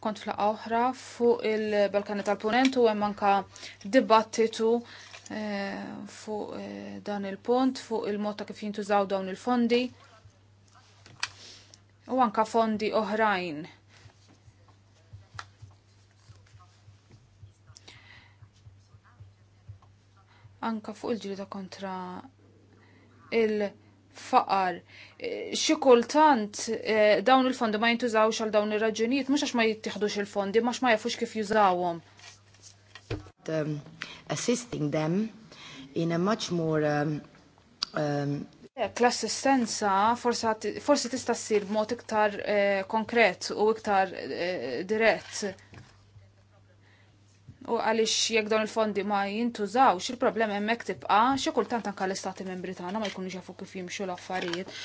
kont fl oħra fuq il-Balkani tal-Punent u hemm anka dibattitu eh, fuq eh, dan il-punt, fuq il-mod ta' kif jintużaw dawn il-fondi u anka fondi oħrajn. Anka fuq il-ġilda kontra il-faqar. E, Xikultant kultant e, dawn il-fondi ma jintużawx għal dawn ir-raġunijiet, mhux għax ma jittieħdux il-fondi, mhux ma jafux kif jużawhom. Um, assisting them in a much more um, um, L-assistenza forsi tista' ssir b'mod iktar eh, konkret u iktar eh, dirett. U għaliex jekk dawn il-fondi ma jintużawx, il-problema hemmhekk tibqa' xi kultant anke l-istati membri tagħna ma jkunux ġafu kif jimxu l-affarijiet.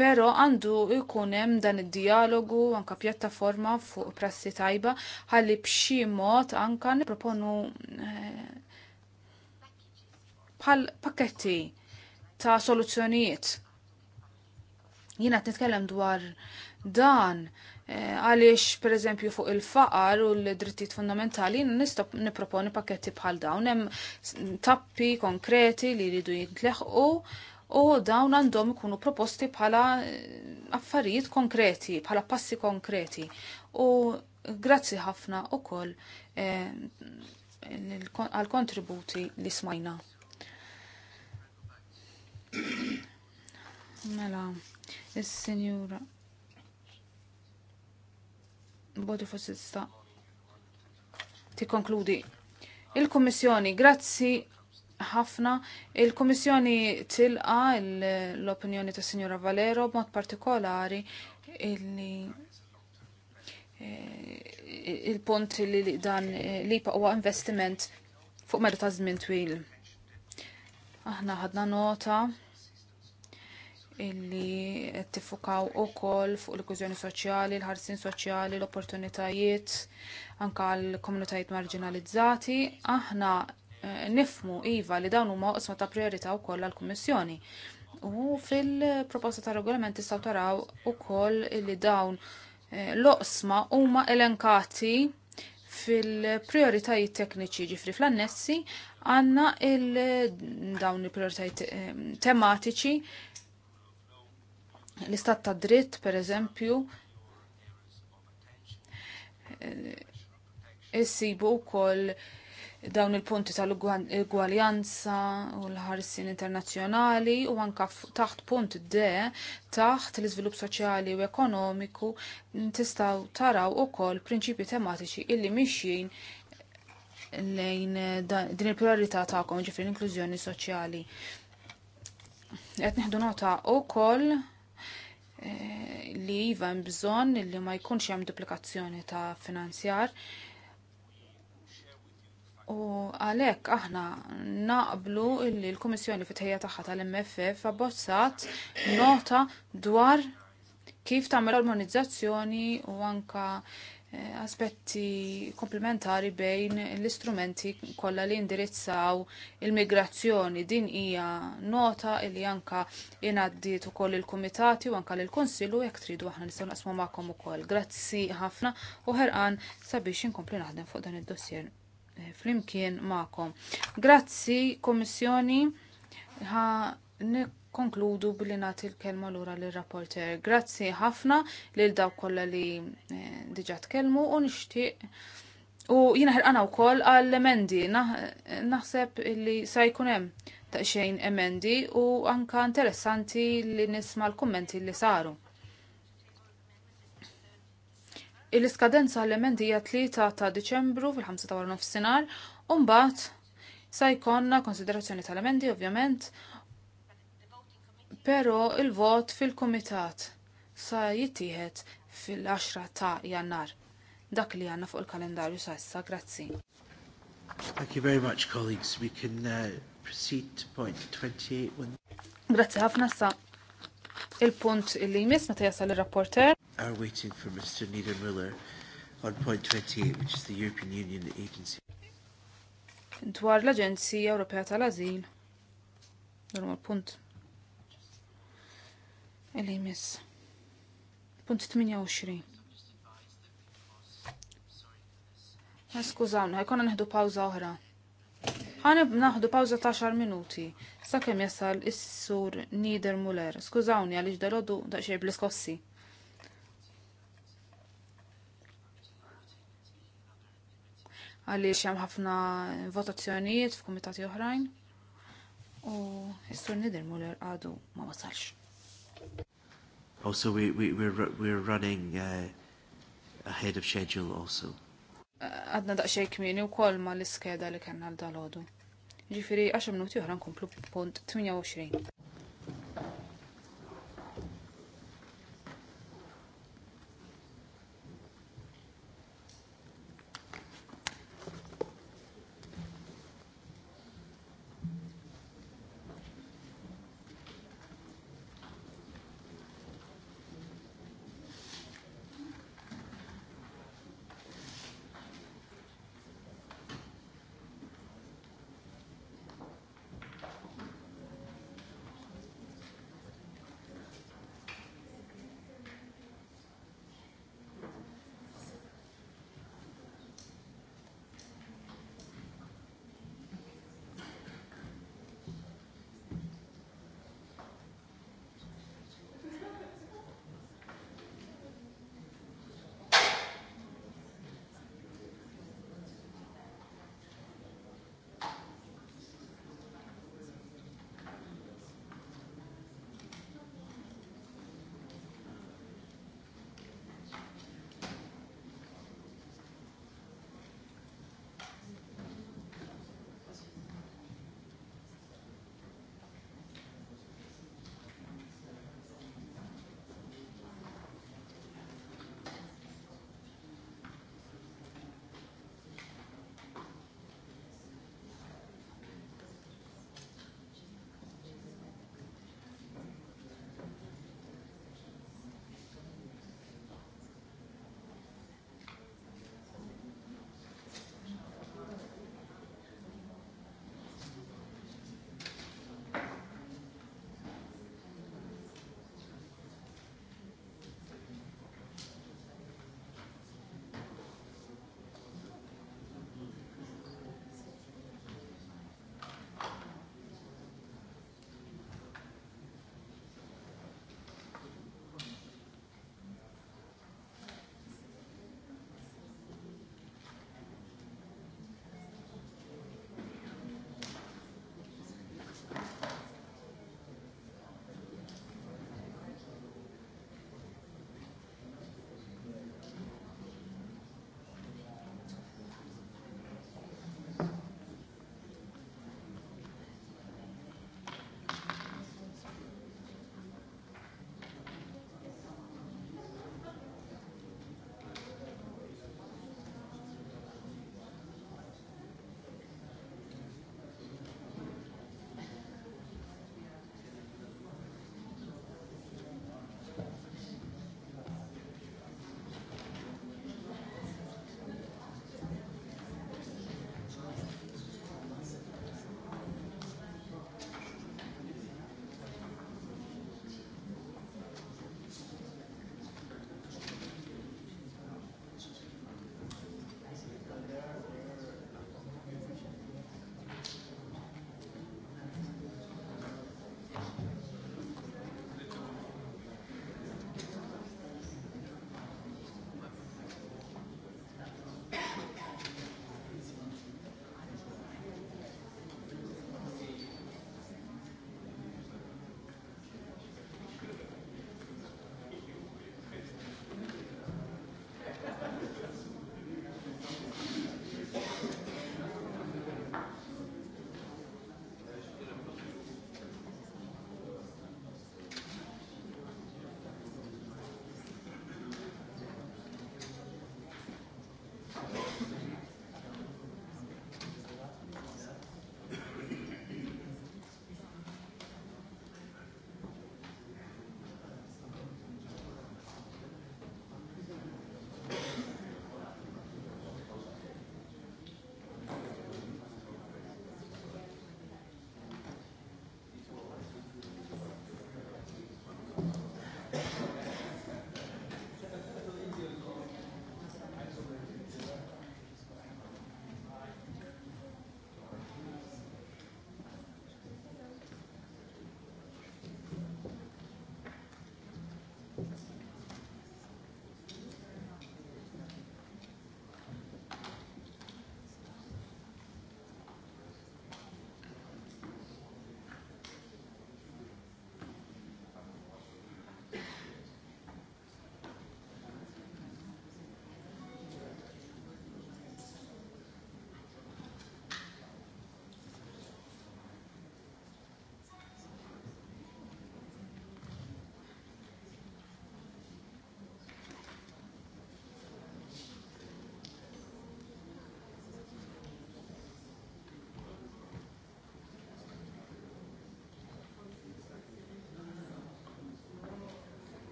Però għandu jkun hemm dan id-dialogu anke pjattaforma fuq prassi tajba għalli bxie mod anke nipproponu eh, bħal eh, pakketti ta' soluzzjonijiet. Jina qed nitkellem dwar dan eh, għaliex per eżempju fuq il-faqar u l-drittijiet fundamentali nistop niproponi pakketti bħal dawn hemm tappi konkreti li jridu jintleħqu u dawn għandhom ikunu proposti bħala eh, affarijiet konkreti, bħala passi konkreti. U grazzi ħafna u koll eh, għal-kontributi li smajna. Mela, il-senjura. Bodi fossi sta. Ti konkludi. Il-Kommissjoni, grazzi ħafna. Il-Kommissjoni tilqa l-opinjoni ta' Signora Valero b'mod partikolari illi eh, il-punt li dan eh, li huwa investiment fuq ta' żmien twil. Aħna ħadna nota illi tifukaw tiffukaw ukoll fuq l kuzjoni soċjali, l-ħarsin soċjali, l-opportunitajiet anke l komunitajiet marginalizzati. Aħna eh, nifmu iva li dawn huma qosma ta' priorità wkoll għall-Kummissjoni. U fil-proposta ta' regolament tistgħu taraw ukoll li dawn eh, l-oqsma huma elenkati fil-prioritajiet tekniċi ġifri fl-annessi għanna il dawn il-prioritajiet eh, tematiċi L-istat ta' dritt, per eżempju, issibu wkoll dawn il-punti tal-ugwaljanza u l-ħarsin internazzjonali u anka taħt punt D taħt l-iżvilupp soċjali u ekonomiku tistaw taraw ukoll prinċipji tematiċi illi mixjin lejn din il-priorità tagħkom ġifri l-inklużjoni soċjali. Qed nieħdu nota ukoll Eh, li jiva bżon li ma jkunx hemm duplikazzjoni ta' finanzjar. U għalek aħna naqblu illi l-Komissjoni fit-ħejja tagħha tal-MFF abbozzat nota dwar kif tagħmel armonizzazzjoni u anka Eh, aspetti komplementari bejn l-istrumenti kollha li indirizzaw il-migrazzjoni. Din hija nota li anka inaddiet ukoll il-kumitati u anka lill-Kunsill u jekk tridu aħna nistgħu naqsmu magħkom ukoll. Grazzi ħafna u ħerqan sabiex inkompli naħdem fuq dan id-dossier eh, flimkien magħkom. Grazzi Kommissjoni. Konkludu billi nagħti l-kelma lura lir-rapporter. Grazzi ħafna lil dawk kollha li eh, diġà tkellmu u nixtieq U jiena ħirqana wkoll għall emendi naħseb li sa jkun hemm taqxejn emendi u anka interessanti li nisma l-kummenti li saru. Il-iskadenza l-emendi hija tlieta ta' Diċembru fil-5 ta' nofsinhar u mbagħad sa jkollna konsiderazzjoni tal-emendi ovvjament Pero il-vot fil-komitat sa jittijħet fil-10 ta' jannar. Dak li għanna fuq il-kalendarju sa' jissa, grazzi. Thank you very much, colleagues. We can uh, proceed to point 28. Grazzi ħafna sa' il-punt il li jmiss meta jasal il-rapporter. Are waiting for Mr. Niedermüller on point 28, which is the European Union Agency. Dwar l-Aġenzija Ewropea tal-Azil. Normal punt. Illi jmiss. Punt 28. Eh, skużawna, jkonna neħdu pawza oħra. Għana naħdu pawza ta' xar minuti. Sa' jasal is-sur Nieder Muller. Skużawni għaliex dal-oddu daqxie għaliex hemm ħafna votazzjonijiet f'kumitati oħrajn. U s-sur Nider Muller għadu ma wasalx. Also, we, we, we're, we're running uh, ahead of schedule also. Għadna daqxej kmini u kol ma l skeda li kanna l-dalodu. Ġifiri, għaxa minuti uħra nkomplu punt 28.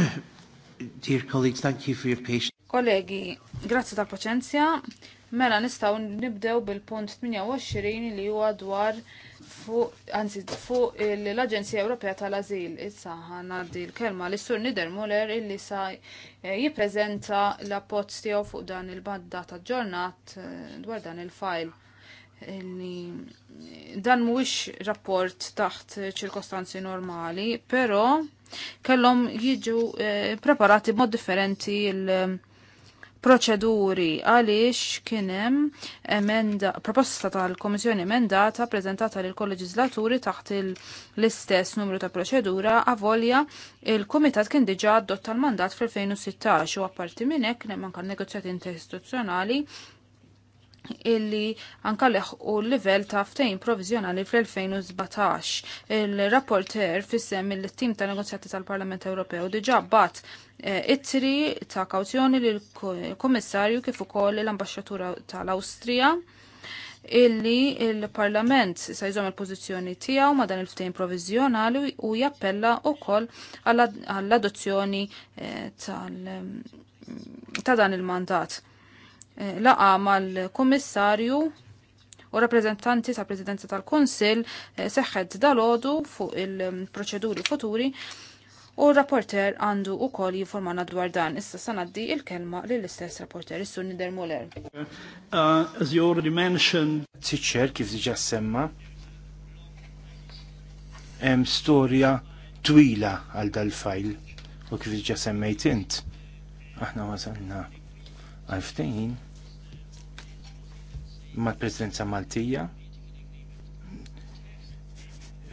<coughs> Dear colleagues, thank you for your patience. Kollegi, grazzi tal paċenzja. Mela nistaw nibdew bil-punt 28 li huwa dwar fuq anzi fuq l-Aġenzija Ewropea tal-Azil. Issa ngħaddi l-kelma li sur Nider Muller illi sa eh, jippreżenta l-appozz tiegħu fuq dan il-badda ta' ġurnat eh, dwar dan il-fajl li eh, dan mhuwiex rapport taħt ċirkostanzi normali, però kellhom jiġu eh, preparati b'mod differenti il- eh, proċeduri għaliex kienem emenda, proposta tal-Komissjoni emendata prezentata lil kolleġislaturi taħt l-istess numru ta' proċedura avolja il-Komitat kien diġa adott tal-mandat fl-2016 u apparti minn hekk hemm anke negozjati interistituzzjonali illi anka leħqu l-level ta' ftejn provizjonali fl-2017. Il-rapporter fissem il-tim ta' negozjati tal-Parlament Ewropew diġa bat eh, it-tri ta' kawzjoni l-Komissarju kif ukoll l-Ambasċatura tal-Awstrija illi il-Parlament se jżom il-pożizzjoni tiegħu ma' dan il ftejn provizjonali u jappella wkoll għall-adozzjoni eh, ta' dan il-mandat Eh, laqa mal-Kummissarju u rappresentanti sa' Presidenza tal-Kunsill eh, seħħet dalodu fuq il-proċeduri futuri u rapporter għandu u koll jinformana dwar dan. Issa sanaddi il-kelma li l-istess rapporter, issu Nider Muller. Uh, as you already mentioned... Tiċċer kif diġa semma, hemm storja twila għal dal-fajl u kif diġa semmejt int. Aħna wasalna għalftejn mal-Presidenza Maltija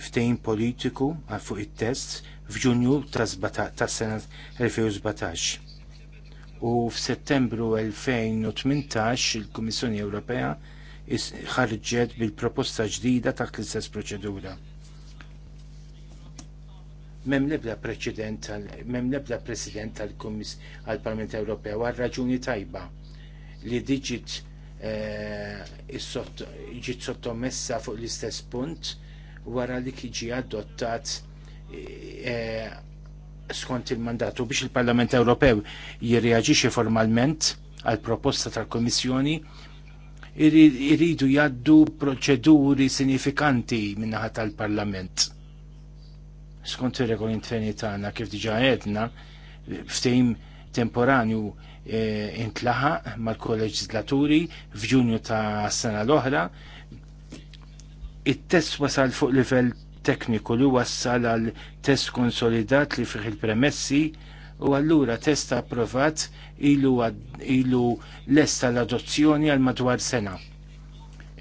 ftejn politiku għal fuq it-test f'Ġunju tas-sena 2017. U f'Settembru 2018 il-Kummissjoni Ewropea ħarġet bil-proposta ġdida ta' l-istess proċedura. Mem lebda preċedent mem lebda president tal-Parlament Ewropea għal raġuni tajba li diġit Eh, ġiet sottomessa fuq l-istess punt wara li kiġi adottat eh, skont il-mandatu biex il-Parlament Ewropew jirreaġixi formalment għal proposta tal-Komissjoni irridu jaddu proċeduri sinifikanti minnaħat tal-Parlament. Skont ir-regolintfeni tagħna kif diġa għedna, ftehim temporanju E, intlaħaq mal-kolleġislaturi f'Ġunju ta' sena l-oħra. It-test wasal fuq livell tekniku li wassal għal test konsolidat li fih il-premessi u allura test approvat ilu, l est l-adozzjoni għal madwar sena.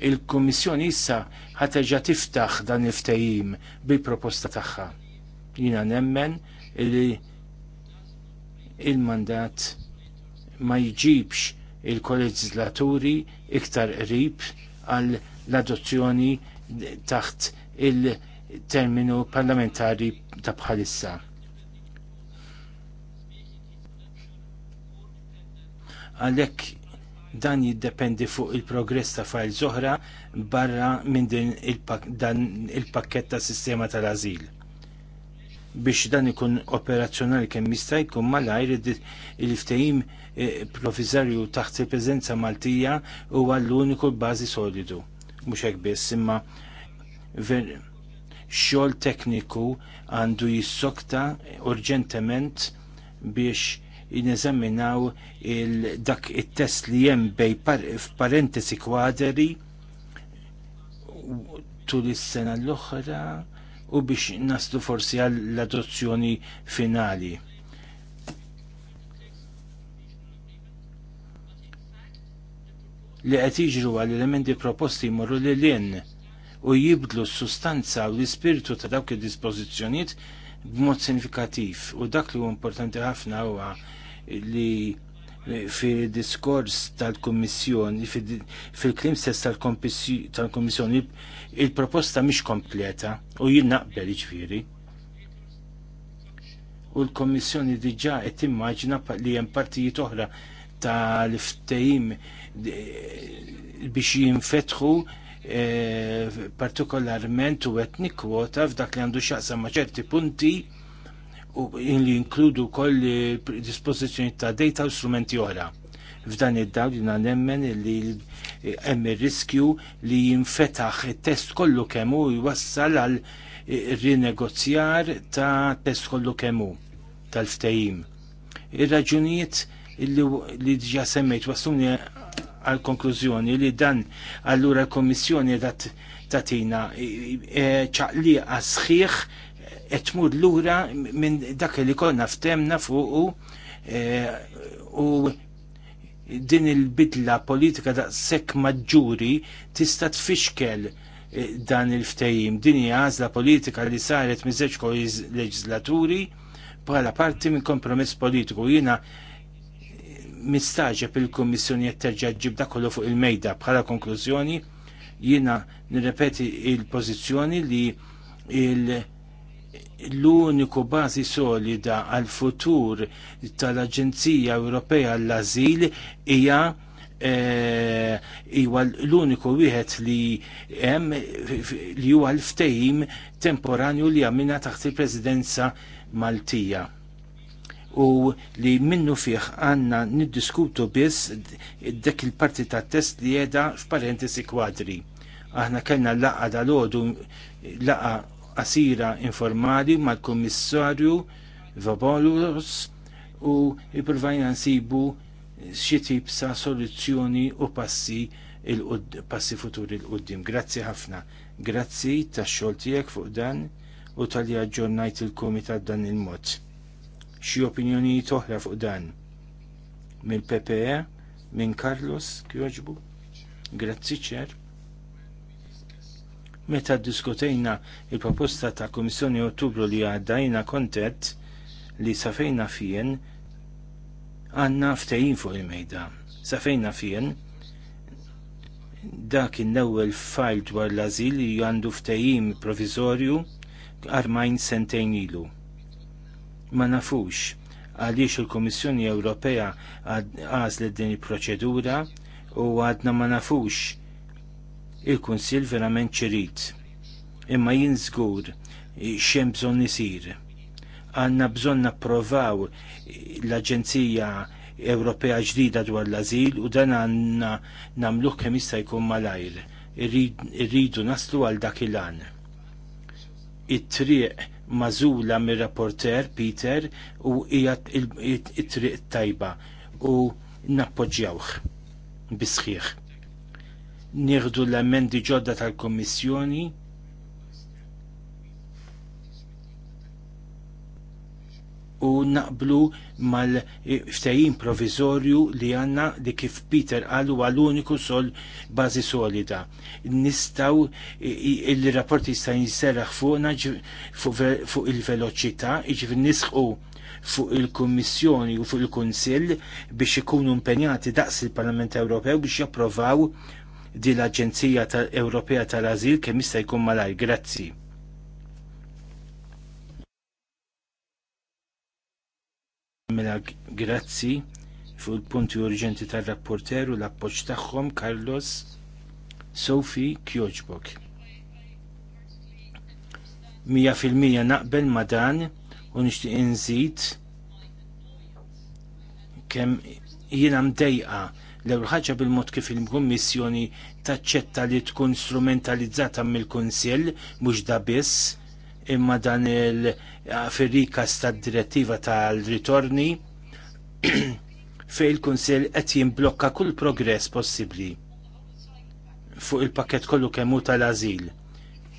il komissjoni issa ħateġa tiftaħ dan il-ftajim bil-proposta tagħha. Jina nemmen li il-mandat ma jġibx il-kolleġislaturi iktar qrib għal l-adozzjoni taħt il-terminu parlamentari ta' bħalissa. Għalek dan jiddependi fuq il-progress ta' fajl zoħra barra minn dan il-pakket ta' sistema tal-azil biex dan ikun operazzjonali kemm jista' jkun malajr il-ftehim provizorju taħt il-preżenza Maltija huwa l-uniku bażi solidu. Mhux hekk biss, imma xogħol tekniku għandu jissokta urġentement biex il dak it-test li jem bej f'parentesi kwadri tul is-sena l-oħra u biex naslu forsi għall-adozzjoni finali. li qed jiġru għal elementi proposti jmorru lil in u jibdlu s-sustanza u l-ispirtu ta' dawk id-dispożizzjonijiet b'mod sinifikattiv u dak li huwa importanti ħafna huwa li fil-diskors tal-Kummissjoni, fil-klim stess tal-Kummissjoni, il-proposta mhix kompleta u jien naqbel ġifieri u l-Kommissjoni diġà qed immaġna li hemm partijiet oħra tal-ftehim biex jinfetħu eh, partikolarment u etnik kwota f'dak li għandu xaqsa ma' ċerti punti u li inkludu koll dispożizzjoni ta' data u strumenti oħra. F'dan id-daw li nemmen li hemm ir-riskju li jinfetaħ it-test kollu kemm hu jwassal għal rinegozjar ta' test kollu kemmu tal-ftehim. Ir-raġunijiet li diġà semmejt wasluni għal konklużjoni li dan allura l komissjoni dat tatina e, ċaqli għasħiħ etmur l-ura minn dak li konna ftemna fuq e, u din il-bidla politika da' sekk maġġuri tista' tfixkel e, dan il-ftejim. Din hija għażla politika li saret miżeġ leġislaturi bħala parti minn kompromess politiku. Jiena mistaġeb il-Kummissjoni qed terġa' ġib kollu fuq il-mejda bħala konklużjoni jiena nirrepeti il-pożizzjoni li l-uniku bażi solida għal futur tal-Aġenzija Ewropea għall-Azil hija eh, iwa l-uniku wieħed li hemm li huwa l-ftehim temporanju li għamilna taħt il-Presidenza Maltija u li minnu fiħ għanna niddiskutu biss dak il-parti ta' test li jeda f'parentesi kwadri. Aħna kellna laqa dal-ħodu laqa asira informali mal-Kommissarju Vabolus u iprovajna nsibu xi sa' soluzzjoni u passi il-passi futur il-qoddim. Grazzi ħafna. Grazzi tax-xogħol tiegħek fuq dan u tal-li il komitat dan il-mod xi opinjoni toħra fuq dan. Minn PPE, minn Carlos Kjoġbu, grazzi ċer. Meta diskutejna il-proposta ta' Komissjoni Ottubru li għaddajna kontet li safejna fien għanna ftejin fuq il-mejda. Safejna fien dak il-ewwel fajl dwar l-azil li għandu ftejim provizorju armajn sentejn ilu ma nafux għaliex il-Komissjoni Ewropea għażlet din il-proċedura u għadna ma nafux il-Kunsil verament ċirit. Imma jien żgur x'hemm bżonn isir. Għandna bżonn napprovaw l-Aġenzija Ewropea ġdida dwar l-azil u dan għandna namluħ kemm jista' jkun malajr. Irridu naslu għal dak il-għan. It-triq mażula mir-rapporter Peter u hija it-triq tajba u nappoġġjawh bisħieħ. Nieħdu l-emendi ġodda tal-Kommissjoni u naqblu mal-ftajin provizorju li għanna li kif Peter għallu għal-uniku sol bazi solida. Nistaw il-rapport jista' jisserraħ fuqna fuq il-veloċità, iġifieri nisħu fuq il-Kummissjoni u fuq il-Kunsill biex ikunu impenjati daqs il-Parlament Ewropew biex japprovaw di l-Aġenzija Ewropea tal-Azil kemm jista' jkun malaj. Grazzi. Mela grazzi fuq il-punti urġenti tar-rapporter u l-appoġġ tagħhom Carlos Sofi Kjoġbok. Mija fil-mija naqbel ma dan u nixtieq inżid kemm jiena mdejqa l-ewwel ħaġa bil-mod kif il-Kummissjoni taċċetta li tkun strumentalizzata mill-Kunsill mhux da biss imma dan il-firrika sta direttiva tal-ritorni <clears throat> fej il qed jimblokka kull progress possibbli fuq il-pakket kollu kemmu tal-azil.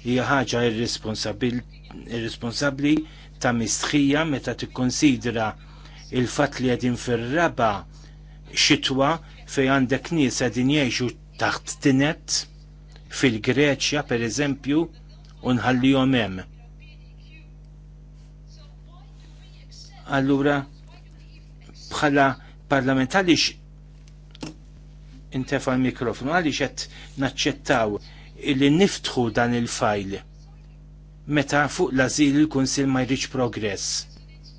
Hija ħaġa irresponsabbli ta' mistħija meta tikkonsidra il-fatt li qegħdin fir-raba xitwa fej għandek nies qegħdin jgħixu taħt tinet fil-Greċja pereżempju u nħallihom hemm allura bħala parlament għaliex intefa' l-mikrofonu għaliex qed naċċettaw illi niftħu dan il-fajl meta fuq l-azil il-Kunsil ma jriċ progress.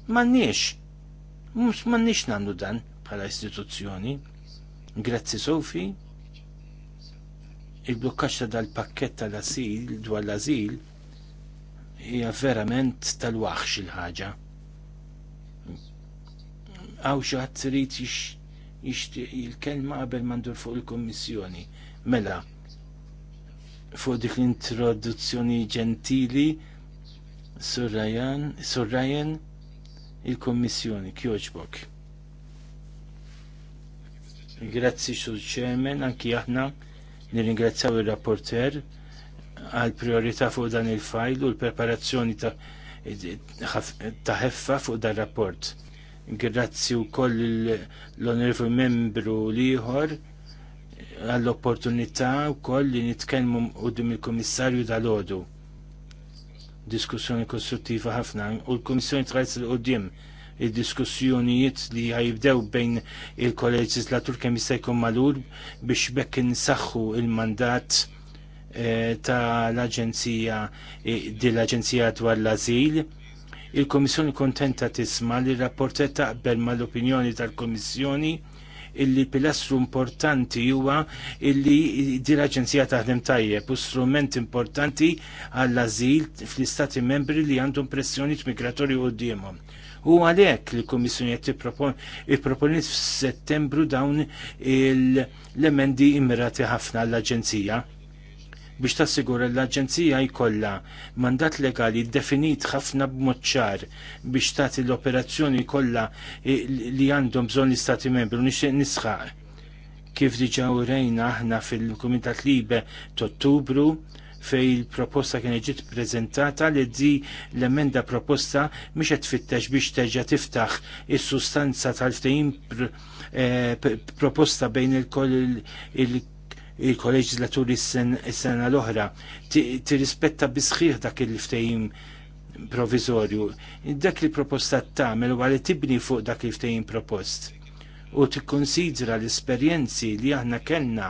Mannix, mux mannix nandu dan bħala istituzzjoni. Grazzi Sofi, il-blokkaċ ta' dal-pakket tal-azil dwar l-azil hija verament tal-waħx il-ħaġa għaw xaħat trid jixtieq il-kelma qabel mandur fuq il-Kommissjoni. Mela, fuq dik l-introduzzjoni ġentili, Surrajan, il-Kommissjoni, kjoġbok. Grazzi Sur Chairman, anki aħna nirringrazzaw il-rapporter għal priorità fuq dan il-fajl u l-preparazzjoni ta' ħeffa fuq dan rapport Grazzi u koll l-onorevol membru liħor għall-opportunità u koll li nitkenmu u dim il-komissarju dal-ħodu. Diskussjoni konstruttiva ħafna u l-komissjoni trajt l-qoddim il-diskussjonijiet li għajibdew bejn il-kolleġislatur kemm jista' jkun malur biex bekk insaħħu il-mandat eh, ta' l-Aġenzija, eh, di l-Aġenzija dwar l-Azil Il-Komissjoni kontenta tisma li r-rapporter taqbel mal-opinjoni tal-Komissjoni illi pilastru importanti huwa illi di l-Aġenzija taħdem tajjeb u strument importanti għall-azil fl-istati membri li għandhom pressjoni migratorji qudiemhom. U għalhekk li kummissjoni qed f f'Settembru dawn l-emendi immirati ħafna għall-Aġenzija biex tassigura l-Aġenzija jkollha mandat legali definit ħafna b'mod ċar biex tagħti l-operazzjoni kollha li għandhom bżonn l-Istati Membri nixtieq nisħaq kif diġà urejna aħna fil-Kumitat Libe t'Ottubru fej il-proposta kien ġiet prezentata li di l-emenda proposta miex qed tfittex biex terġa' tiftaħ is-sustanza tal-ftehim eh, proposta bejn il-koll il il-kolleġislaturi s-sena l-oħra tirrispetta bisħiħ dak il-ftejim provizorju. Dak li proposta tagħmel huwa li tibni fuq dak il ftehim propost u t-konsidra l esperienzi li aħna kellna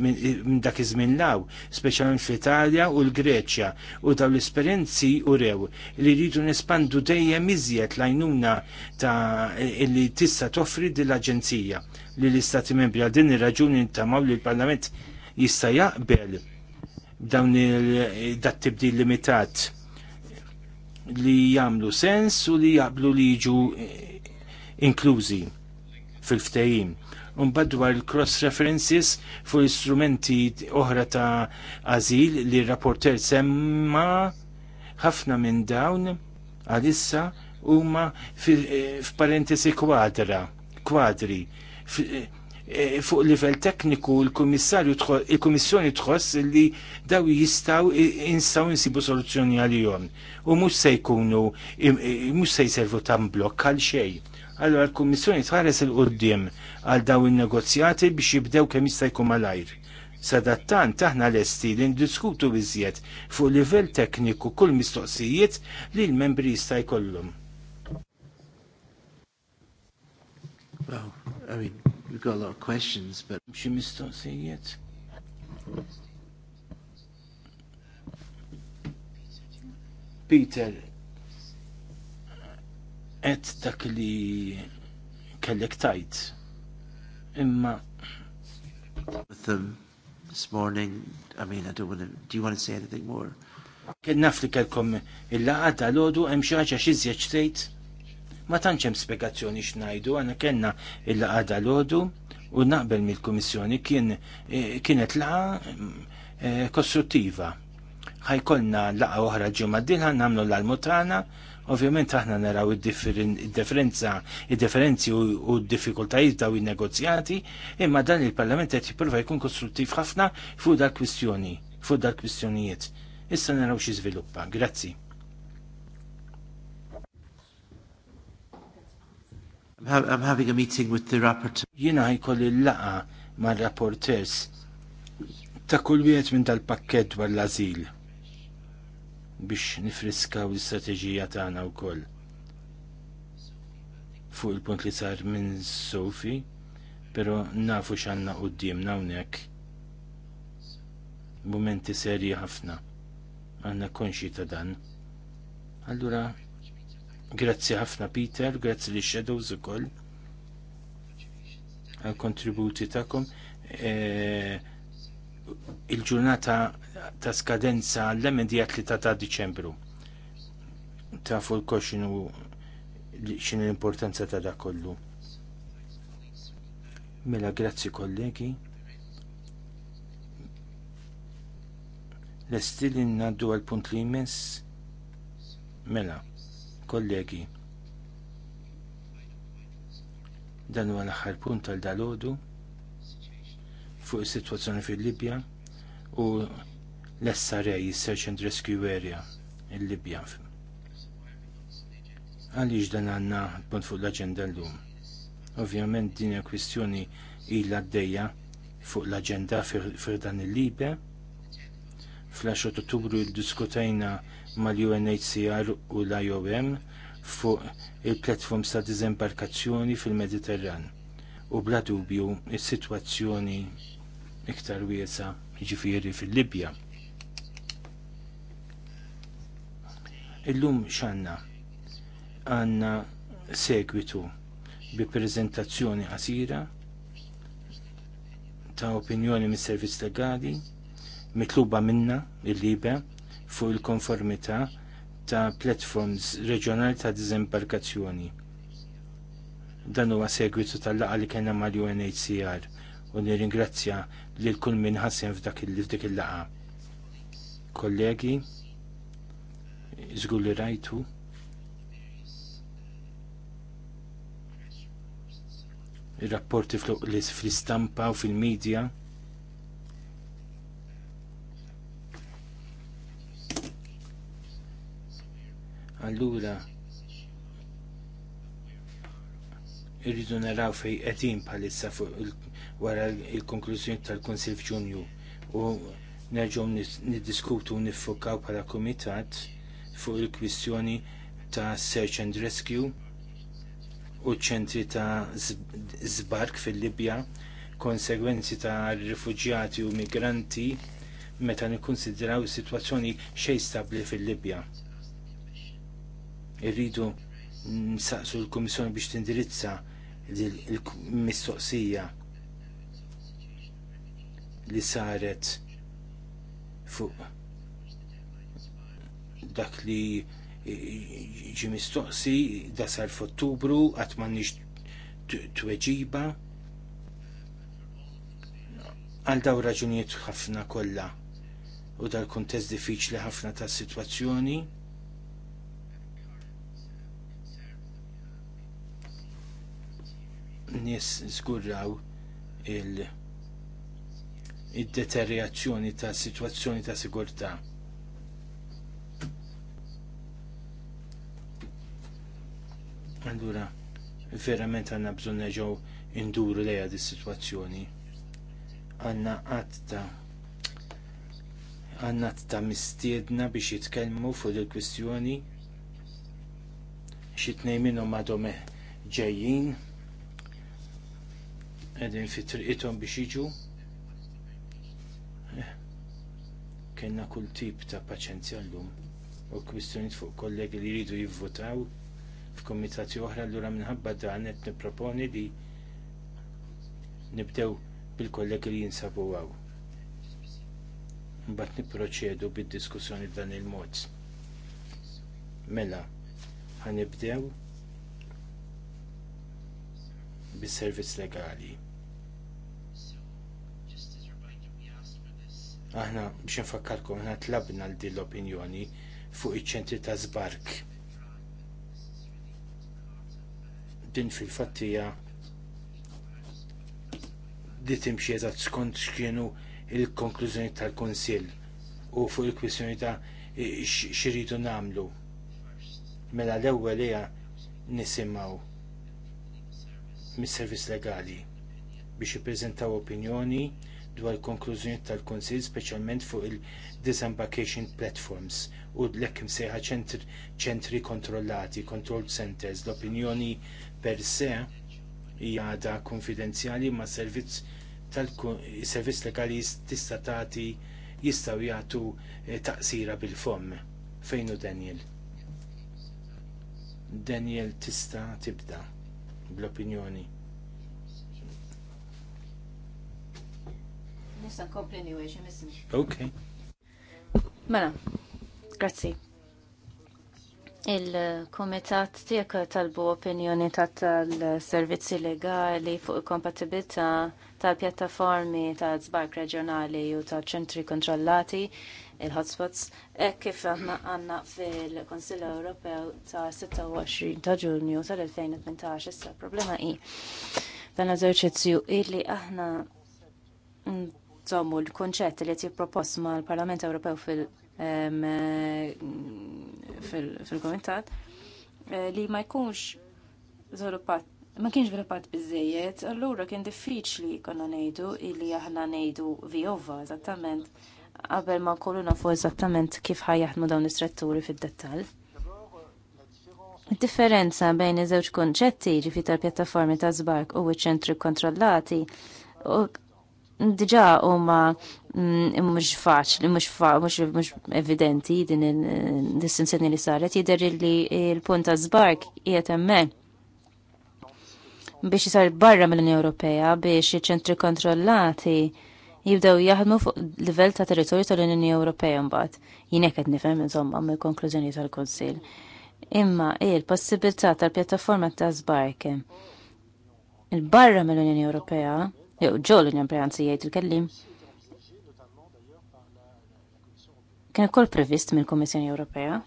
minn dak iż-żmien law, speċjalment fl-Italja u l-Greċja, u daw l esperienzi u rew li rridu nespandu dejjem iżjed l-għajnuna ta' li tista' toffri din l aġenzija li l-Istati membri għal din ir-raġuni ntamaw li l-Parlament jista' jaqbel dawn dat tibdil limitat li jagħmlu sens u li jaqblu li jiġu eh, inklużi fil-ftehim. Un dwar il-cross references fuq istrumenti oħra ta' azil li r-rapporter semma ħafna minn dawn għalissa huma eh, f'parentesi kwadra kwadri Eh, eh, fuq livell tekniku il-Kummissarju il-Kummissjoni tħoss li daw jistaw instaw insibu soluzzjoni għalihom u mhux se jkunu eh, mhux se jservu tam blokk għal xejn. Allora l-Kummissjoni tħares il-qudiem għal daw in-negozjati biex jibdew kemm jista' jkun malajr. Sadattan taħna l-esti li ndiskutu biżjed fuq livell tekniku kull mistoqsijiet li l-membri jista' jkollhom. Bravo. I mean, we've got a lot of questions, but... Xie mistoqsijiet? Peter, et dak li kellek tajt, imma... With them this morning, I mean, I don't want to... Do you want to say anything more? Kien naf li kelkom il-laqa tal-ħodu, hemm xi ħaġa xi żjeġ ma tantx hemm spjegazzjoni x'ngħidu, għandna kellna il-laqgħa dal u naqbel mill-Kummissjoni kien eh, kienet laqgħa eh, kostruttiva. Ħajkolna laqgħa oħra ġimgħa d nagħmlu l-almutana Ovvjament aħna naraw id-differenza, id-differenzi u d-diffikultajiet daw il-negozjati, imma dan il-Parlament qed jipprova jkun kostruttiv ħafna fuq dal-kwistjoni, fuq dal-kwistjonijiet. Issa naraw xi żviluppa. Grazzi. I'm having a meeting with the rapporteur. Jina ħajkolli laqa ma' rapporteurs ta' kull wieħed minn tal-pakket dwar l-azil biex nifriskaw l-istrateġija tagħna wkoll. Fuq il-punt li sar minn Sofi, però nafu x'għandna qudiemna hawnhekk. Mumenti serji ħafna. Għandna konxi ta' dan. Allura Grazzi ħafna Peter, grazzi li Shadows ukoll għal kontributi tagħkom. E, Il-ġurnata ta' skadenza l-emendijat li ta' ta' Diċembru. Ta' fulko xinu xin l-importanza ta' da' kollu. Mela, grazzi kollegi. L-estil naddu għal-punt li jmess. Mela kollegi. Dan huwa l-aħħar punt tal dalodu fuq is-sitwazzjoni fil-Libja u l-SRA, Search and Rescue Area, il-Libja. Għaliex dan għandna punt fuq l-aġenda llum. Ovvjament din hija kwistjoni ilha għaddejja fuq l-aġenda fir dan il-Libja. Fl-10 Ottubru diskutajna mal-UNHCR u l-IOM fuq il-platform sa' diżembarkazzjoni fil-Mediterran. U bla dubju il sitwazzjoni iktar wiesa ġifiri fil-Libja. Illum xanna għanna segwitu bi prezentazzjoni qasira ta' opinjoni mis-servizz legali mitluba minna il-libe fuq il-konformità ta' platforms reġjonali ta' diżembarkazzjoni. Dan huwa segwitu tal laqgħa li kellna mal-UNHCR u nirringrazzja li l-kull minn ħassem f'dak il-fdik il laqgħa Kollegi, żgur li rajtu. Il-rapporti fl-istampa rapporti fl-istampa u fil-medja. fil medja Allura irridu naraw fej għedin bħalissa fuq wara il-konklużjoni tal-Kunsil f'Ġunju u nerġgħu niddiskutu u niffokaw bħala kumitat fuq il-kwistjoni ta' search and rescue u ċentri ta' zbark fil-Libja konsegwenzi ta' rifugjati u migranti meta nikkonsidraw is-sitwazzjoni xejn stabbli fil-Libja irridu nsaqsu l-Komissjoni biex tindirizza l-mistoqsija li saret fuq dak li ġi mistoqsi da sar f'Ottubru qatt m'għandniex tweġiba għal daw raġunijiet ħafna kollha u dal kuntest diffiċli ħafna tas-sitwazzjoni nis żgurraw il- il deterjazzjoni ta' situazzjoni ta' sigurta. Allura, verament għanna bżonna neġaw induru leja di situazzjoni. Għanna għatta għanna għatta mistiedna biex jitkelmu fuq il-kwistjoni xitnej minnhom għadhom ġejjin għedin fit triqitom biex jiġu. Eh, kenna kull tip ta' paċenzja l-lum u kwistjoniet fuq kollegi li jridu jivvotaw f'komitati oħra l-ura minħabba dan qed nipproponi li nibdew bil-kollegi li jinsabu għaw. Mbagħad nipproċedu bid-diskussjoni dan il-mod. Mela, għanibdew bis-servizz legali. Aħna biex nfakkarkom aħna tlabna l din l-opinjoni fuq iċ-ċentri ta' żbark. Din fil-fattija di timxie eżatt skont x'kienu il-konklużjoni tal-Kunsill u fuq il-kwissjoni ta' xiridu namlu. Mela l-ewwel hija nisimgħu mis-servizz legali biex ippreżentaw opinjoni dwar konklużjoni tal-Konsil speċjalment fuq il-disembarkation platforms u l ekkim msejħa ċentri kontrollati, control centers, l-opinjoni per se hija konfidenzjali ma' servizz tal-servizz legali tista' tagħti jistgħu jagħtu eh, taqsira bil-fomm. Fejnu Daniel? Daniel tista' tibda bl-opinjoni. nista' nkompli anyway xi Mela, grazzi. Il-komitat tiegħek talbu opinjoni ta' tal-servizzi legali fuq il-kompatibilità tal-pjattaformi tal zbark reġjonali u tal-ċentri kontrollati il-hotspots, e kif għanna fil-Konsil Ewropew ta' 26 ta' ġunju tal-2018, issa problema i dan eżerċizzju illi aħna żommu l-konċett li qed jippropost mal-Parlament Ewropew fil-Kumitat eh, li ma jkunx zvilupat ma kienx zvilupat bizzejiet, allura kien diffiċli konna nejdu illi aħna nejdu vjova eżattament qabel ma nkollu nafu eżattament kif ħajjaħdmu dawn is-stretturi fid-dettall. Differenza bejn iż-żewġ konċetti ġifi tal-pjattaformi ta' żbark u ċentri kontrollati mux huma mm, mhux faċli, mhux evidenti din il-distinzjoni li saret, jider li l-punt ta' jiet qiegħed biex jisar barra mill-Unjoni Ewropea biex iċ-ċentri kontrollati jibdew jaħdmu fuq livell ta' territorju tal-Unjoni Ewropea mbagħad. Jien hekk qed nifhem insomma mill-konklużjoni tal-Kunsill. Imma il-possibilità tal-pjattaforma ta' żbark il-barra mill-Unjoni Ewropea jew ġol l-Unjon jgħid il-kellim. Kien ukoll previst mill-Kummissjoni Ewropea.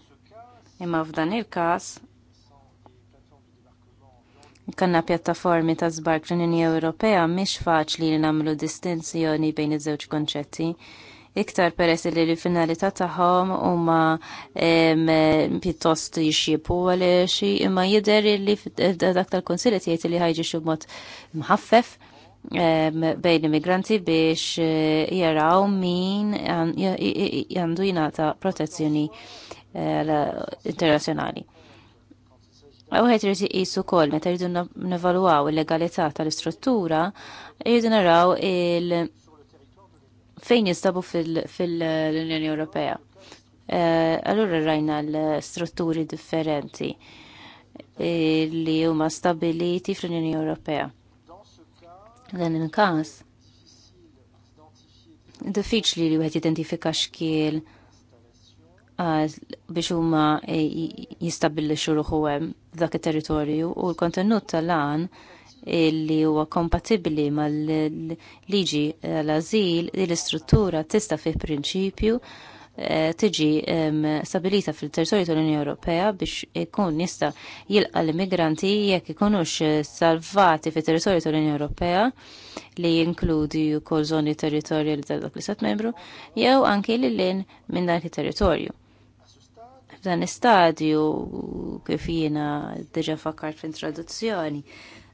Imma f'dan il-każ kanna pjattaformi ta' żbark fl-Unjoni Ewropea mhix faċli li nagħmlu distinzjoni bejn iż-żewġ konċetti iktar peress li l-finalità tagħhom huma pjuttost jixjibu għal xi imma jidher li dak tal-konsilli tgħid li ħajġi xi mod mħaffef bejn immigranti biex eh, jaraw min għandu jingħata protezzjoni eh, internazzjonali. Għawħet rriti jissu kol, meta rridu nevaluaw il-legalità tal-istruttura, rridu naraw il- fejn jistabu fil-Unjoni Ewropea. Eh, allura rajna l-strutturi differenti li huma stabiliti fl-Unjoni Ewropea. Dan il-każ diffiċli li wieħed jidentifika xkiel biex huma e, jistabbilixxu ruħu hemm f'dak it-territorju u l-kontenut tal-għan li huwa kompatibbli mal-liġi l-azil li l-istruttura tista' fih prinċipju Eh, tiġi stabilita fil-territorju tal-Unjoni Ewropea biex ikun jista jilqa l-immigranti jekk ikunux salvati fil-territorju tal-Unjoni Ewropea li jinkludi wkoll żoni territorjali ta' dak l-istat membru jew anki lil lin minn dak it-territorju. F'dan istadju kif jiena diġà fakkart f'introduzzjoni,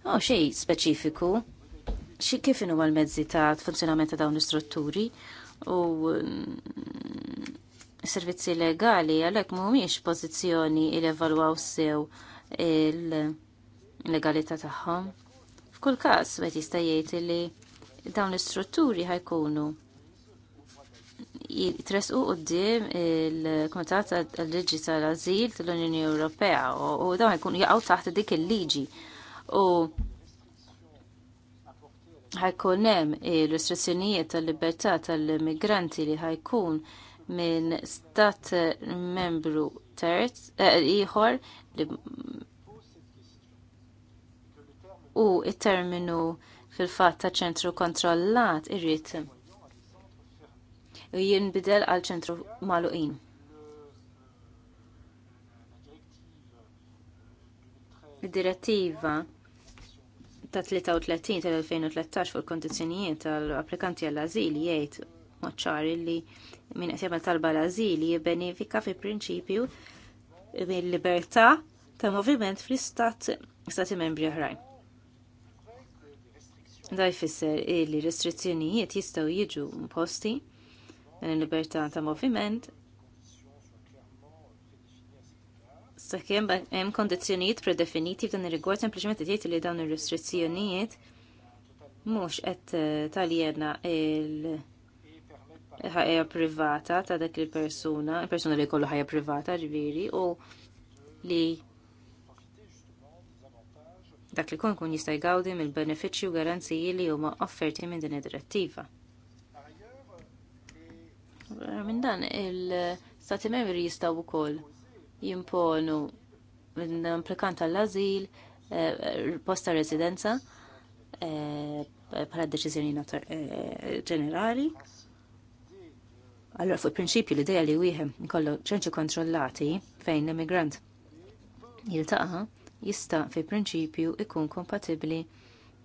oh xejn speċifiku xi kif inhu l-mezzi ta' funzjonament ta' dawn l-istrutturi u servizzi legali għalhekk mhumiex pożizzjoni li evalwaw sew il-legalità tagħhom. F'kull każ qed jista' jgħid li dawn l-istrutturi ħajkunu jitresqu qoddim il-Komitat għal-Liġi tal-Azil tal-Unjoni Ewropea u dawn ħajkunu jaqgħu taħt dik il-liġi. U ħajkun hemm il-restrizzjonijiet tal-libertà tal-immigranti li ħajkun minn stat membru terz eh, ieħor u terminu fil-fatt ta' ċentru kontrollat irrid jinbidel għal ċentru maluqin. Id-direttiva ta' 33 tal-2013 fuq il kondizjonijiet tal-applikanti għall-azil jgħid moċċar li minn qed jagħmel talba l azili jibbenefika fi prinċipju minn libertà ta' moviment fl-istat stati membri oħrajn. Da jfisser li restrizzjonijiet jistgħu jiġu imposti minn il-libertà ta' moviment sakemm hemm kondizzjonijiet predefiniti f'dan ir-rigward sempliċement qed li dawn ir-restrizzjonijiet mhux qed taljena il- ħajja privata ta' dak il-persuna, il-persuna li kollu ħajja privata ġviri u li dak li kun kun jista' jgawdi mill-benefiċċji u garanziji li huma offerti minn din id-direttiva. Minn dan il-stati membri jistgħu wkoll jimponu minn implikanta tal-azil, eh, posta residenza, eh, bħala deċiżjoni eh, ġenerali. Allora fuq il-prinċipju l-ideja li wieħed kollu ċentri kontrollati fejn l-immigrant jiltaqa jista' fi prinċipju ikun kompatibbli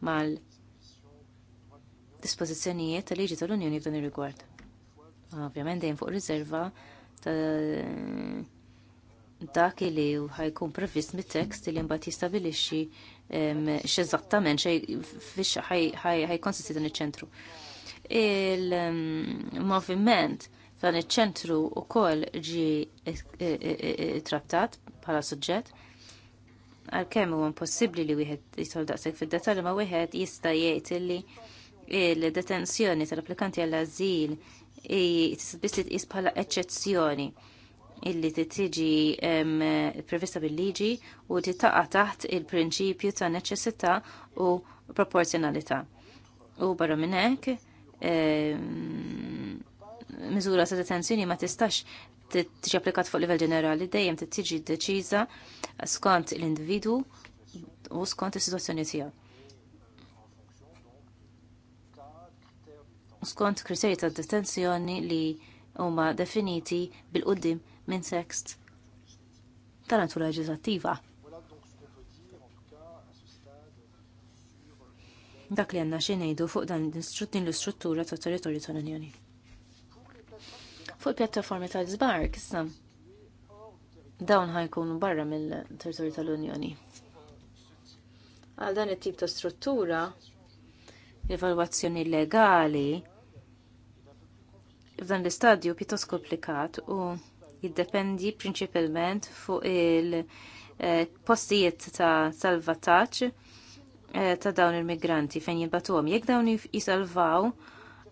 mal dispożizzjonijiet tal liġi tal-Unjoni f'dan ir-rigward. Ovvjament dejjem fuq riserva ta' dak li ħajkun previst mit-tekst li mbagħad jistabilixxi x'eżattament xejn fiex ħajkonsisti dan iċ-ċentru. Il-moviment dan iċ-ċentru wkoll ġie trattat bħala suġġett għalkemm huwa impossibbli li wieħed jitol daqshekk fid-detalj ma wieħed jista' jgħid illi il-detenzjoni tal-applikanti għall-azil biss titqis bħala eċċezzjoni illi tiġi prevista bil-liġi u titaqa' taħt il-prinċipju ta' neċessità u proporzjonalità. U barra minn hekk miżura ta' detenzjoni ma tistax tiġi applikat fuq livell ġenerali dejjem tiġi deċiża skont l-individu u skont is-sitwazzjoni tiegħu. Skont kriterji ta' detenzjoni li huma definiti bil-qudiem minn tekst ta' natura leġislattiva. Dak li għanna xinejdu fuq dan l-istruttura ta' territorju tal-Unjoni fuq pjattaformi tal żbar kissa dawn ħajkunu barra mill-territorju tal-Unjoni. Għal dan it-tip ta' struttura, l-evalwazzjoni legali f'dan l-istadju pjuttost komplikat u jiddependi prinċipalment fuq il-postijiet eh, ta' salvataġġ eh, ta' dawn il-migranti fejn jibbatuhom. Jekk dawn jisalvaw,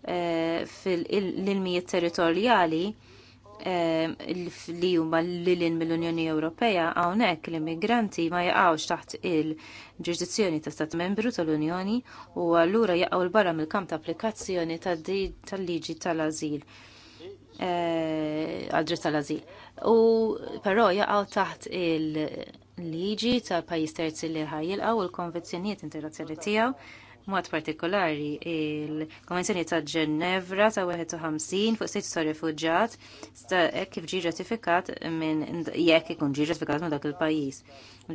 Eh, fil-ilmijiet territorjali eh, li huma lilin mill-Unjoni Ewropea hawnhekk l-immigranti ma jaqgħux taħt il-ġurisdizzjoni ta' Stat Membru tal-Unjoni u allura jaqgħu l barra mill-kamp ta' applikazzjoni tal-liġi tal-Ażil eh, għal-dritt tal-Ażil. U però jaqgħu taħt il-liġi tal-pajjiż terzi li ħajjilqgħu u l-konvenzjonijiet internazzjonali tiegħu Mod partikolari il-Konvenzjoni ta' Ġenevra ta' 51 fuq sejt ta' rifuġġat kif ġi ratifikat minn jekk ikun ġi ratifikat minn dak il-pajjiż.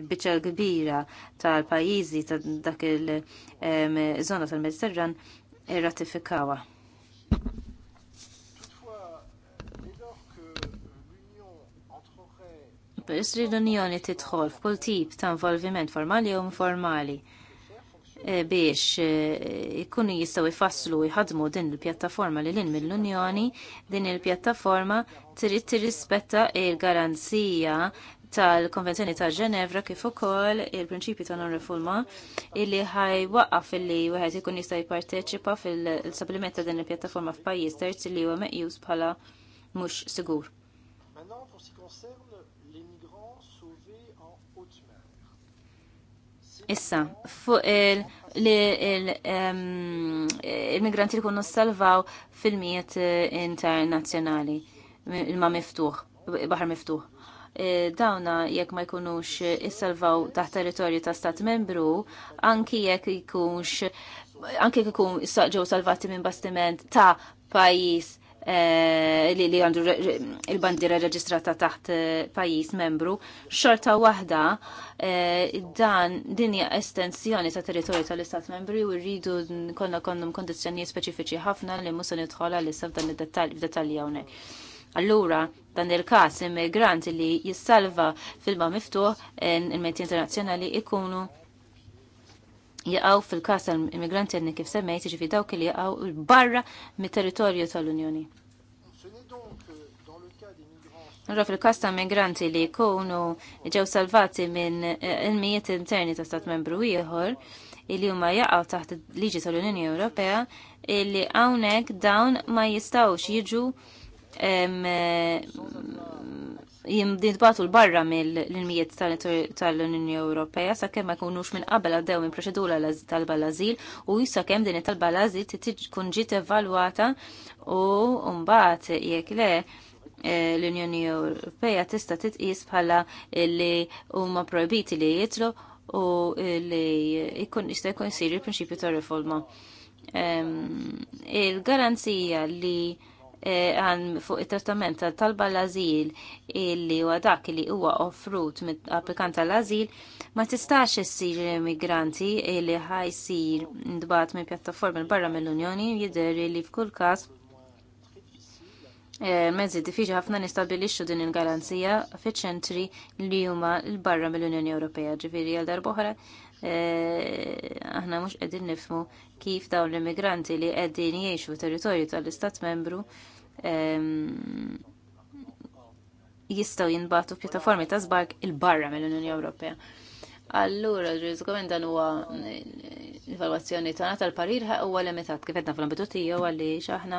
Il-biċċa kbira tal-pajjiżi ta' dak il-żona tal-Mediterran irratifikawa. Biss l-Unjoni tidħol f'kull tip ta' involviment formali u informali Eh, biex eh, ikunu jistgħu jfasslu jħadmu din il-pjattaforma li lin mill-Unjoni, din il-pjattaforma trid tirrispetta il-garanzija tal-Konvenzjoni ta' Ġenevra kif ukoll il-prinċipju ta' non-refulma illi ħaj waqaf illi wieħed ikun jista' jipparteċipa fil-sabliment ta' din il-pjattaforma f'pajjiż terzi li huwa meqjus bħala mhux sigur. Issa, fuq il- il-migranti li kunnu salvaw fil-miet eh, internazjonali ma miftuħ, bahar miftuħ. Eh, dawna jekk ma jkunux issalvaw taħt territorju ta' stat membru, anki jekk jkunx, anki jekk ikun ġew salvati minn bastiment ta' pajis Eh, li għandu il-bandira reġistrata taħt eh, pajis membru, xorta wahda eh, dan dinja estensjoni ta' territorju tal-Istat Membru u rridu konna konnum kondizjoni speċifiċi ħafna li musa nidħola li saf dan id-detalji hawnhekk. Allura, dan il-kas immigranti li jissalva fil-ma miftuħ il-metti internazzjonali ikunu jaqaw fil-kas tal-immigranti għadni kif semmejt, ġifi jiġifieri dawk li jaqaw barra mit-territorju tal-Unjoni. Nura fil-kas ta' migranti li jkunu ġew salvati minn eh, il-mijiet interni ta' stat membru ieħor, illi huma jaqgħu taħt liġi tal-Unjoni Ewropea, illi hawnhekk dawn ma jistgħux jiġu jimdintbatu l-barra mill-mijiet tal-Unjoni Ewropea sa' kemm ma jkunux minn qabel għaddew minn proċedura talba l-azil u jissa kemm din it-talba l-azil tkun ġiet evalwata u mbagħad jekk le eh, l-Unjoni Ewropea tista' titqis bħala li huma projbiti li jitlu u li jkun jista' jkun jsir il-prinċipju ta' riforma. Ehm, il-garanzija li Eh, għan fuq it-trattament tal-talba l-azil illi huwa dak li huwa offrut mit applikant tal-azil ma tistax issir immigranti illi ħajsir ndbat minn pjattaformi barra mill-Unjoni jidher li f'kull każ eh, mezzi diffiċi ħafna nistabilixxu din il-garanzija fiċ-ċentri li huma l-barra mill-Unjoni Ewropea ġifieri għal darbohra eh, aħna mhux qegħdin nifmu kif dawn l-immigranti li qegħdin jgħixu territorju tal-Istat membru jistaw jinbatu pjattaformi ta' zbark il-barra mill-Unjoni Ewropea. Allura, ġizgomen dan huwa eh, l-evalwazzjoni għana tal-parir huwa limitat kif qedna fl-ambitu tiegħu għaliex aħna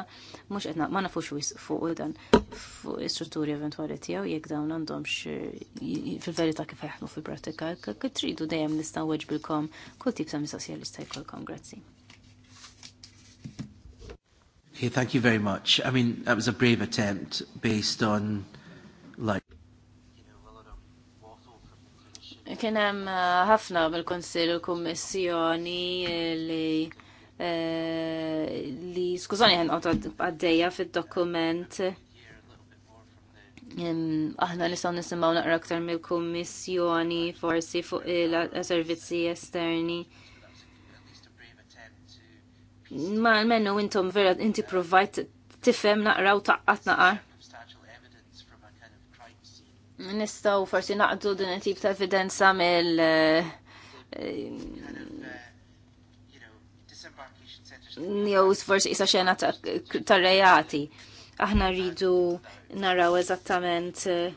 mhux qed ma nafux wis u dan fuq is-strutturi eventwali tiegħu jekk dawn għandhomx eh, fil-verità kif jaħdmu fil-prattika. Kif tridu dejjem nista' weġbilkom kull tip ta' mistoqsija li jkollkom. Grazzi. Okay, thank you very much. I mean, that was a brave attempt based on, like, Kien hemm uh, ħafna mill-Konsil u Kummissjoni li uh, li skużani ħen għaddejja fid-dokument. Aħna nistgħu nisimgħu naqra aktar mill-Kummissjoni forsi fuq il-servizzi esterni ma almenu intom vera inti provajt tifhem naqra u taqqat naqar. Nistaw forsi naqdu din tip ta' evidenza mill eh, eh, jew forsi isa xena ta' rejati. Aħna rridu naraw eżattament eh,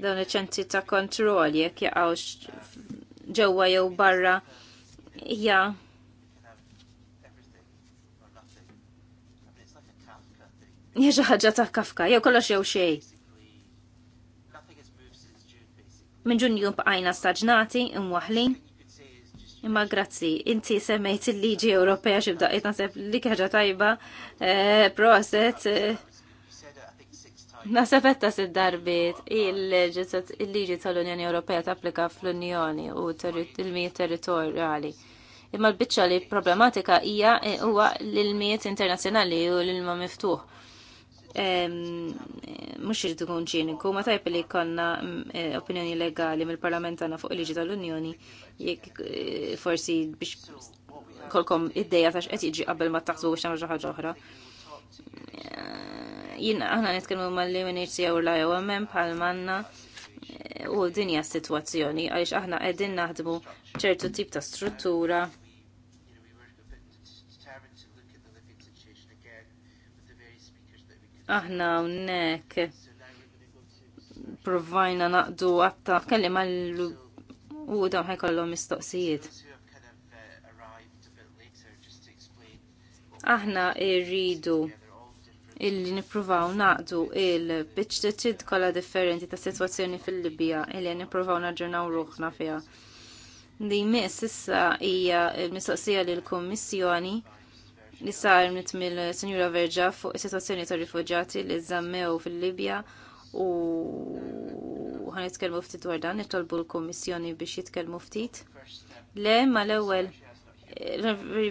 dawn iċ ċenti ta' kontroll jekk jaqgħux ġewwa jew barra hija yeah Jieġa ħagġa ta' kafka, jew kollox jew xej. Minn ġunju bqajna staġnati, imwaħlin. Imma grazzi, inti semmejt il-liġi Ewropea xibdaqiet naseb li kħagġa tajba, eh, proset, eh. Nasabetta s darbit il-liġi tal-Unjoni Ewropea tapplika fl-Unjoni u il-mijiet territorjali. Imma l-bicċa li problematika hija eh, huwa l-mijiet internazzjonali u l-ilma miftuħ mux irridu kun ċiniku, ma tajp li konna mm, eh, opinjoni legali mill-parlament għana fuq il-liġi tal-Unjoni, jek eh, forsi biex kolkom id-deja ta' xqed jiġi qabel ma taħsbu biex nagħmlu ħaġa oħra. Eh, Jina aħna nitkellmu mal-UNHCR u l-IOMM bħal manna u dinja situazzjoni għaliex aħna qegħdin naħdmu ċertu tip ta' struttura aħna unnek provajna naqdu għatta kellim għallu u dawn ħajkollhom mistoqsijiet. Aħna irridu illi nipruvaw naqdu il-bicċeċid kolla differenti ta' situazzjoni fil-Libja illi nipruvaw naġġornaw ruħna fija. Li mis issa hija mistoqsija lill-Kummissjoni li sar mit mill-Senjura Verġa fuq is-sitwazzjoni tar rifuġjati li żammew fil-Libja u ħan jitkellmu ftit dwar dan, nitolbu l-Kummissjoni biex jitkellmu ftit. Le, ma l-ewwel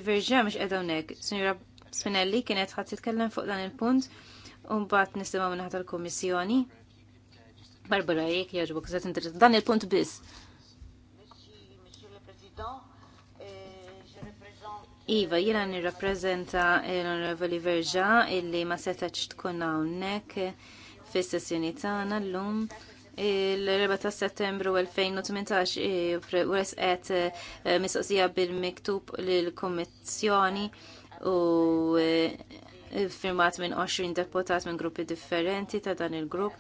Verġa mhux qed hawnhekk. Senjura Spinelli kienet ħadd titkellem fuq dan il-punt u mbagħad nistema minħata tal kummissjoni Barbara, jek jaġbuk, zet dan il-punt biss. Iva, jiena nirrappreżenta l-Onorevoli Verġa illi ma setax tkun hawnhekk fis-sessjoni tagħna llum il-4 ta' settembru 2018 eh, resqet eh, mistoqsija bil-miktub lill-Kummissjoni u eh, firmat minn 20 deputat minn gruppi differenti ta' dan il-grupp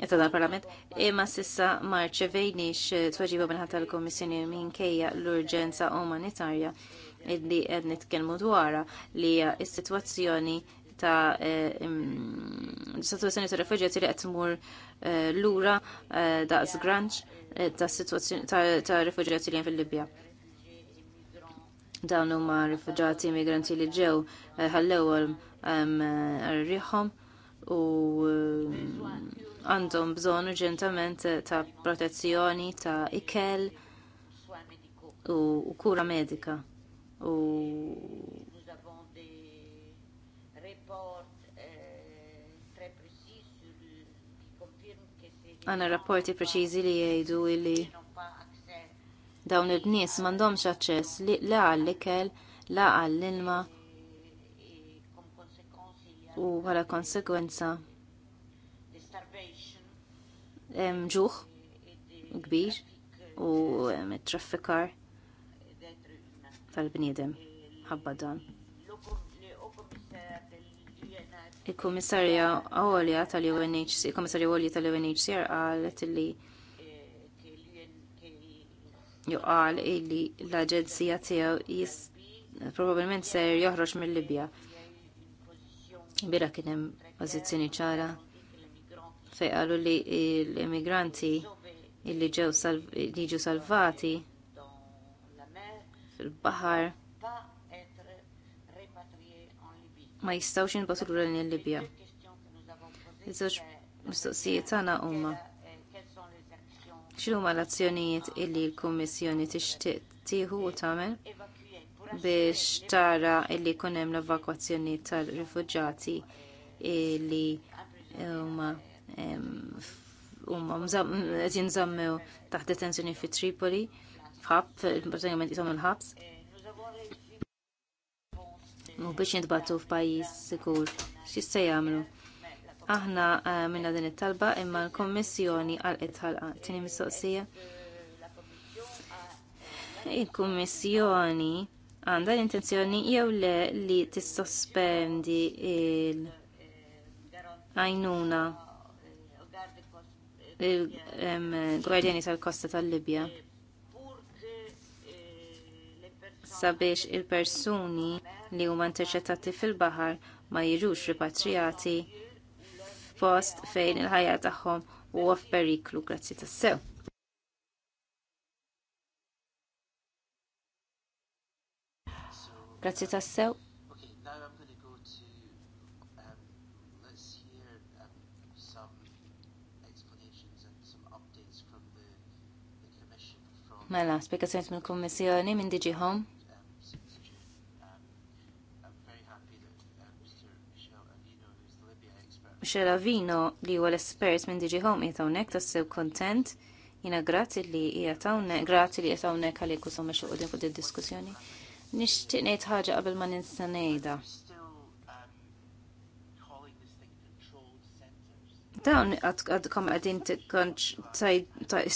ta' dan il-parlament imma sissa marċevejniex tweġiba minħatta l kummissjoni minkejja l-urġenza umanitarja illi għed nitkelmu dwarha li hija s situazzjoni ta' eh, situazzjoni ta' refugjati li qed eh, l-ura eh, da' zgranċ ta' situazzjoni ta' refugjati li fil-Libja. Dawn huma rifuġati migranti li ġew ħallewhom rriħhom u għandhom bżonn urġentament ta' protezzjoni ta' ikel u kura medika u euh, għanna rapporti preċizi li jgħidu illi dawn id bnies mandomx aċċess li la li kell la għall-ilma u għala konsekwenza ġuħ e- e- e- kbir u traffikar tal-bniedem ħabba dan. Il-Kummissarja Għolja tal-UNHCR, il-Kummissarja Għolja tal-UNHCR għalet li juqal illi l-Aġenzija tiegħu probabbilment ser joħroġ mill-Libja. Bira kien hemm pożizzjoni ċara fejn qalu li l-immigranti illi ġew salvati fil bahar ma jistawx jinbatu l lejn il-Libja. iż mistoqsijiet għana umma. huma x'huma l-azzjonijiet illi l-Kummissjoni ixtiq tiħu u tagħmel biex tara illi jkun hemm l evakuazzjoni tar rifugġati illi huma umma mżammew jinżammew taħt detenzjoni fi Tripoli f'ħabt, il-bazzjonament jisom il-ħabs. U biex jintbatu f'pajis sikur, x'issa jagħmlu. Aħna eh, minna din it-talba imma l-Kommissjoni għal it-ħalqa. Tieni mistoqsija. Il-Kummissjoni għandha l-intenzjoni jew le li tissospendi il- għajnuna il-gwardjani tal-kosta tal-Libja. sabiex il-persuni li huma interċettati fil-baħar ma jiġux ripatrijati f'post fejn il-ħajja tagħhom huwa f'periklu grazzi tas-sew. Grazzi tassew. Mela, spiegazzjoni minn kummissjoni minn DG Home. vino li huwa l-espert minn diġi Home qiegħed hawnhekk tassew kontent. Jina grati li jitawnek, hawnhekk, grati li jitawnek hawnhekk għalik meċu għodin fuq id-diskussjoni. Nixtieq ngħid ħaġa qabel ma ninsa ngħidha. Dawn għadkom għadin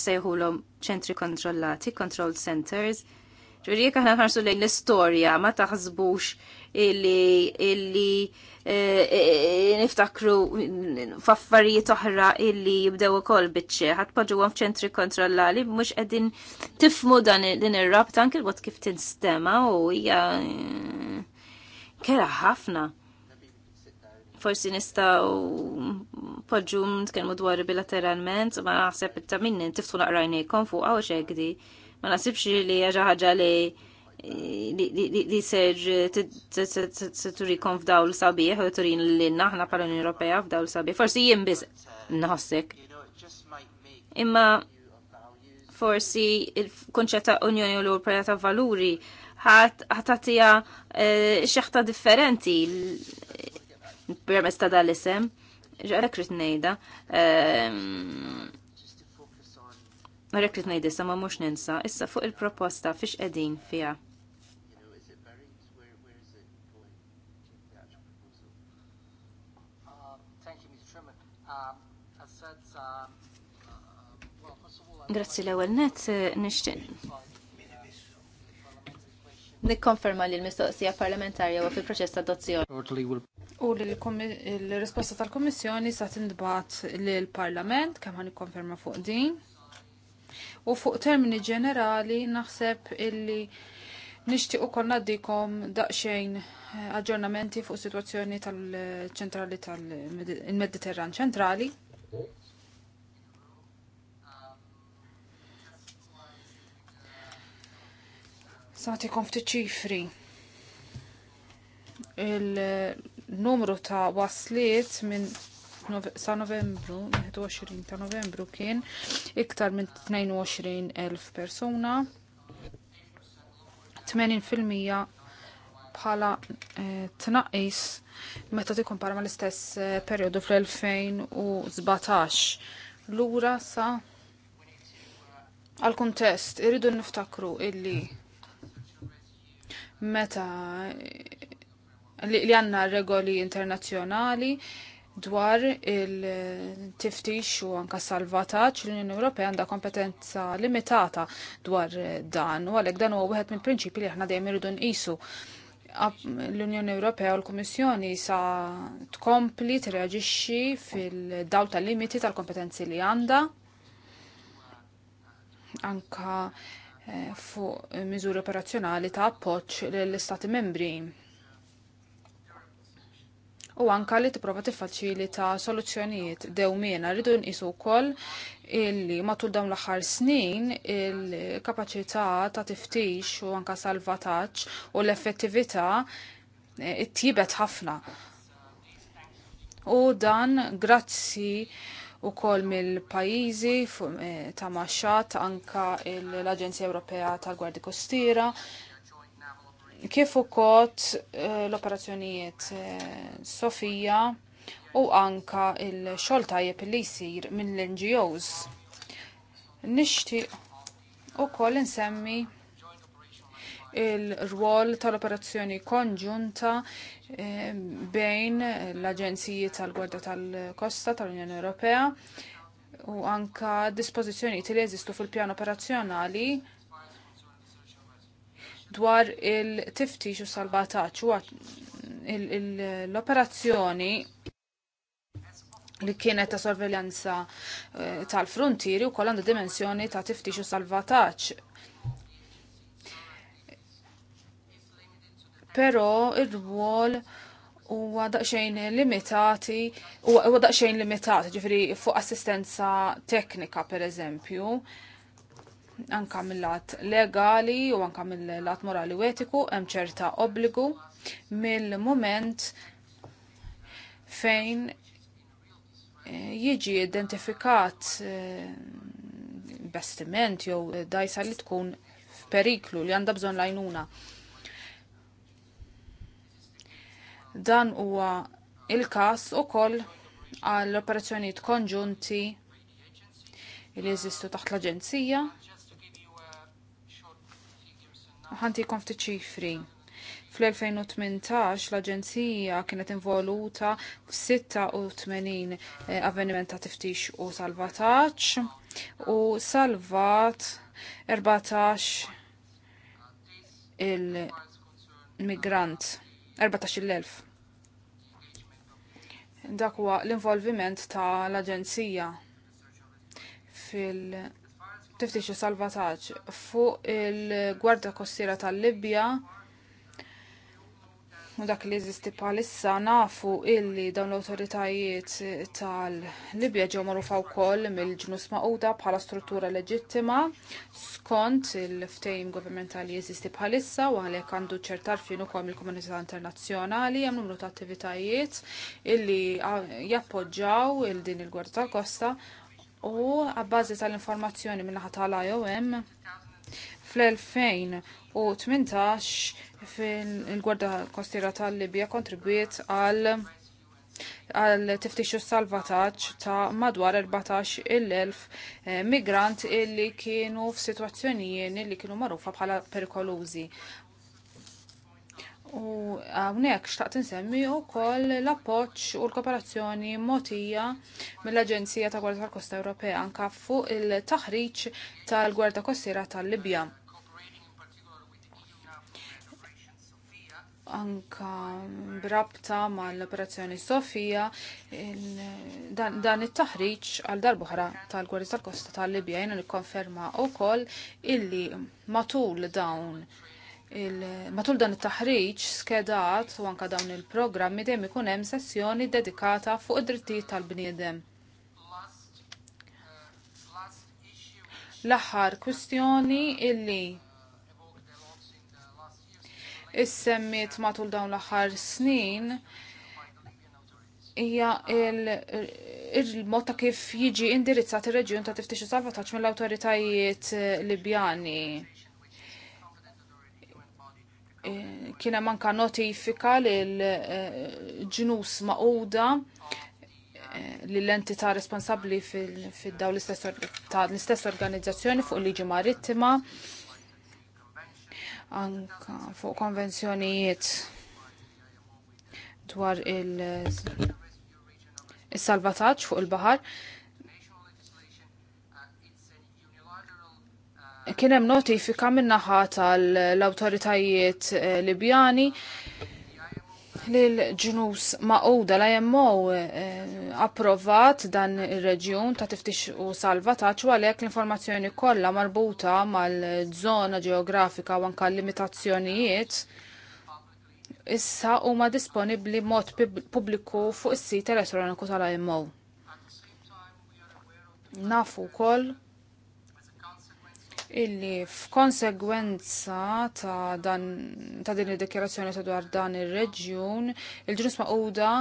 sejħulhom ċentri kontrollati, control centers, Ġviri, jek aħna ħarsu lejn l-istorja, ma taħsbux illi illi eh, eh, niftakru faffarijiet oħra illi jibdew ukoll biċċe, ħatpa ġewwa f'ċentri kontrollali mhux qegħdin tifmu dan din ir-rabta anke bot kif tinstema u hija eh, kera ħafna. Forsi nistgħu poġġu nitkellmu dwar bilateralment, ma naħseb ta' minni tiftu naqrajnejkom fuq għaw xegdi ma nasibx li hija ħaġa li li ser turikon f'dawl sabiħ u turin li naħna pal unjoni Ewropea f'dawl sabiħ. Forsi jien biz naħsek. Imma forsi il konċet ta' Unjoni Ewropea ta' valuri ħatatija eh, xeħta differenti permess ta' dal-isem. Ġara kritnejda. Ehm, Ma Marek li sa ma mux ninsa, issa fuq il-proposta fiex edin fija. Grazzi l ewwel net, eh, nishtiq. Nikkonferma li l-mistoqsija parlamentarja u fil-proċess ta' adozzjoni. U li l-risposta tal-Kommissjoni sa' tindbat l-Parlament, kemm ħan nikkonferma fuq din u fuq termini ġenerali naħseb illi u konna dikom daqsxejn eh, aġġornamenti fuq situazzjoni tal-ċentrali tal-Mediterran ċentrali. Satikom ftit ċifri. Il-numru ta' wasliet minn sa novembru, 21 ta' novembru kien iktar minn 22.000 persuna, 80% bħala eh, tnaqis meta tikkompara ma l-istess eh, periodu fl-2017. Lura sa għal kuntest irridu niftakru illi meta li, għanna regoli internazzjonali dwar il-tiftix u anka salvataġġ l-Unjoni Ewropea għandha kompetenza limitata dwar dan u għalhekk dan huwa wieħed mill prinċipji li aħna dejjem irridu nqisu. L-Unjoni Ewropea u l-Kummissjoni sa tkompli tirreġixxi fil-dawl tal-limiti tal-kompetenzi li għandha anka eh, fuq miżuri operazzjonali ta' appoġġ lill istati membri u anka li tipprova ta' soluzzjonijiet dewmiena rridu nqisu wkoll illi matul dawn l-aħħar snin il-kapaċità ta' tiftix u anka salvataġġ u l-effettività eh, tjibet ħafna. U dan grazzi u kol mill-pajizi eh, ta' maċċat anka l-Aġenzija Ewropea tal-Gwardi Kostira kif ukoll eh, l-operazzjonijiet eh, Sofija u anka il-xogħol tajjeb li jsir minn l-NGOs. Nixtieq ukoll insemmi il-rwol tal-operazzjoni konġunta eh, bejn l-Aġenziji tal-Gwarda tal-Kosta tal-Unjoni Ewropea u anka dispożizzjonijiet li jeżistu fil-pjan operazzjonali dwar il-tiftix u salvataċ u l-operazzjoni li kienet ta' sorveljanza eh, tal-frontieri u kollanda dimensjoni ta' tiftix u salvataċ. Pero il rwol huwa daqsxejn limitati, huwa daqsxejn limitati, ġifri fuq assistenza teknika per eżempju, anka mill-lat legali u anka mill-lat morali u etiku hemm ċerta obbligu mill-moment fejn eh, jiġi identifikat eh, investiment jew dajsa li tkun f'periklu li għandha bżonn lajnuna. Dan huwa il-każ ukoll għall operazzjonijiet konġunti li jeżistu taħt l-Aġenzija ħanti konfti ċifri. Fl-2018 l-Aġenzija kienet involuta f-86 eh, avveniment ta' tiftix u salvataċ u salvat 14 il-migrant, il Dak Dakwa l-involviment ta' l-Aġenzija fil- tiftix salvataġġ fuq il-Gwardja Kostiera tal-Libja u dak li jeżisti bħalissa nafu illi dawn l-awtoritajiet tal-Libja ġew magħrufa wkoll mill-ġnus maquda bħala struttura leġittima skont il-ftehim governmentali jeżisti bħalissa u għalhekk għandu ċertar fin ukoll mill-komunità internazzjonali hemm numru ta' attivitajiet illi ah, jappoġġaw il din il-Gwardja tal-Kosta u għabbażi tal-informazzjoni minna tal-IOM fl-2018 fil-Gwarda Kostira tal-Libja kontribwiet għal għal tiftixu salvataġġ ta' madwar 14.000 eh, migrant illi kienu f'sitwazzjonijiet illi kienu magħrufa bħala perikolużi. U għawnek xtaqt nsemmi u koll l-appoċ u l-kooperazzjoni motija mill-Aġenzija ta' Gwarda tal-Kosta Ewropea anka fuq il-taħriċ tal-Gwarda Kostira tal-Libja. Anka brabta mal-operazzjoni Sofija dan, it-taħriċ għal darbuħra tal-Gwarda tal-Kosta tal-Libja jena nikkonferma u koll illi matul dawn matul dan it-taħriġ skedat u anka dawn il-programmi dejjem ikun hemm sessjoni dedikata fuq id-drittijiet tal-bniedem. L-aħħar kwistjoni illi issemmiet matul dawn l-aħħar snin hija il-mod ta' kif jiġi indirizzat ir-reġjun ta' tiftix u salvataġġ mill-awtoritajiet Libjani kiena manka notifika l-ġnus maquda l-entità responsabli fil-daw l-istess organizzazzjoni fuq liġi marittima anka fuq konvenzjonijiet dwar il-salvataċ fuq il-bahar. il fuq il il salvataċ fuq il bahar kien hemm notifika min-naħa tal-awtoritajiet eh, Libjani l-ġnus maqoda la jemmo eh, approvat dan ir-reġjun ta' tiftix u salva ta' għalhekk l-informazzjoni kollha marbuta mal-żona ġeografika u anka l limitazzjonijiet issa huma disponibbli mod pubbliku fuq is-sit elettroniku tal-IMO. Nafu wkoll illi f'konsegwenza ta' dan ta' din id-dikjarazzjoni ta' dwar dan ir-reġjun, il-ġnus maquda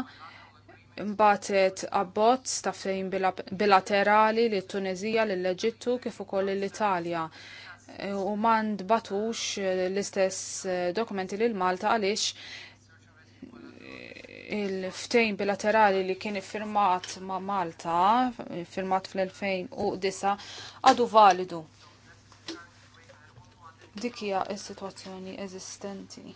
mbatet abbozz ta' fejn bilaterali li tunezija l eġittu kif ukoll l-Italja. U man batux l-istess dokumenti lil Malta għaliex il-ftejn bilaterali li kien firmat ma' Malta, firmat fl-2009, għadu validu Dik hija s-sitwazzjoni eżistenti.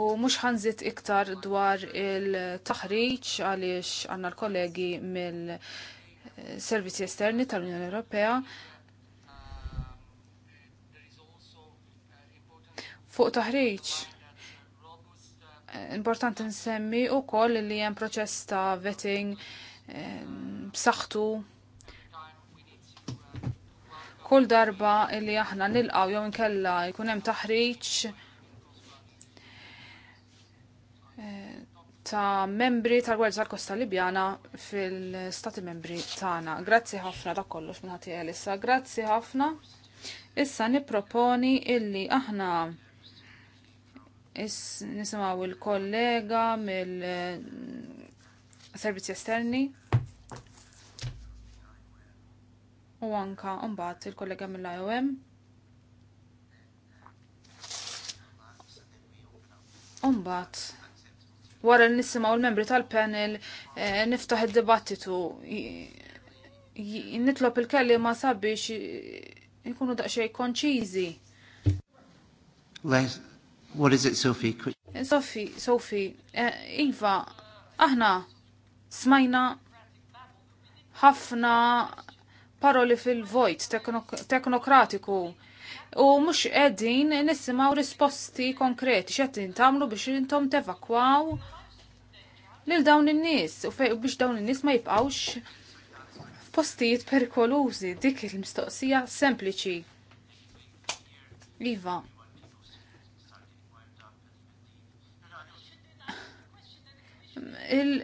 U mhux ħanżit iktar dwar il-taħriġ għaliex għandna l-kollegi mill-servizzi esterni tal-Unjoni Ewropea fuq taħriġ importanti nsemmi u koll li jem proċess ta' vetting eh, b'saħħtu kull darba illi aħna nilqaw jew inkella jkun hemm taħriġ eh, ta' membri tal-Gwerza tal-Kosta Libjana fil-Stati membri tagħna. Grazzi ħafna dak kollox minn ħati Grazzi ħafna. Issa nipproponi illi aħna nisimaw il-kollega mill-servizzi eh, esterni u anka mbagħad il-kollega mill-IOM. Mbagħad wara li nisimgħu l-membri tal-panel eh, niftaħ id-dibattitu nitlob il-kelliema sabiex ikunu daqsxejn konċiżi. What is it, Sophie? Eh, Sophie, Sophie, eh, Iva, aħna smajna ħafna paroli fil-vojt teknokratiku u mhux qegħdin nisimgħu risposti konkreti x'qed tamlu biex intom tevakwaw lil dawn in-nies u biex dawn in-nies ma jibqgħux f'postijiet perikolużi dik il-mistoqsija sempliċi. Iva, il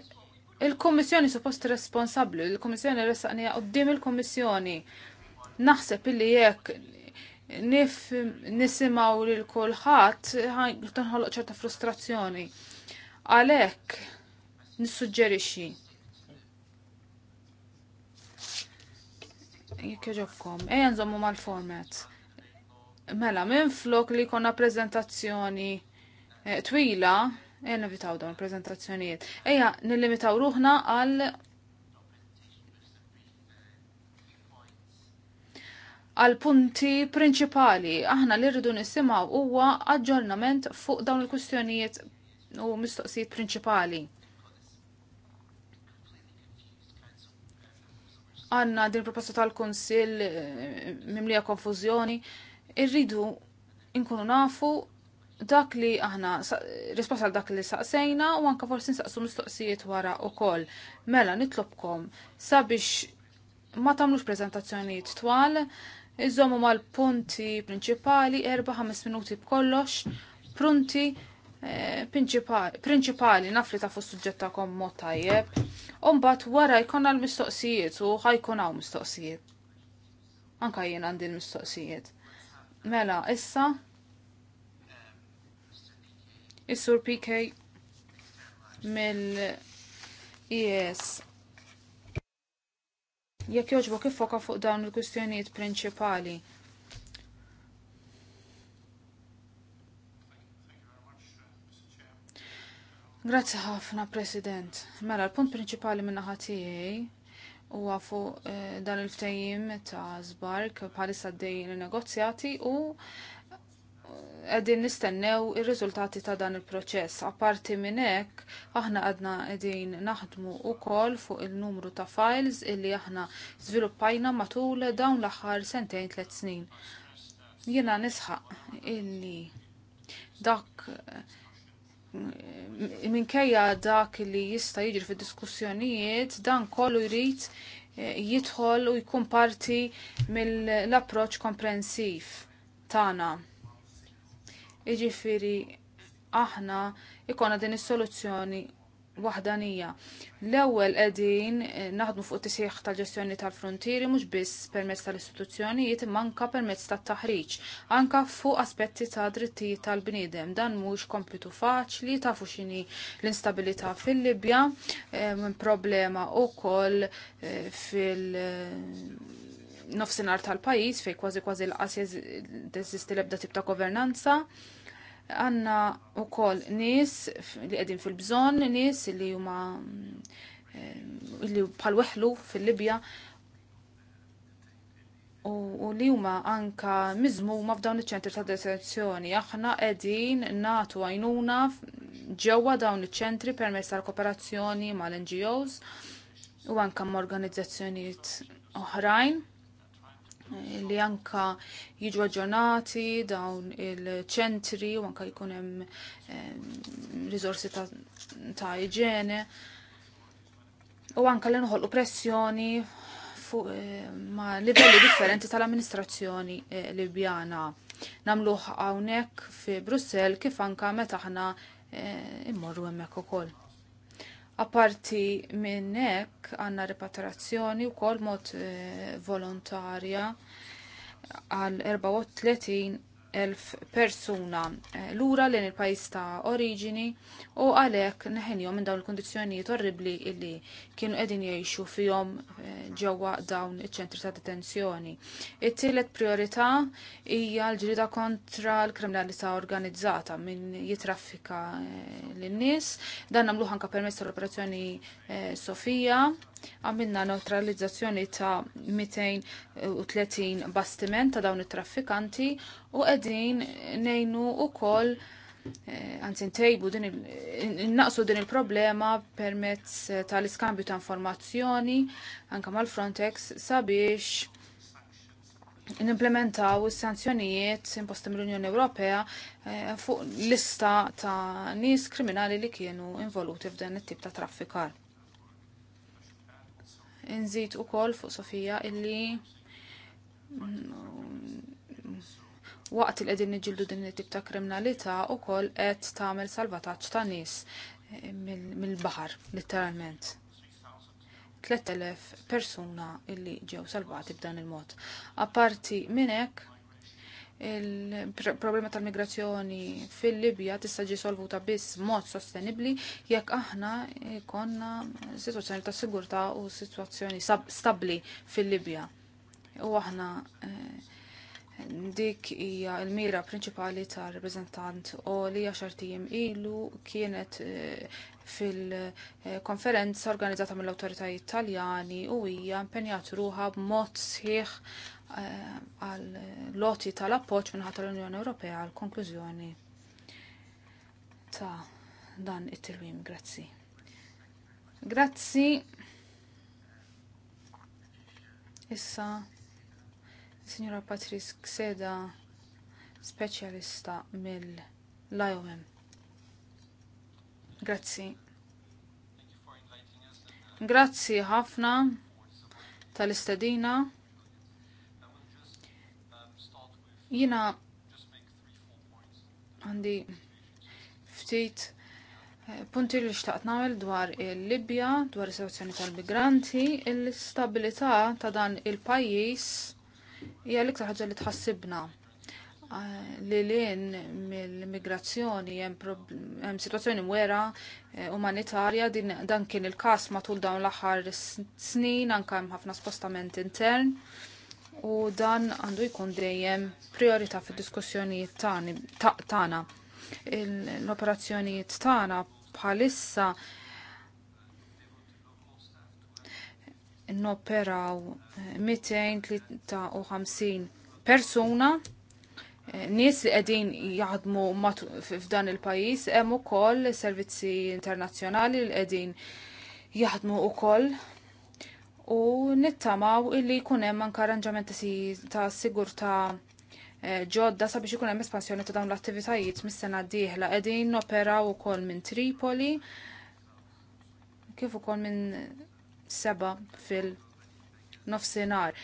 Il-Kummissjoni suppost responsabbli, il-Kummissjoni d-dim il-Kummissjoni. Naħseb illi jekk nif nisimaw lil kulħadd tonħolok ċerta frustrazzjoni. Għalhekk nissuġġerixxi. Jekk joġobkom, ejja zommu mal-format. Mela, minn flok li konna prezentazzjoni eh, twila, Ejja nivitaw dawn prezentazzjonijiet. Ejja nillimitaw ruħna għal għal punti prinċipali. Aħna li rridu nisimaw huwa aġġornament fuq dawn il-kustjonijiet u mistoqsijiet prinċipali. Għanna din proposta tal-Konsil eh, mimlija konfużjoni, irridu nkunu nafu dak li aħna risposta għal dak li saqsejna u anka forsi nsaqsu mistoqsijiet wara u koll. Mela nitlobkom sabiex ma tamlux prezentazzjonijiet twal, iżommu mal-punti prinċipali 4-5 minuti b'kollox, prunti eh, prinċipali naf li ta' fuq suġġettakom mod tajjeb, umbat wara jkonna l-mistoqsijiet u ħajkun hawn mistoqsijiet. Anka jien għandi l-mistoqsijiet. Mela, issa, Is-sur PK mill-IS. Jekk joġbok ifoka fuq dawn il-kwistjonijiet prinċipali. Grazzi ħafna, President. Mela, l-punt prinċipali min-naħa tiegħi u għafu eh, dan il-ftajim ta' zbark bħalissa d-dej negozjati u qegħdin nistennew ir-riżultati ta' dan il-proċess. Apparti minn hekk, aħna għadna qegħdin naħdmu wkoll fuq il-numru ta' files illi aħna żviluppajna matul dawn l-aħħar sentejn tliet snin. Jiena nisħaq illi dak minkejja dak li jista' jiġri fid-diskussjonijiet dan kollu jrid eh, jidħol u jkun parti mill-approċċ komprensiv tagħna Iġifiri aħna ikona din is-soluzzjoni waħdanija. L-ewwel qegħdin eh, naħdmu fuq tisjieħ tal-ġestjoni tal-frontieri mhux biss permezz tal-istituzzjonijiet imma anke permezz tat-taħriġ, anke fuq aspetti ta' drittijiet tal-bniedem. Dan mhux kompitu faċli tafu x'inhi l-instabilità fil-Libja, eh, problema wkoll eh, fil- nofsinhar tal-pajjiż fejn kważi kważi l qasja deżisti l-ebda tip ta' governanza. Għanna u kol nis li għedin fil-bżon, nis li huma eh, li bħal weħlu fil-Libja u li huma anka ma f'dawn iċ-ċentri ta' detenzjoni. Aħna qegħdin natu għajnuna ġewwa dawn iċ-ċentri permezz tal-kooperazzjoni mal-NGOs u anka m'organizzazzjonijiet oħrajn li anka jiġu aġġornati dawn il-ċentri u anka jkun hemm riżorsi ta' iġene u anka li nħolqu pressjoni fuq eh, ma livelli differenti tal-amministrazzjoni eh, Libjana. Namluħ hawnhekk fi Brussel kif anka meta aħna eh, immorru hemmhekk ukoll. Aparti minn hekk għandna u wkoll mod eh, volontarja għal 34,000 persuna eh, lura lejn il-pajjiż ta' oriġini u għalhekk neħenjhom minn dawn il-kundizzjonijiet orribli illi kienu qegħdin jgħixu fihom eh, ġewwa dawn iċ-ċentri ta' detenzjoni. It-tielet priorità hija l-ġrida kontra l-kriminalità organizzata minn jitraffika eh, lin-nies. Dan nagħmluh anke permezz tal-operazzjoni eh, Sofija għamilna neutralizzazzjoni ta' 230 bastiment ta' dawn it-traffikanti u qegħdin ngħinu wkoll Eh, anzi ntejbu din il-naqsu din il-problema permezz eh, tal-iskambju ta' informazzjoni anka mal-Frontex sabiex n-implementaw sanzjonijiet imposti mill-Unjoni Ewropea eh, fuq lista ta' nies kriminali li kienu involuti f'dan it-tip ta' traffikar. Nżid ukoll fuq Sofija illi waqt li qegħdin niġildu din it-tip ta' kriminalità wkoll qed tagħmel salvataġġ ta' nies eh, mill-baħar litteralment. 3000 persuna illi ġew salvati b'dan il-mod. Apparti minn hekk, il-problema tal-migrazzjoni fil-Libja tista' ġi solvuta biss mod sostenibbli jekk aħna konna sitwazzjoni ta' sigurtà u sitwazzjoni stabbli fil-Libja. U aħna eh, dik hija l-mira prinċipali tar reprezentant u li tiem ilu kienet eh, fil-konferenza organizzata mill-awtoritajiet Taljani u hija impenjat ruħa b'mod sħiħ eh, għal loti tal-appoġġ minħat tal-Unjoni Ewropea għal konklużjoni ta' dan it-tilwim. Grazzi. Grazzi. Issa Signora Patrice Xeda, specialista mill-IOM. Grazzi. Grazzi ħafna tal-istedina. Jina għandi ftit eh, punti li xtaqt nagħmel dwar il-Libja, dwar is-sewzjoni tal-migranti, l-istabilità ta' dan il-pajjiż hija l-iktar ħaġa li tħassibna ah, li lin mill-immigrazzjoni hemm situazzjoni mwera eh, umanitarja din dan kien il-każ matul dawn l-aħħar snin anke hemm ħafna spostament intern u dan għandu jkun dejjem priorità fid-diskussjonijiet tagħna. L-operazzjonijiet tagħna bħalissa n-operaw 253 eh, persuna eh, nies li qegħdin jaħdmu f'dan il-pajjiż hemm ukoll servizzi internazzjonali li għedin jaħdmu ukoll u nittamaw illi jkun hemm anke arranġamenti ta' sigurtà eh, ġodda sabiex ikun hemm espansjoni ta' dawn l-attivitajiet mis-sena d-dieħla qegħdin noperaw ukoll minn Tripoli kif ukoll minn seba fil- nofsinar.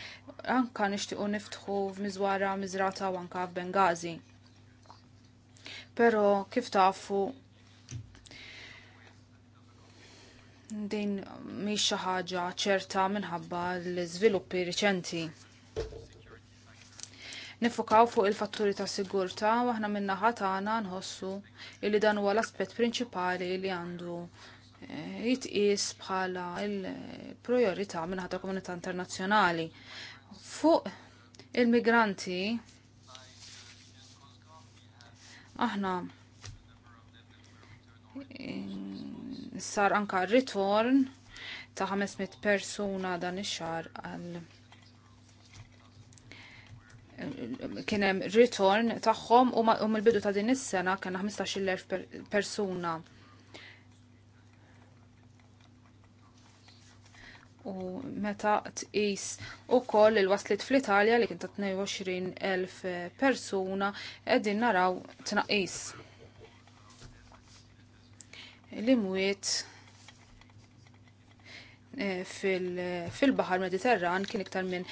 Anka nishtiqu niftħu f'Mizwara, Mizrata u anka f'Bengazi. Pero kif tafu din mhix xi ħaġa ċerta minħabba l-iżviluppi riċenti nifokaw fuq il-fatturi ta' sigurtà u aħna min-naħa tagħna nħossu li dan huwa l-aspett prinċipali li għandu jitqis bħala il-priorità minn ħata komunità internazzjonali. Fuq il-migranti aħna sar anka ritorn ta' 500 persuna dan ix-xar għal kienem ritorn tagħhom u mill-bidu ta' din is-sena kien 15,000 persuna. u meta tqis ukoll il-waslit fl-Italja li kien ta' 22,000 persuna qegħdin naraw tnaqqis. L-imwiet e, fil-Baħar Mediterran kien iktar minn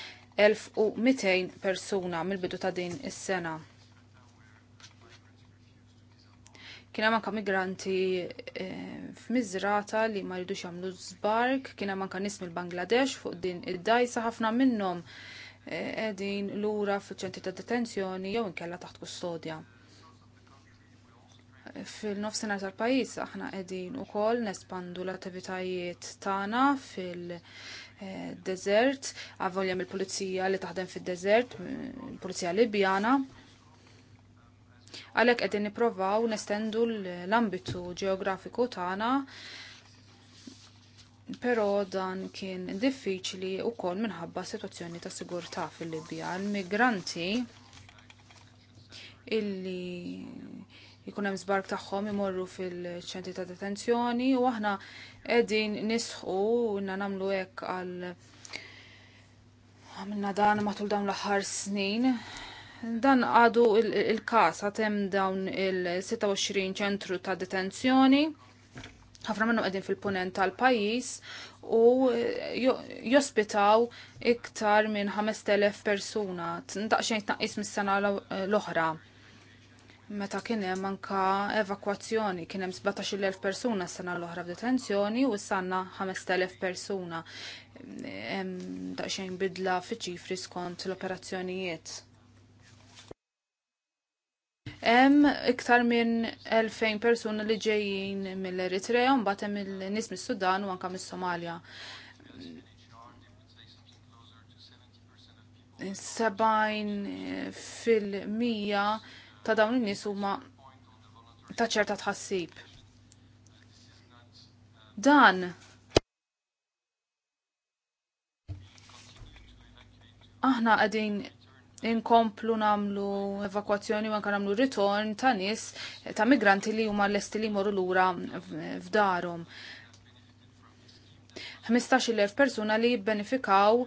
1200 persuna mill-bidu ta' din is-sena. Kien hemm migranti eh, f'Miżrata li ma jridux jagħmlu żbark, kien hemm anke nies mill-Bangladesh fuq din id-dajsa ħafna minnhom eh, qegħdin lura fiċ-ċentri ta' detenzjoni jew inkella taħt kustodja. Fil-nofsinhar tal-pajjiż aħna qegħdin ukoll nespandu l-attivitajiet tagħna fil- eh, desert, għavoljem il-pulizija li taħdem fil-desert, mm, il-pulizija Libjana, Għalhekk qegħdin nipprovaw nestendu l-ambitu ġeografiku tagħna Pero dan kien diffiċli u kol minħabba situazzjoni ta' sigurtà fil-Libja. L-migranti illi jkun hemm żbark tagħhom imorru fil-ċentri ta' detenzjoni u aħna qegħdin nisħu inna nagħmlu hekk għal għamilna dan matul dawn l-aħħar snin Dan għadu il-kas għatem dawn il-26 ċentru ta' detenzjoni, ħafna minnu għedin fil-punent tal-pajis u eh, jospitaw iktar minn 5000 persuna, ndaqxen tnaqqis mis-sena eh, l-oħra. Meta kien hemm evakuazzjoni, evakwazzjoni kien hemm 17,000 persuna s-sena l-oħra detenzjoni u s-sanna 5,000 persuna. Hemm bidla fiċifri skont l-operazzjonijiet. Hemm iktar minn 2000 persuna li ġejjin mill-Eritrea u mbagħad hemm il-nies mis-Sudan u anke mis-Somalja. 70 fil-mija ta' dawn in-nies huma ta' ċerta tħassib. Dan aħna qegħdin inkomplu namlu evakwazzjoni u anka namlu ritorn ta' nies ta' migranti li huma lesti li jmorru lura f'darhom. 15.000 persuna li jibbenefikaw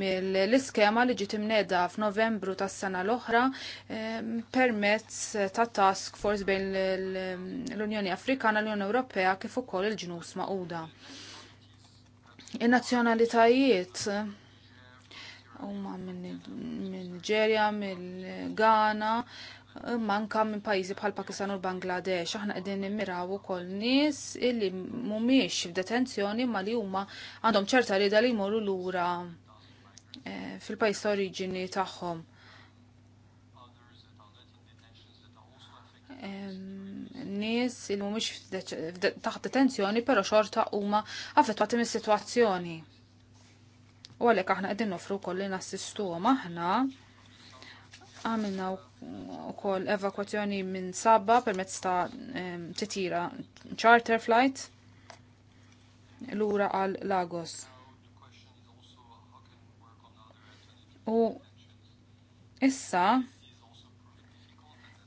mill-iskema li ġiet imneda f'Novembru tas sena l-oħra ehm, permezz ta' task force bejn l-Unjoni Afrikana l-Unjoni Ewropea kif ukoll il-ġnus maquda. In-nazzjonalitajiet huma minn Nigeria, mill Ghana, manka minn pajjiżi bħal Pakistan u Bangladesh. Aħna qegħdin nimmiraw ukoll nies illi mhumiex f'detenzjoni ma li huma għandhom ċerta rida li jmorru lura eh, fil-pajjiż ta' oriġini tagħhom. Nies il mhumiex taħt detenzjoni però xorta huma affettwati mis-sitwazzjoni. U għalek aħna għedin nofru li nassistu aħna għamilna u koll evakwazzjoni minn sabba permezz ta' titira charter flight l-ura għal Lagos. U issa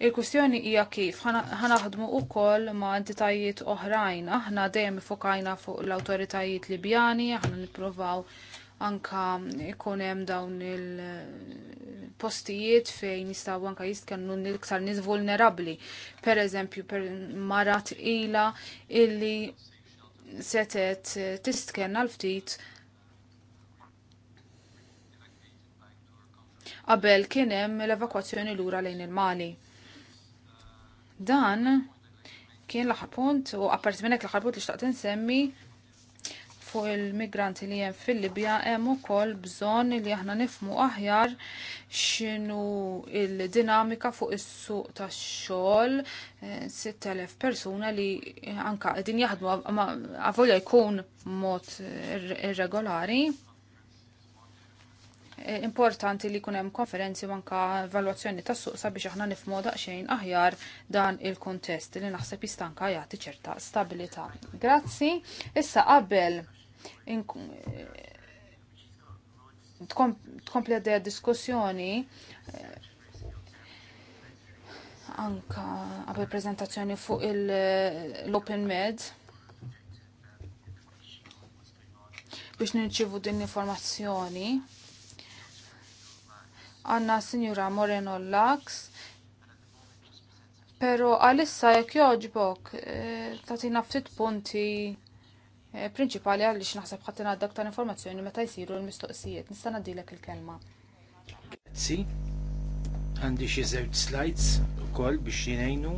il-kustjoni hija kif ħanaħdmu wkoll ma' entitajiet oħrajn. Aħna dejjem ifokajna fuq l-awtoritajiet Libjani, aħna nippruvaw anka ikun hemm dawn il-postijiet eh, fejn jistgħu anka jistkennu l-iktar nies vulnerabbli. Pereżempju per mara tqila illi setet eh, tistkenna l-ftit qabel kien hemm l-evakwazzjoni lura lejn il-Mali. Dan kien l-aħħar punt u apparti minn hekk l-aħħar punt li xtaqt insemmi fuq il-migranti li hemm fil-Libja hemm ukoll bżonn li aħna nifmu aħjar x'inhu il-dinamika fuq is-suq tax-xogħol 6000 eh, persuna li anka qegħdin jaħdmu għavolja jkun mod irregolari. Eh, importanti li jkun hemm konferenzi u anka evalwazzjoni tas-suq sabiex aħna nifmu daqsxejn aħjar dan il-kuntest li naħseb jistanka jagħti ċerta stabilità. Grazzi. Issa qabel tkompli għaddeja diskussjoni eh, anka għabel prezentazzjoni fuq l-Open Med biex nirċivu din informazzjoni għanna Signora Moreno Lax pero għalissa jek joġbok eh, tatina ftit punti Eh, prinċipali għaliex naħseb ħadd ingħadda aktar informazzjoni meta jsiru l-mistoqsijiet. Nista' ngħaddilek il-kelma. Grazzi. Għandi xi żewġ slides ukoll biex jgħinu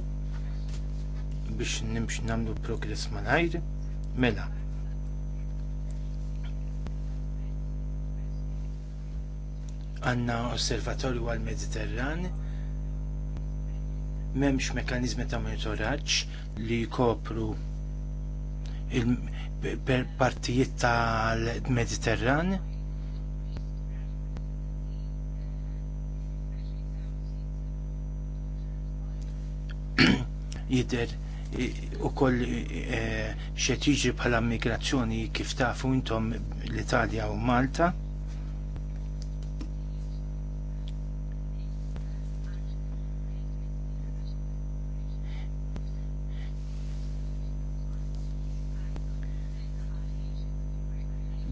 biex nimx nagħmlu progress malajr. Mela. Għanna osservatorju għal-Mediterran memx mekanizmi ta' monitoraġġ li jkopru per partijiet tal-Mediterran. <clears throat> Jider u koll e, bħala migrazzjoni kif tafu intom l-Italja u Malta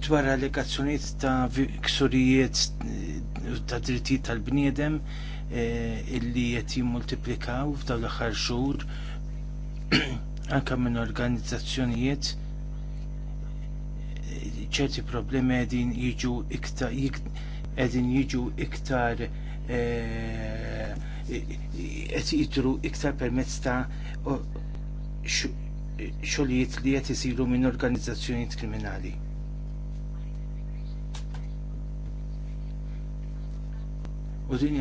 dwar allegazzjoniet ta' ksurijiet eh, ta' drittijiet tal-bniedem eh, illi qed jimmultiplikaw f'dawn l-aħħar xhur <clears throat> anke minn organizzazzjonijiet eh, ċerti problemi qegħdin jiġu iktar qegħdin jiġu iktar qed jidru iktar permezz ta' xogħlijiet li qed isiru minn organizzazzjonijiet kriminali. u din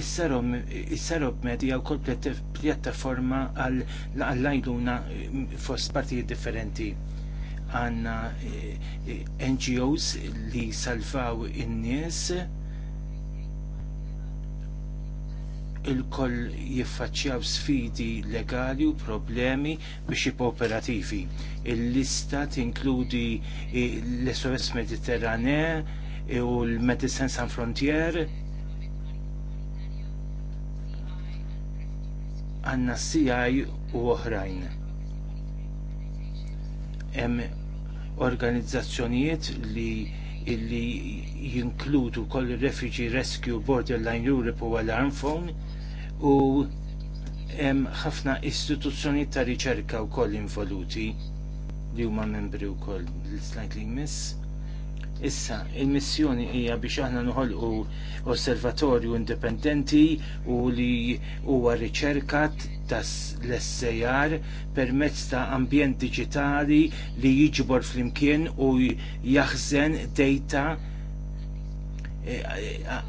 is-serob medja wkoll pjattaforma għall-għajluna eh, fost partijiet differenti għanna eh, eh, NGOs li salvaw in-nies il-koll jiffaċċjaw sfidi legali u problemi biex operativi. Il-lista tinkludi l-SOS Mediterrane u l-Medicine San Frontier għanna CI u oħrajn. Hemm organizzazzjonijiet li illi jinkludu koll Refugee Rescue Borderline Europe u Alarm Phone u hemm ħafna istituzzjonijiet ta' riċerka wkoll involuti li huma membri wkoll l-slajd li jmiss Issa, il-missjoni hija biex aħna nħolqu osservatorju indipendenti u li huwa riċerka tas l-essejjar permezz ta' ambjent diġitali li jiġbor flimkien u jaħżen data eh, eh,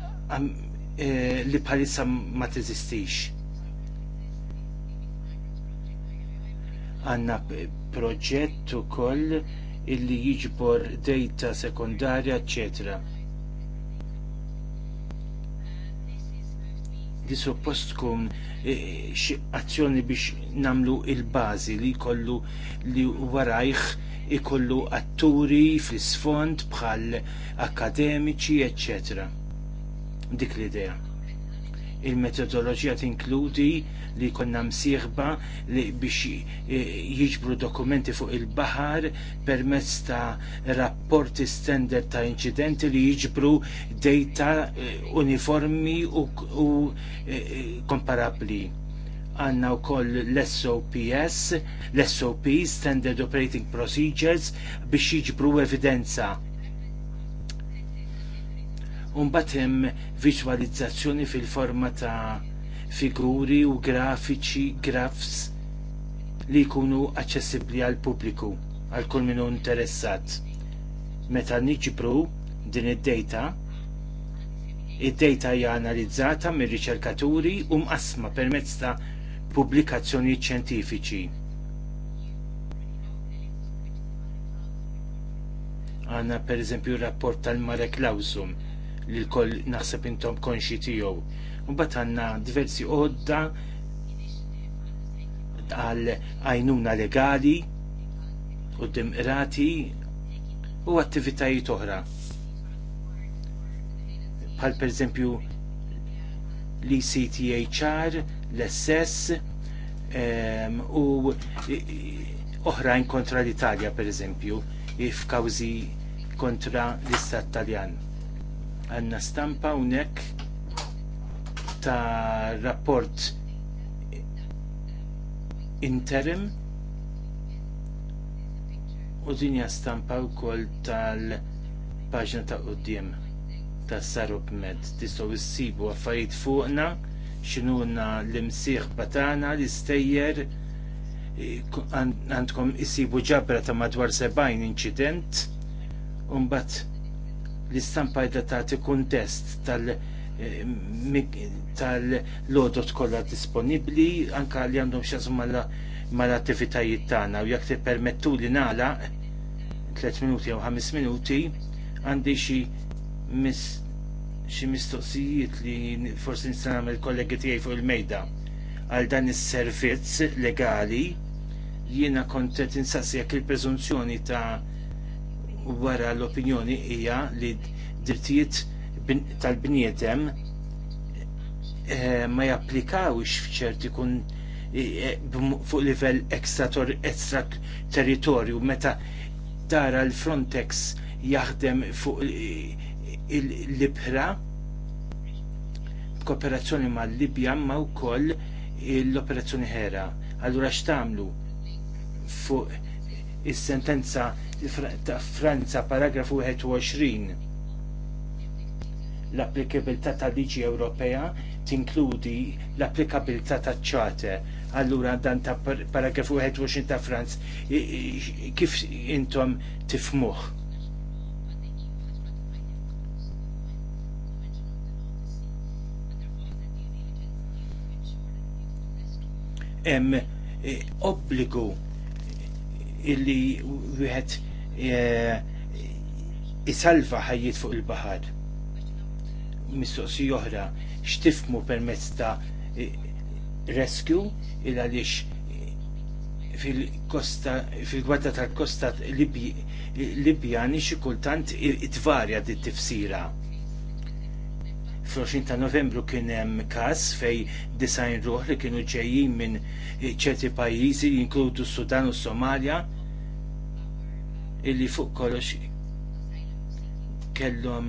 eh, li bħalissa ma teżistix. Għanna proġett ukoll koll illi jiġbor dejta sekundarja, eccetera. li suppost tkun e, azzjoni biex namlu il-bazi li kollu li warajħ ikollu atturi fl-sfond bħal akademiċi, ecc. Dik l-idea il-metodoloġija tinkludi li konna msieħba li biex eh, jiġbru dokumenti fuq il-bahar permezz ta' rapporti standard ta' incidenti li jiġbru data eh, uniformi u, u komparabli eh, għanna u koll l-SOPS, l-SOP, Standard Operating Procedures, biex jiġbru evidenza Umbat hemm visualizzazzjoni fil-forma ta' figuri u grafiċi, grafs li jkunu aċċessibbli għal pubbliku għal kull minnu interessat. Meta niġbru din id-data, id-data hija analizzata mir riċerkaturi u um mqasma permezz ta' pubblikazzjoni ċjentifiċi. Għanna per eżempju rapport tal marek Lawsum li l-koll naħseb intom konxi tiegħu. Mbagħad għandna diversi għodda għal għajnuna legali u demirati u attivitajiet oħra. Bħal pereżempju l-ECTHR, l-SS um, ehm, u oħrajn kontra l-Italja pereżempju f'kawżi kontra l-Istat Taljan. Għanna stampa unek ta' rapport interim u dinja stampa u koll tal-paġna ta' uddim ta' sarup Med. Tistaw issibu għaffajt fuqna, xinuna l-imsiħ batana, l-istejjer, għandkom issibu ġabra ta' madwar 70 incident, un bat l-istampa jda tagħti kuntest tal- eh, tal-lodot kollha disponibbli anka li għandhom xazum mal-attivitajiet tagħna u jekk permettu li nagħlaq 3 minuti jew 5 minuti għandi xi mis xi mistoqsijiet li forsi nista' nagħmel kollegi tiegħi fuq il-mejda għal dan is-servizz legali jiena kont qed insaqsi jekk il-preżunzjoni ta' wara l-opinjoni hija li drittijiet tal-bniedem eh, ma japplikawx f'ċerti kun e- fuq livell ekstra territorju meta dara l-Frontex jaħdem fuq l libra kooperazzjoni ma' Libja ma' u koll l-operazzjoni ħera. Allura x'tamlu fuq is-sentenza ta' Franza paragrafu 21 l-applikabilità ta' liġi Ewropea tinkludi l-applikabilità ta' ċarte. Allura dan ta' paragrafu 21 ta' Franz kif intom tifmuh? Em eh, obbligu illi wieħed Eh, isalva ħajjiet fuq il-bahar. Mistoqsi oħra, xtifmu permezz ta' rescue il għaliex fil-kosta fil-gwadda tal-kosta Libjani xi kultant it-tvarja t tifsira. Fl-20 ta' Novembru kien hemm każ fej disajn ruħ li kienu ġejjin minn ċerti pajjiżi jinkludu s-Sudan u s illi fuq kollox kellhom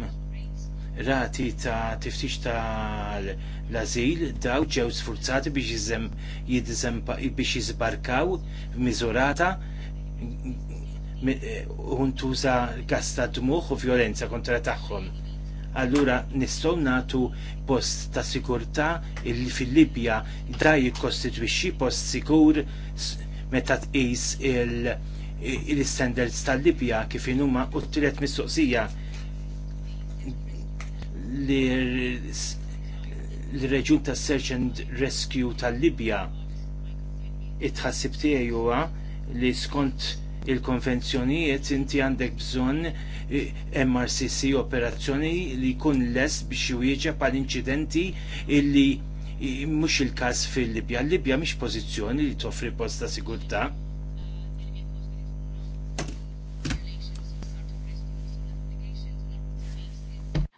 rati ta' tiftix ta' l-azil daw ġew sfurzati biex biex jizbarkaw mizurata eh, untuża gas ta' dmuħ u violenza kontra tagħhom. Allura nistgħu nagħtu post ta' sikurtà illi fil-Libja da jikkostitwixxi post sikur meta tqis il- il-standards tal-Libja kif huma u t-tielet mistoqsija li reġun tas search and rescue tal-Libja it-ħassib tiegħi huwa li skont il-konvenzjonijiet inti għandek bżonn eh, MRCC operazzjoni li jkun lest biex jwieġeb għal inċidenti illi eh, mhux il-każ fil-Libja. L-Libja mhix pożizzjoni li toffri posta sigurtà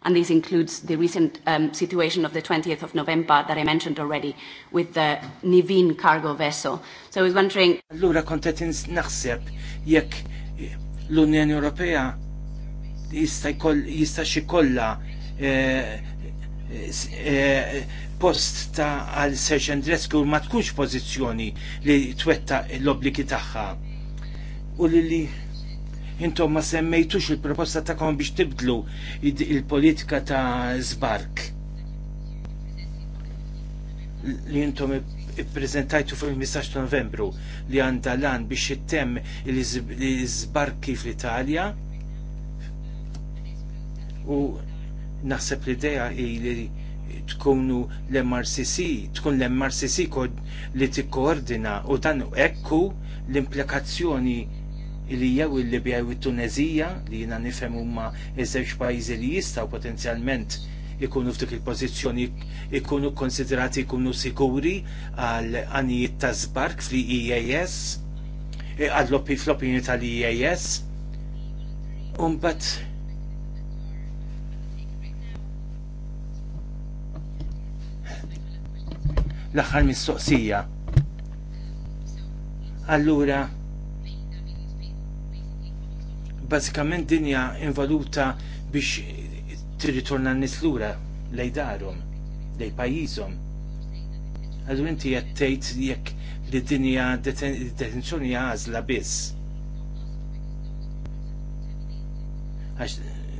And this includes the recent um, situation of the 20th of November that I mentioned already with the Nivin cargo vessel. So I was wondering... Allura kontet naħseb jekk l-Unjoni Ewropea jista' xikolla eh, eh, post ta' għal search and rescue ma tkunx pożizzjoni li twetta l-obbligi tagħha. U li intom ma semmejtux il-proposta tagħkom biex tibdlu il-politika ta' zbark li intom ippreżentajtu fil-15 ta' novembru li għandha lan biex jittem l zbarki fl-Italja u naħseb l-idea hi li tkunu l-MRCC, tkun l-MRCC li li tikkoordina u dan ekku l-implikazzjoni li jew il-Libja u t-Tunezija li jina nifhem huma iż-żewġ pajjiżi li jistgħu potenzjalment ikunu f'dik il-pożizzjoni ikunu konsiderati ikunu sikuri għal għanijiet ta' żbark fl ias e, għal oppi fl-opinju tal-EAS Umbat l-axar mistoqsija. Allura, bażikament dinja involuta biex tirritorna n-nies lura lej darhom, lej pajjiżhom. Għadu inti qed tgħid jekk li dinja detenzjoni għażla biss. Għax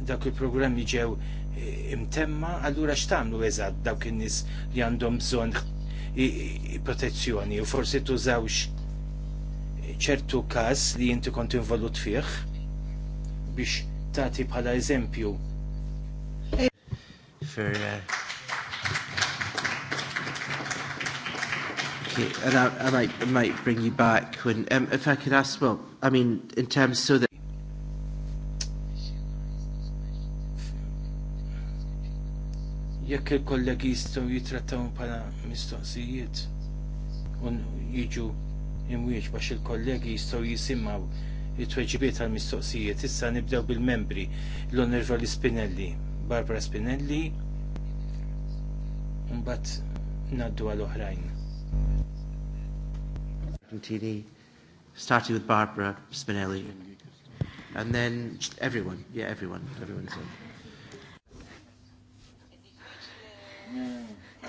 dak il-programmi ġew eh, imtemma, allura x'tamlu eżatt dawk in-nies li għandhom bżonn protezzjoni u forsi tużawx ċertu każ li inti kont involut fih biex tagħti bħala eżempju. Uh, and I, I might, I might bring you back when, um, if I could ask, well, I mean, in terms so that. Jekk il-kollegi jistgħu jitrattaw bħala mistoqsijiet, un jiġu imwieġ bax il-kollegi jistgħu jisimgħu it-tweġibiet għal mistoqsijiet Issa nibdew bil-membri l onervali Spinelli, Barbara Spinelli, mbagħad naddu għal oħrajn. Starting with Barbara Spinelli. And then everyone, yeah, everyone, everyone's in.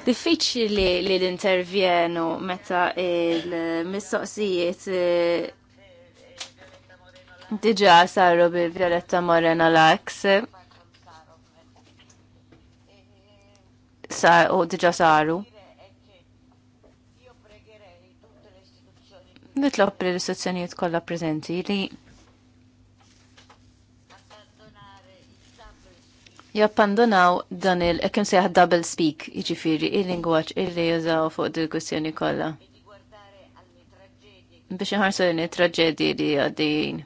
Diffiċli li l-intervjenu meta il-mistoqsijiet eh, diġa saru bil-Violetta Morena Lax. Sa u diġa saru. Nitlob li l-istituzzjonijiet kollha prezenti li jappandonaw dan il e kemm sejħ double speak, jiġifieri il-lingwaġġ illi jużaw fuq dil kussjoni kollha. Biex iħarsu traġedji li għaddejjin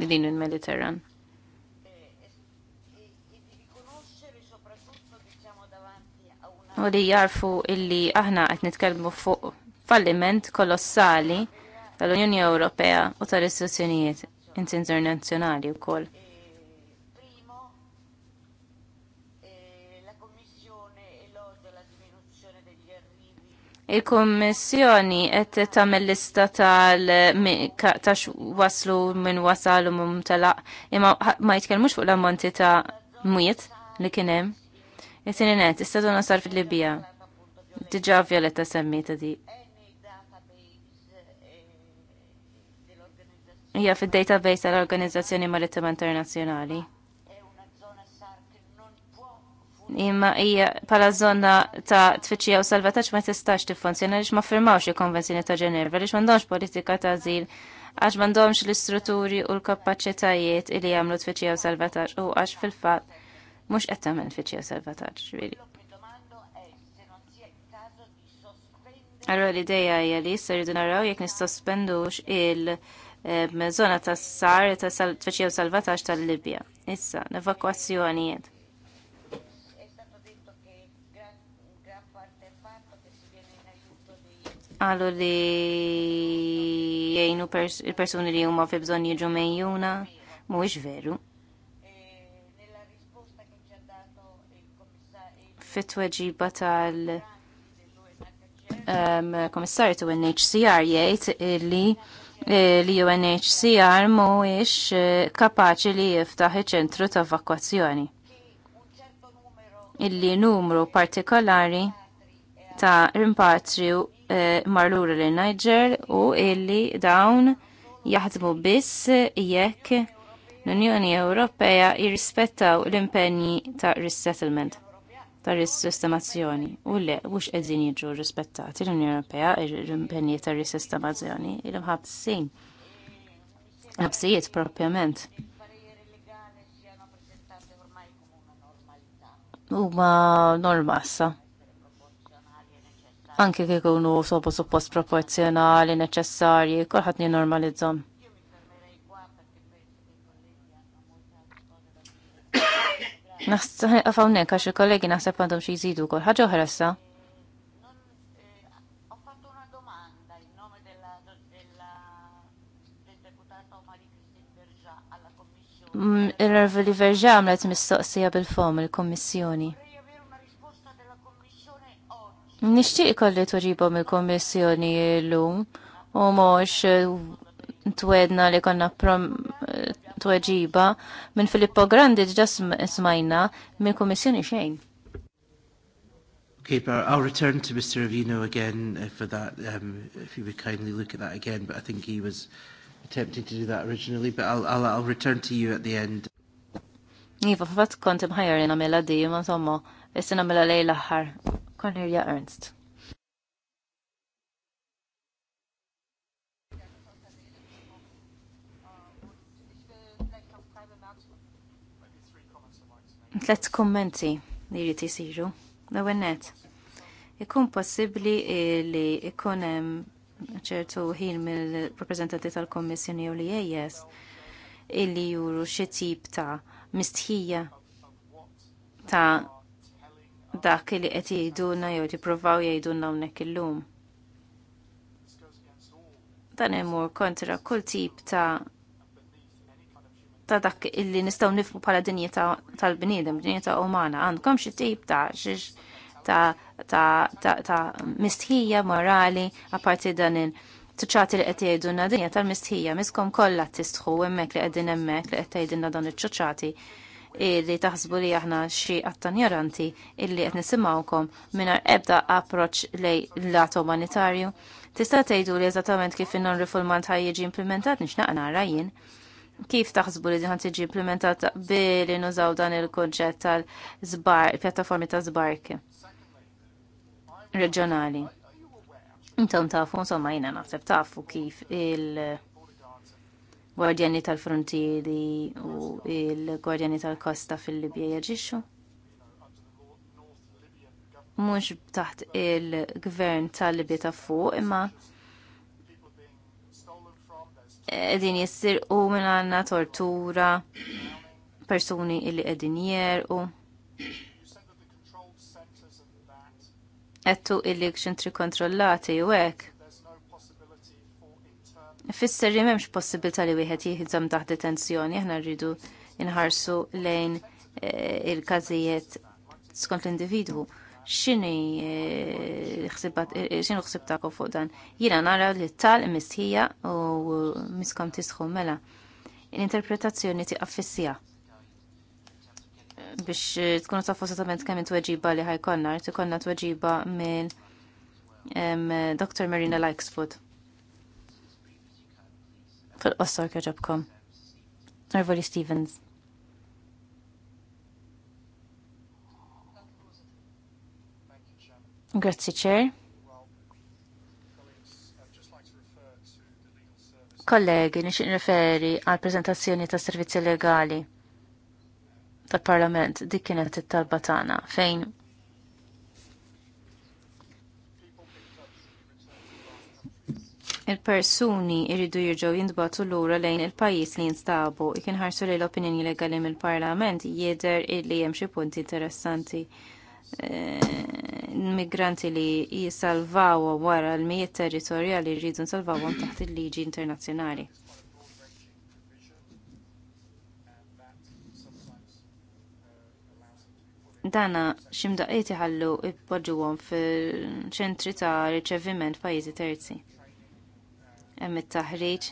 li din il-Mediterran. U li jarfu illi aħna qed nitkellmu fuq falliment kolossali tal-Unjoni Ewropea u tal-istituzzjonijiet internazzjonali wkoll. Il-Kommissjoni qed tagħmel lista tal tax waslu minn wasal u mum talaq imma ma jitkellmux fuq l-ammonti ta' mwiet li kien hemm. is tieni net, istatuna sar fil-Libja. Diġà Violetta semmita di. Hija fid-database tal-Organizzazzjoni Marittima Internazzjonali imma hija pala zona ta' tfittxija u salvataġġ ma tistax tiffunzjona għaliex ma firmawx il-Konvenzjoni ta' Ġenerva għaliex m'għandhomx politika ta' żil għax m'għandhomx l-istrutturi u l-kapaċitajiet li jagħmlu tfittxija u salvataġġ u għax fil-fatt mhux qed tagħmel tfittxija u salvataġġ ġifieri. Allora l-ideja hija li jista' jridu naraw jekk nistospendux il- ehm, zona ta' sar ta' tfittxija u salvataġġ tal-Libja. Issa, l-evakwazzjonijiet għallu li jgħinu il-personi li huma fi bżonn jiġu mejjuna, mhuwiex veru. Fit-tweġiba tal um, komissarju UNHCR jgħid eh, li li UNHCR mhuwiex eh, kapaċi li jiftaħ iċ-ċentru ta' evakwazzjoni. Illi numru partikolari ta' rimpatriju Eh, marlura li niger u illi dawn jaħdmu biss jekk l-Unjoni Ewropea jirrispettaw l-impenji ta' resettlement ta' risistemazzjoni u le mhux edzin jiġu rispettati l-Unjoni Ewropea l-impenji ta' risistemazzjoni il-ħabsin. Ħabsijiet propjament. huma normassa anke kif ikunu sobu suppost proporzjonali neċessarji, kulħadd normalizzhom. Naħseb hawnhekk għax il-kollegi naħseb għandhom xie jżidu kol. ħaġa ħressa? il ir Verġa għamlet mistoqsija bil-fom il-Kommissjoni. Nishtiq kolli turibom il-Kommissjoni l-lum u mhux eh, twedna li konna prom eh, tweġiba minn Filippo Grandi ġas smajna minn Kommissjoni xejn. Okay, but I'll return to Mr. Avino again eh, for that, um, if you would kindly look at that again, but I think he was attempting to do that originally, but I'll, I'll, I'll return to you at the end. Iva, fatt kont imħajar jena mela di, ma somma, jessi namela lej l-axar. Cornelia Ernst. Tlet kommenti li jrid isiru. L-ewwel net. Ikun possibbli li ikun hemm ċertu ħin mill-rappreżentanti tal-Kommissjoni u li ejjes illi juru xi tip ta' mistħija ta' dak li qed jgħidulna jew jippruvaw jgħiduna hawnhekk illum. Dan imur kontra kull tip ta' ta' dak illi nistgħu nifmu bħala dinja' tal-bniedem, ta' umana, għandkom xi tip ta' xiex ta' ta' ta' mistħija morali apparti dan il- tuċċati li qed jgħidulna dinja tal-mistħija miskom kollha tistħu hemmhekk li qegħdin hemmhekk li qed tgħidilna dan iċ-ċuċċati li taħsbu li aħna xi attanjaranti illi qed nisimgħukom mingħajr ebda approċċ lej l-lat umanitarju. Tista' tgħidu li eżattament kif in-non ħaj jiġi implementat nixnaq nara jien. Kif taħsbu li diħan tiġi implementat billi nużaw dan il-konċett tal-żbar, pjattaformi ta' żbark reġjonali. Intom tafu, insomma, jina naħseb tafu kif il- gwardjani tal-frontieri u il-gwardjani tal-kosta fil-Libja jaġixxu? Mhux taħt il-gvern tal-Libja ta' fuq imma qegħdin jissirqu minn għandna tortura persuni illi qegħdin jerqu. Qedtu illi ċentri kontrollati u hekk Ifisser li m'hemmx possibilità li wieħed jieħdem taħt detenzjoni, aħna rridu inħarsu lejn eh, il-każijiet skont l-individwu. X'inhi eh, eh, x'inhu ħsib tagħkom fuq dan? Jiena nara li tal mistħija u miskom tisħu mela. L-interpretazzjoni tiqaf fissija biex tkunu tafu esattament kemm tweġiba li ħajkonna, tkonna tweġiba minn Dr. Marina Likesfoot fil-qossor kħeġobkom. Nervoli Stevens. Grazie, Chair. Kollegi, nixin referi għal prezentazzjoni ta' servizzi legali tal-Parlament dik kienet it-talba tagħna fejn il-persuni jridu jirġgħu jintbatu lura lejn il-pajjiż li jinstabu ikin ħarsu li l-opinjoni legali mill-Parlament jidher illi hemm xi punti interessanti. Eh, migranti li jisalvaw wara l-mijiet territorjali jridu nsalvawhom taħt il-liġi internazzjonali. dana ximdaqiet iħallu ipoġġuhom fil-ċentri ta' riċeviment pajjiżi terzi hemm it-taħriġ.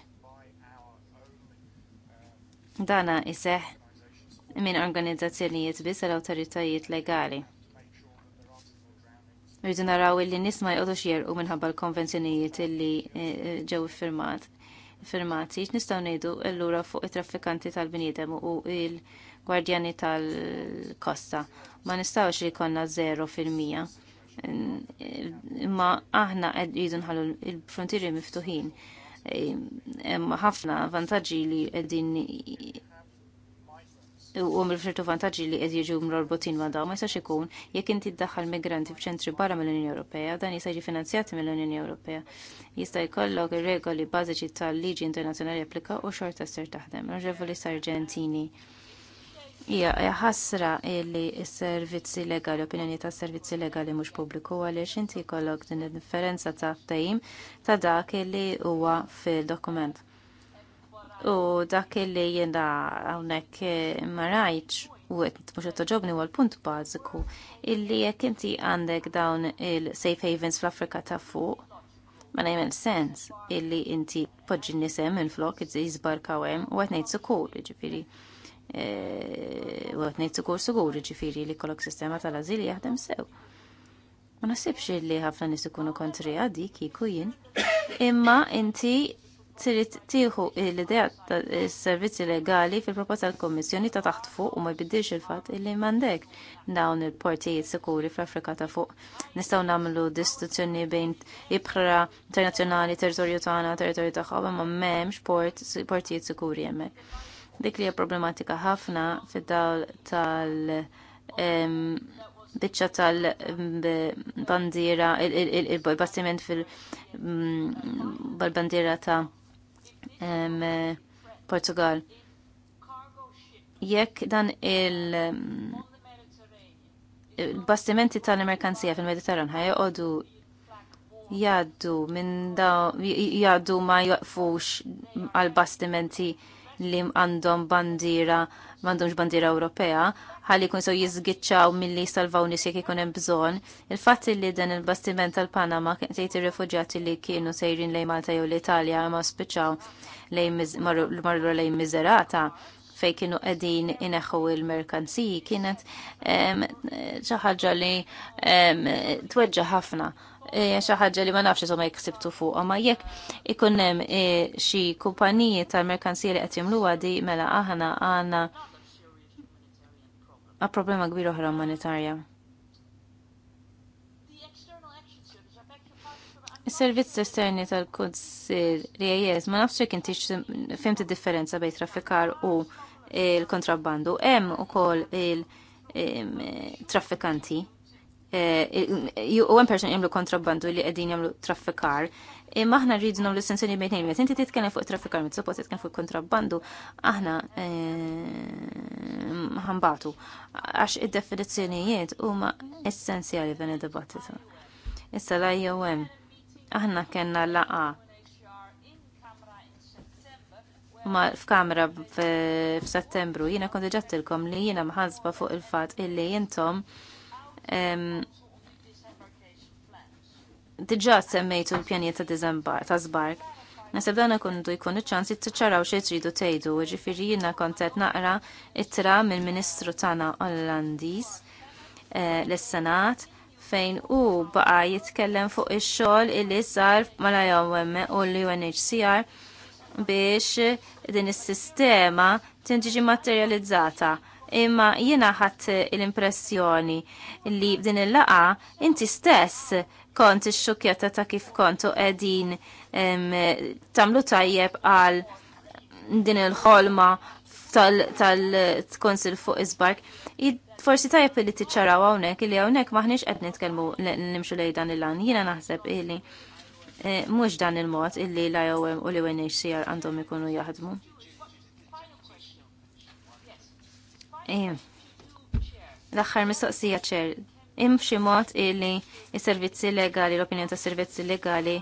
Dana iseħ minn organizzazzjonijiet biss għal awtoritajiet legali. Rridu naraw illi nies ma jqodux jerqu minħabba l-konvenzjonijiet illi eh, eh, ġew firmat. Firmati, nejdu ngħidu lura fuq it-traffikanti tal-bniedem u il-gwardjani tal-kosta. Ma nistgħux li jkollna 0 fil-mija imma aħna qed jridu nħallu il-frontiri miftuħin hemm ħafna vantaġġi li qegħdin u rifletu vantaġġi li qed jiġu mrobotin ma' dawn ma jistax ikun jekk inti ddaħħal migranti f'ċentri barra mill-Unjoni Ewropea dan jista' jiġi finanzjati mill-Unjoni Ewropea. Jista' jkollok ir-regoli bażiċi tal-liġi internazzjonali applika u xorta ser taħdem. Onorevoli Sargentini. Ija, ħasra li s-servizzi legali, opinjoni ta' servizzi legali mhux pubbliku għaliex inti jkollok din differenza ta' tajim ta' dak li huwa fil-dokument. U dak li jenda hawnhekk eh, ma rajtx u għet mux toġobni u għal-punt bażiku illi jekk inti għandek dawn il-safe havens fl-Afrika ta' fuq, ma najmen sens illi inti podġin nisem minn flok id jizbarkaw hemm u qed ngħid sukur, ġifiri. Eh, u għet nejt sikur sigur ġifiri li kolok sistema tal azili jaħdem sew. Ma nasibx li ħafna nis ikunu kontri għadi kiku jien, imma inti trid tieħu l-idea tas-servizzi legali fil-proposta tal-Kommissjoni ta' taħt fuq u ma jbiddilx il-fatt illi m'għandek dawn il-portijiet sikuri fl-Afrika ta' fuq. Nistgħu nagħmlu distituzzjoni bejn ibħra internazzjonali, territorju tagħna, territorju tagħha, ma m'hemmx portijiet sikuri hemmhekk. Dik li hija problematika ħafna fid-dawl tal biċċa tal-bandiera, il-bastiment fil-bandiera mm, ta' Portugal. Jekk dan il- bastimenti tal-merkanzija fil-Mediterran ħajqodu jaddu minn da jaddu ma jaqfux għal bastimenti li għandhom bandira, m'għandhomx bandira Ewropea, ħalli jkun sew jiżgiċċaw milli salvaw nies jekk ikun hemm bżonn. il fat li dan il-bastiment tal-Panama kien tgħid ir li kienu sejrin lejn Malta jew l-Italja ma spiċċaw lejn marru lejn mizerata fej kienu qegħdin ineħħu il-merkanziji kienet xi ħaġa li tweġġa ħafna E, xi ħaġa li ma nafx iżhom jiksibtu fuq, ma jekk ikun hemm e, xi kumpaniji tal-merkanzija li qed jagħmluha di mela aħna għandna għal problema kbira oħra umanitarja. Is-servizz esterni tal kunsir li jgħajez ma nafx jekk intix fimt differenza bejn traffikar u e, l-kontrabbandu. Hemm ukoll il-traffikanti. il traffikanti Eh, u għem person jemlu kontrabbandu li għedin jemlu traffikar. Imma aħna rridu nagħmlu sensjoni bejn nejn, inti titkellem fuq traffikar, mit suppost titkellem fuq kontrabbandu, aħna eh, ħambatu. Għax id-definizzjonijiet huma essenzjali dan id-dibattitu. Issa la jew aħna kellna laqa ma f'kamra f'Settembru jiena kont ġattilkom li jiena mħasba fuq il-fatt illi intom diġa semmejtu l pjanijiet ta' dizembar, ta' zbark. Nasib dan kundu jkun iċ-ċans tiċċaraw xie tridu tgħidu, ġifiri jiena kontet naqra it-tra mill-Ministru tagħna Ollandiż eh, lis-Senat fejn u baqa jitkellem fuq ix-xogħol illi sar mal-IOM u l-UNHCR biex din is-sistema tinġiġi materializzata imma jiena ħadd l-impressjoni li b'din il-laqa inti stess kont ix-xukjata ta' kif kontu qegħdin tagħmlu tajjeb għal din il-ħolma tal-konsil fuq isbark. Forsi tajjeb li tiċċaraw hawnhekk li hawnhekk maħniex qed nitkellmu nimxu lejn dan il-lan. Jiena naħseb illi eh, mhux dan il-mod illi l-IOM u l-UNHCR għandhom ikunu jaħdmu. Iva. l-axħar mistoqsija ċer, im xi mod illi s-servizzi legali, l-opinjoni ta' servizzi legali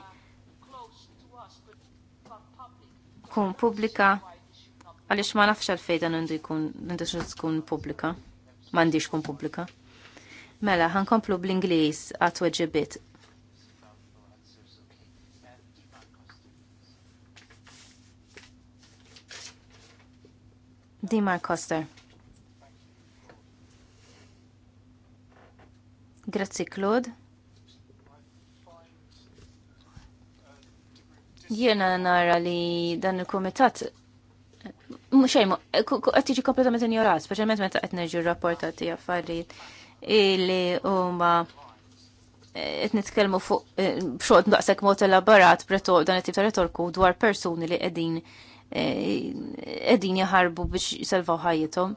kun pubblika għaliex ma nafx għalfejn dan għandu jkun tkun pubblika, m'għandix kun pubblika. Mela, għan komplu bl inglis għat weġibit Dimar Koster. Grazzi Claude. Jiena nara li dan il-komitat xejn, eh, qed jiġi kompletament injorat, specialment meta qed neġu rapportati affarijiet illi huma eh, qed nitkellmu fuq eh, b'xogħod daqshekk mod elaborat pretor dan it-tip ta' retorku dwar persuni li qegħdin qegħdin jaħarbu biex jisalvaw ħajjithom.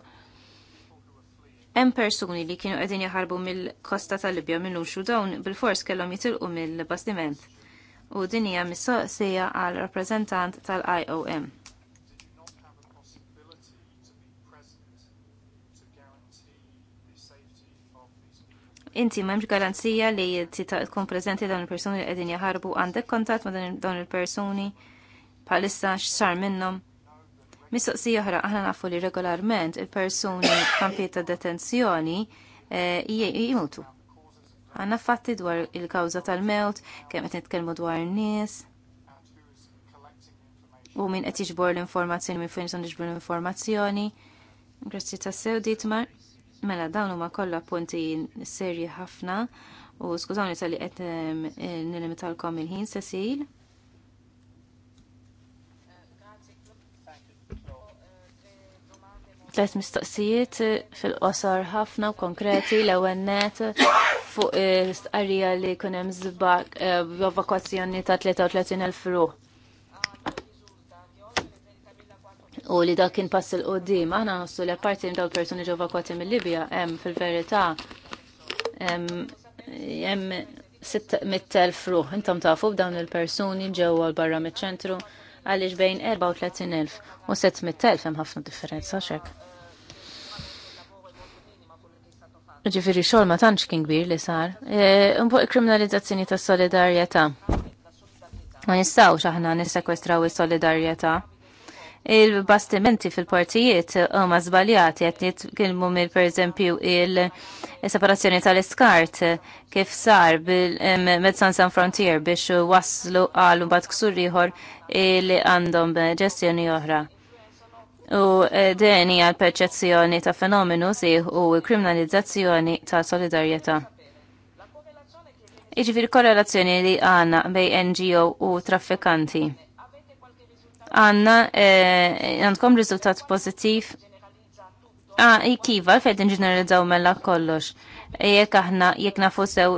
Hemm persuni li kienu qegħdin jaħarbu mill-kosta tal-Libja minnu xu dawn bil-fors kellhom jitilqu mill-bastiment. U din hija mistoqsija għal rappreżentant tal-IOM. Inti m'hemmx garanzija li tkun preżenti dawn il-persuni li qegħdin jaħarbu għandek kontatt ma' dawn il-persuni bħalissa x'sar minnhom Mistoqsija oħra, aħna nafu li regolarment il-persuni kampieta detenzjoni eh, jimutu. Għanna fatti dwar il-kawza tal-mewt, kemm qed nitkellmu dwar nies. U min qed jiġbor l-informazzjoni minn fejn son jiġbor l-informazzjoni. Grazzi ta' sew Ditmar. Mela dawn huma kollha punti serji ħafna u skużawni tal-li qed ehm, eh, nilimitalkom il-ħin Cecil. tlet mistoqsijiet fil-qosor ħafna u konkreti l net fuq istqarrija li jkun hemm b'evakwazzjoni eh, ta' 33,000 ruħ. U li dak kien pass il qoddim aħna nħossu li apparti daw persuni ġew evakwati mill-Libja hemm fil-verità hemm 600,000 ruħ. Intom tafu b'dawn il-persuni ġewwa l-barra miċ-ċentru għaliex bejn 34,000 u 700,000 hemm ħafna differenza xek. Ġifiri xol ma tantx kien kbir li sar. Imbuq e, kriminalizzazzjoni ta' solidarjetà. Ma nistgħux aħna nissekwestraw is-solidarjetà il-bastimenti fil-partijiet huma żbaljati qed nitkellmu mill pereżempju il-separazzjoni tal-iskart kif sar bil-Medsan San Frontier biex waslu għal mbagħad ksur ieħor li għandhom ġestjoni oħra. U eh, din hija l-perċezzjoni ta' fenomenu sieħ u kriminalizzazzjoni ta' solidarjetà. Iġifieri korrelazzjoni li għandna bejn NGO u traffikanti għanna eh, għandkom rizultat pozitiv. pozittiv. Ah, kiva, fejn ġeneralizzaw mella kollox Jek aħna jek nafu sew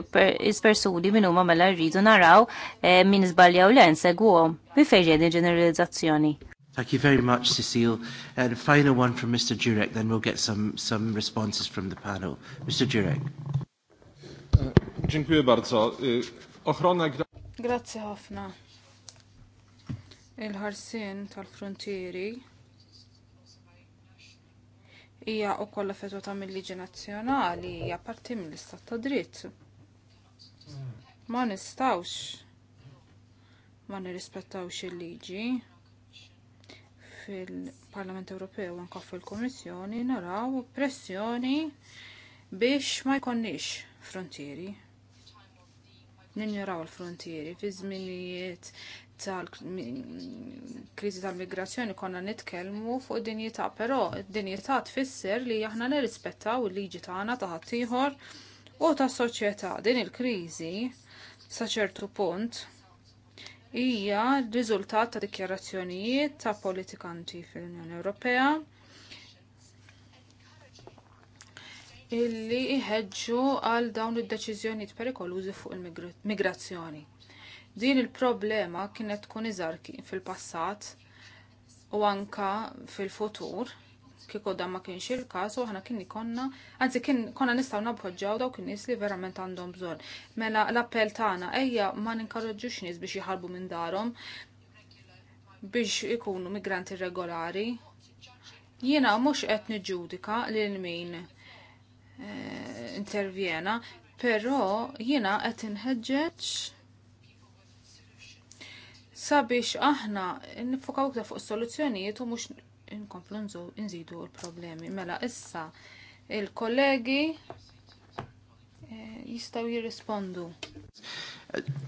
is-persuni minn huma mela rridu naraw eh, min iżbaljaw len segwhom. Mi fejn ġeneralizzazzjoni. Thank you very much, Cecile. And final one from Mr. Jurek, then we'll get some, some responses from the panel. Mr. Jurek. Dziękuję bardzo. Ochrona... Grazie ħafna. Il-ħarsien tal-frontieri hija wkoll ta' mill-liġi nazzjonali hija parti mill-istat ta' dritt. Ma nistgħux ma nirrispettawx il-liġi fil-Parlament Ewropew anke fil kummissjoni naraw pressjoni biex ma jkonniex frontieri. jaraw l-frontieri fi żminijiet tal-kriżi tal-migrazzjoni konna nitkellmu fuq dinjità, però dinjità tfisser li aħna nirrispettaw il-liġi tagħna ta' ħaddieħor u tas-soċjetà. Din il-kriżi sa ċertu punt hija riżultat ta' dikjarazzjonijiet ta' politikanti fil-Unjoni Ewropea illi iħeġġu għal dawn id-deċiżjonijiet perikolużi fuq il-migrazzjoni. Din il-problema kienet tkun iżar fil-passat u anka fil-futur kieku dan ma kienx il-każ u aħna kien ikonna, anzi kien konna nistgħu nabpoġġjaw dawk in-nies li verament għandhom bżonn. Mela l-appell tagħna ejja ma ninkarroġġux nies biex jħarbu minn darhom biex ikunu migranti regolari. Jiena mhux qed niġġudika lil min eh, intervjena, però jiena qed inħeġġeġ sabiex aħna nifokaw iktar fuq soluzzjonijiet u mux inkomplu nżidu l-problemi. Mela issa il-kollegi eh, jistaw jirrispondu.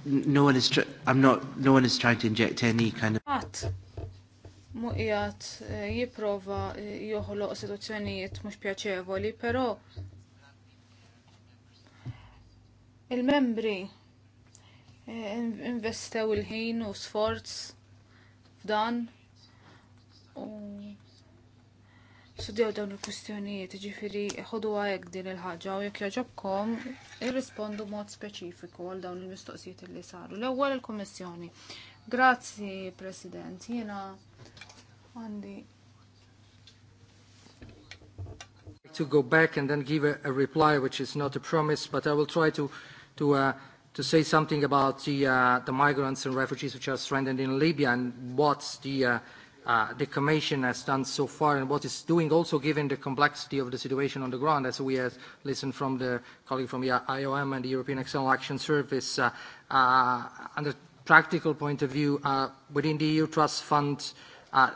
No one is I'm not no one is trying to inject any kind of At muqijat eh, jiprova eh, joħlo situazzjonijiet mux pjaċevoli, pero il-membri Eh, investew il-ħin u sforz f'dan u studjaw dawn il-kustjonijiet, ġifiri ħodu għajek din il-ħagġa u jekk joġobkom irrispondu mod speċifiku għal dawn il-mistoqsijiet li saru. L-ewwel il-Kummissjoni. Grazzi, President. Jiena għandi to go back and then give a, a reply which is not a promise but I will try to to uh, to say something about the, uh, the migrants and refugees which are stranded in Libya and what the, uh, uh, the Commission has done so far and what it's doing also given the complexity of the situation on the ground as we have listened from the colleague from the IOM and the European External Action Service uh, uh, under practical point of view uh, within the EU Trust Fund uh,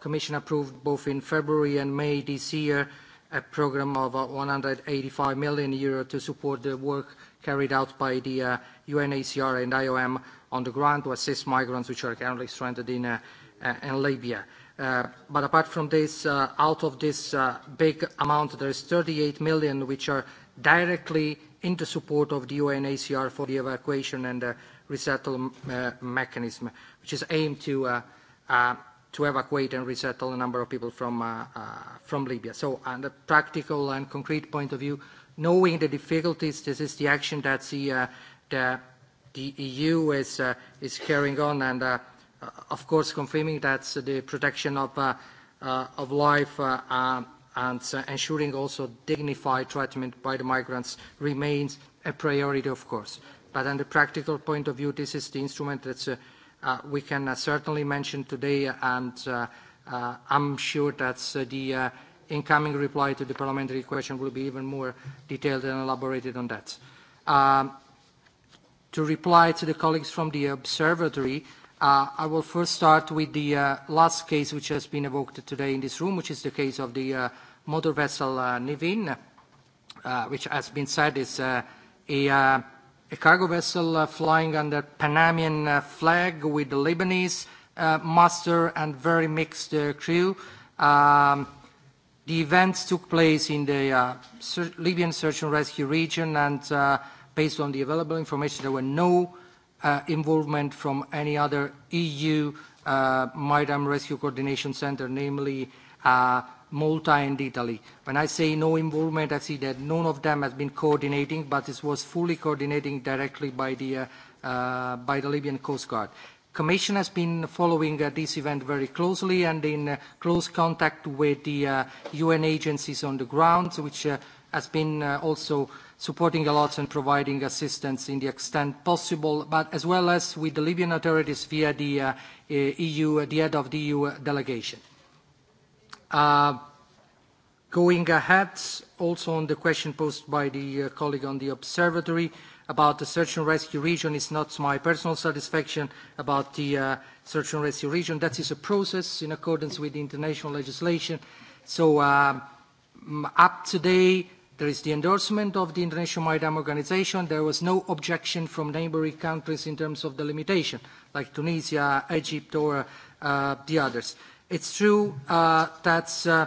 Commission approved both in February and May this year a program of uh, 185 million euro to support the work carried out by the uh, UNHCR and IOM on the ground to assist migrants which are currently stranded in, uh, uh, in Libya. Uh, but apart from this, uh, out of this uh, big amount, there is 38 million which are directly in the support of the UNHCR for the evacuation and the resettlement uh, mechanism, which is aimed to, uh, uh, to evacuate and resettle a number of people from, uh, uh, from Libya. So on the practical and concrete point of view, knowing the difficulties, this is the action that the, uh, the, the EU is, uh, is carrying on and, uh, uh, of course, confirming that the protection of, uh, uh, of life uh, uh, and uh, ensuring also dignified treatment by the migrants remains a priority, of course. But on the practical point of view, this is the instrument that uh, uh, we can uh, certainly mention today, and uh, uh, I'm sure that uh, the uh, incoming reply to the parliamentary question will be even more detailed and elaborated on that. Um, to reply to the colleagues from the observatory, uh, I will first start with the uh, last case which has been evoked today in this room, which is the case of the uh, motor vessel uh, Nivin, uh, which has been said is uh, a, uh, a cargo vessel uh, flying under Panamian uh, flag with the Lebanese uh, master and very mixed uh, crew. Um, The events took place in the uh, ser Libyan search and rescue region and uh, based on the available information there were no uh, involvement from any other EU uh, Maritime Rescue Coordination Center, namely uh, Malta and Italy. When I say no involvement, I see that none of them has been coordinating, but this was fully coordinating directly by the, uh, uh, by the Libyan Coast Guard. Commission has been following uh, this event very closely and in uh, close contact with the uh, UN agencies on the ground, which uh, has been uh, also supporting a lot and providing assistance in the extent possible, but as well as with the Libyan authorities via the uh, uh EU, uh, the head of the EU uh, delegation. Uh, going ahead, also on the question posed by the uh, colleague on the observatory, uh, about the search and rescue region. is not my personal satisfaction about the uh, search and rescue region. That is a process in accordance with international legislation. So um, up today, there is the endorsement of the International Maritime Organization. There was no objection from neighboring countries in terms of the limitation, like Tunisia, Egypt, or uh, the others. It's true uh, that uh,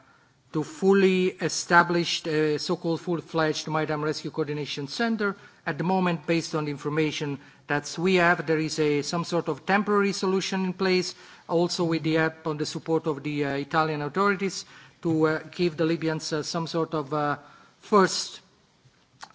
to fully establish a uh, so-called full-fledged maritime rescue coordination center. At the moment, based on the information that we have, there is a, some sort of temporary solution in place, also with the help on the support of the uh, Italian authorities to uh, give the Libyans uh, some sort of uh, first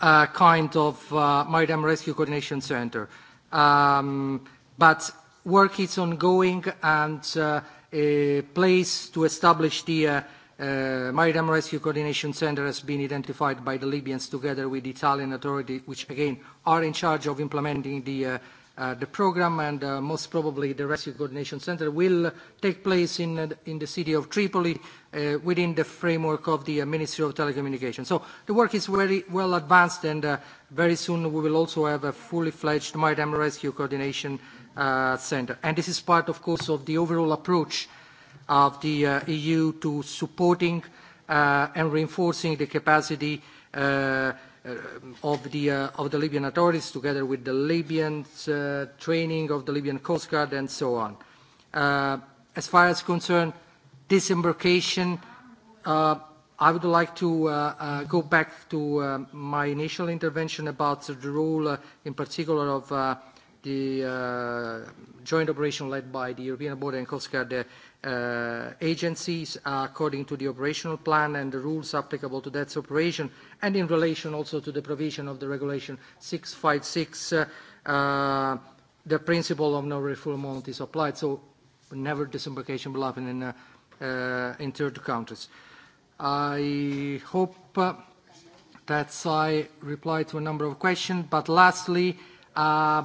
uh, kind of uh, maritime rescue coordination center. Um, but work is ongoing and uh, a place to establish the uh, Uh, Maritime Rescue Coordination Center has been identified by the Libyans together with the Italian authorities, which again are in charge of implementing the, uh, uh, the program, and uh, most probably the Rescue Coordination Center will take place in, uh, in the city of Tripoli uh, within the framework of the uh, Ministry of Telecommunications. So the work is very well advanced, and uh, very soon we will also have a fully fledged Maritime Rescue Coordination uh, Center. And this is part, of course, of the overall approach of the uh, EU to supporting uh, and reinforcing the capacity uh, uh, of, the, uh, of the Libyan authorities together with the Libyan uh, training of the Libyan Coast Guard and so on. Uh, as far as concern disembarkation, uh, I would like to uh, uh, go back to uh, my initial intervention about the role uh, in particular of uh, the uh, joint operation led by the European Border and Coast Guard uh, uh, agencies uh, according to the operational plan and the rules applicable to that operation and in relation also to the provision of the regulation 656 uh, uh, the principle of no refoulement is applied so never disembarkation will happen in, uh, uh, in third countries I hope uh, that I replied to a number of questions but lastly uh,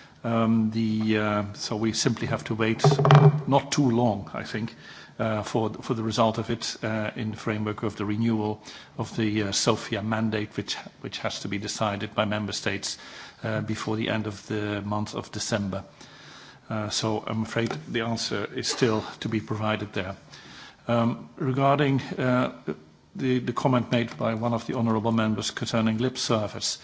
Um, the, uh, so we simply have to wait not too long, I think, uh, for, for the result of it uh, in the framework of the renewal of the uh, Sofia mandate, which, which has to be decided by member states uh, before the end of the month of December. Uh, so I'm afraid the answer is still to be provided there. Um, regarding uh, the, the comment made by one of the honourable members concerning lip service, uh,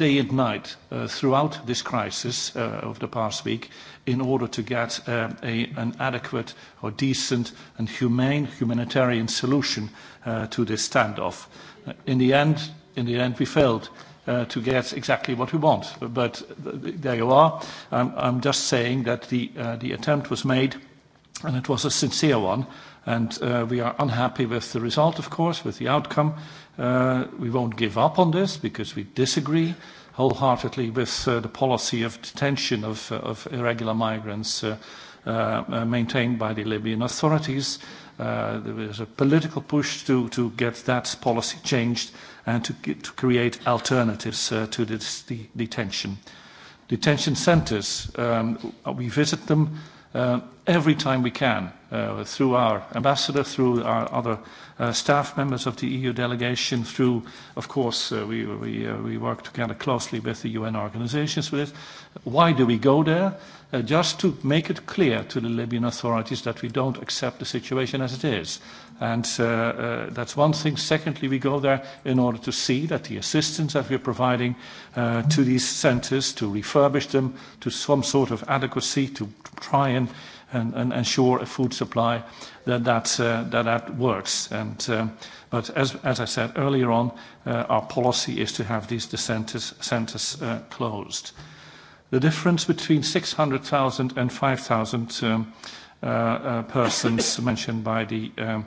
day and night uh, throughout this crisis uh, of the past week in order to get uh, a, an adequate or decent and humane humanitarian solution uh, to this standoff. Uh, in the end, in the end we failed. Uh, to get exactly what we want. But th there you are. I'm, I'm just saying that the, uh, the attempt was made, and it was a sincere one, and uh, we are unhappy with the result, of course, with the outcome, Uh, we won't give up on this because we disagree wholeheartedly with uh, the policy of detention of, uh, of irregular migrants uh, uh, uh, maintained by the Libyan authorities. Uh, there is a political push to, to get that policy changed and to, get, to create alternatives uh, to this de detention. Detention centres, um, we visit them uh, every time we can uh, through our ambassador, through our other uh, staff members of the EU delegation, through, of course, uh, we, we, uh, we work together closely with the UN organizations for this. Why do we go there? uh, just to make it clear to the Libyan authorities that we don't accept the situation as it is. And uh, uh, that's one thing. Secondly, we go there in order to see that the assistance that we're providing uh, to these centers, to refurbish them to some sort of adequacy, to try and, and, and ensure a food supply, that that, uh, that, that works. And, um, but as, as I said earlier on, uh, our policy is to have these the centers, centers uh, closed the difference between 600,000 and 5,000 um, uh, uh, persons <laughs> mentioned by the, um,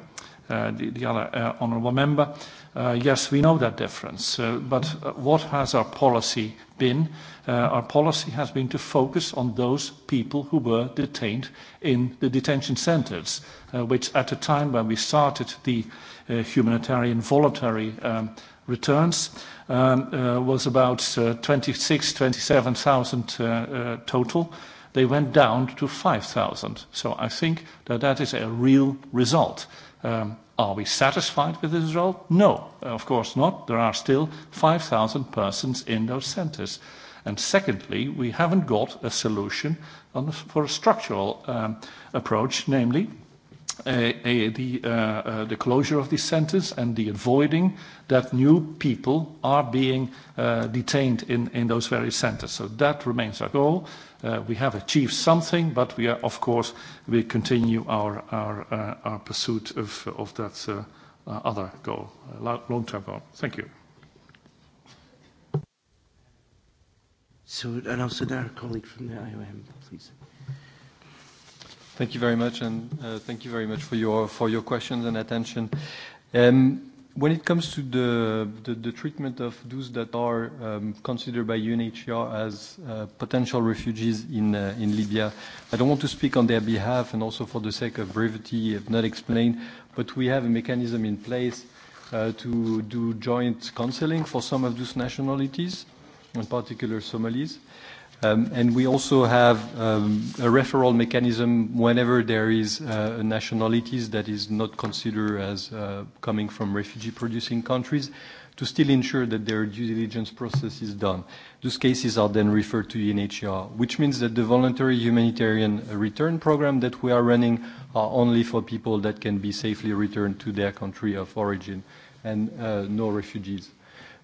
uh, the, the other uh, honourable member. Uh, yes, we know that difference, uh, but uh, what has our policy been? Uh, our policy has been to focus on those people who were detained in the detention centres, uh, which at the time when we started the uh, humanitarian voluntary um, returns, Um, uh, was about uh, 26, 27,000 uh, uh, total. They went down to 5,000. So I think that that is a real result. Um, are we satisfied with this result? No, of course not. There are still 5,000 persons in those centers. And secondly, we haven't got a solution on, for a structural um, approach, namely the, uh, uh, the closure of these centers and the avoiding that new people are being uh, detained in, in those various centers. So that remains our goal. Uh, we have achieved something, but we are, of course, we continue our, our, uh, our pursuit of, of that uh, uh, other goal, uh, long-term goal. Thank you. So, and also there, a colleague from the IOM, please. Thank you very much, and uh, thank you very much for your, for your questions and attention. Um, when it comes to the, the, the treatment of those that are um, considered by UNHCR as uh, potential refugees in, uh, in Libya, I don't want to speak on their behalf, and also for the sake of brevity, if not explained, but we have a mechanism in place uh, to do joint counseling for some of those nationalities, in particular Somalis. Um, and we also have um, a referral mechanism whenever there is uh, nationalities that is not considered as uh, coming from refugee-producing countries to still ensure that their due diligence process is done. Those cases are then referred to UNHCR, which means that the voluntary humanitarian uh, return program that we are running are only for people that can be safely returned to their country of origin and uh, no refugees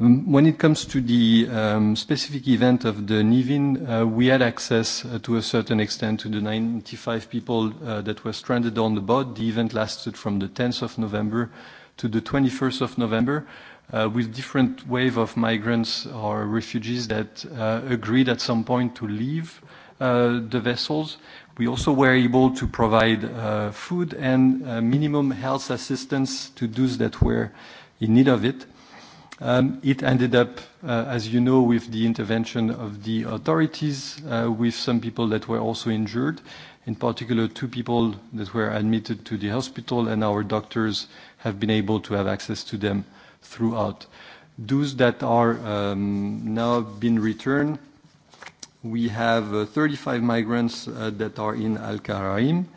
Um, when it comes to the um, specific event of the Nivin, uh, we had access uh, to a certain extent to the 95 people uh, that were stranded on the boat. The event lasted from the 10th of November to the 21st of November uh, with different wave of migrants or refugees that uh, agreed at some point to leave uh, the vessels. We also were able to provide uh, food and uh, minimum health assistance to those that were in need of it. Um, it ended up, uh, as you know, with the intervention of the authorities, uh, with some people that were also injured, in particular two people that were admitted to the hospital, and our doctors have been able to have access to them throughout. Those that are um, now been returned, we have uh, 35 migrants uh, that are in Al-Karaim. Uh,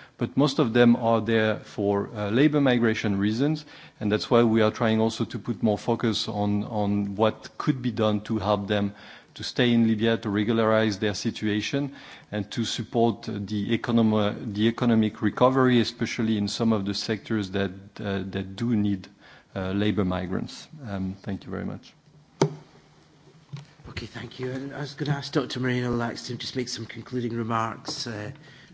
but most of them are there for uh, labor migration reasons, and that's why we are trying also to put more focus on, on what could be done to help them to stay in Libya, to regularize their situation, and to support the, economa the economic recovery, especially in some of the sectors that, uh, that do need uh, labor migrants. Um, thank you very much. Okay, thank you. And I was going to ask Dr. Marina Laxton to just make some concluding remarks. Uh,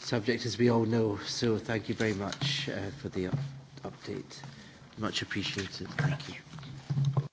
subject, as we all know. So thank you very much uh, for the up update. Much appreciated. Thank you.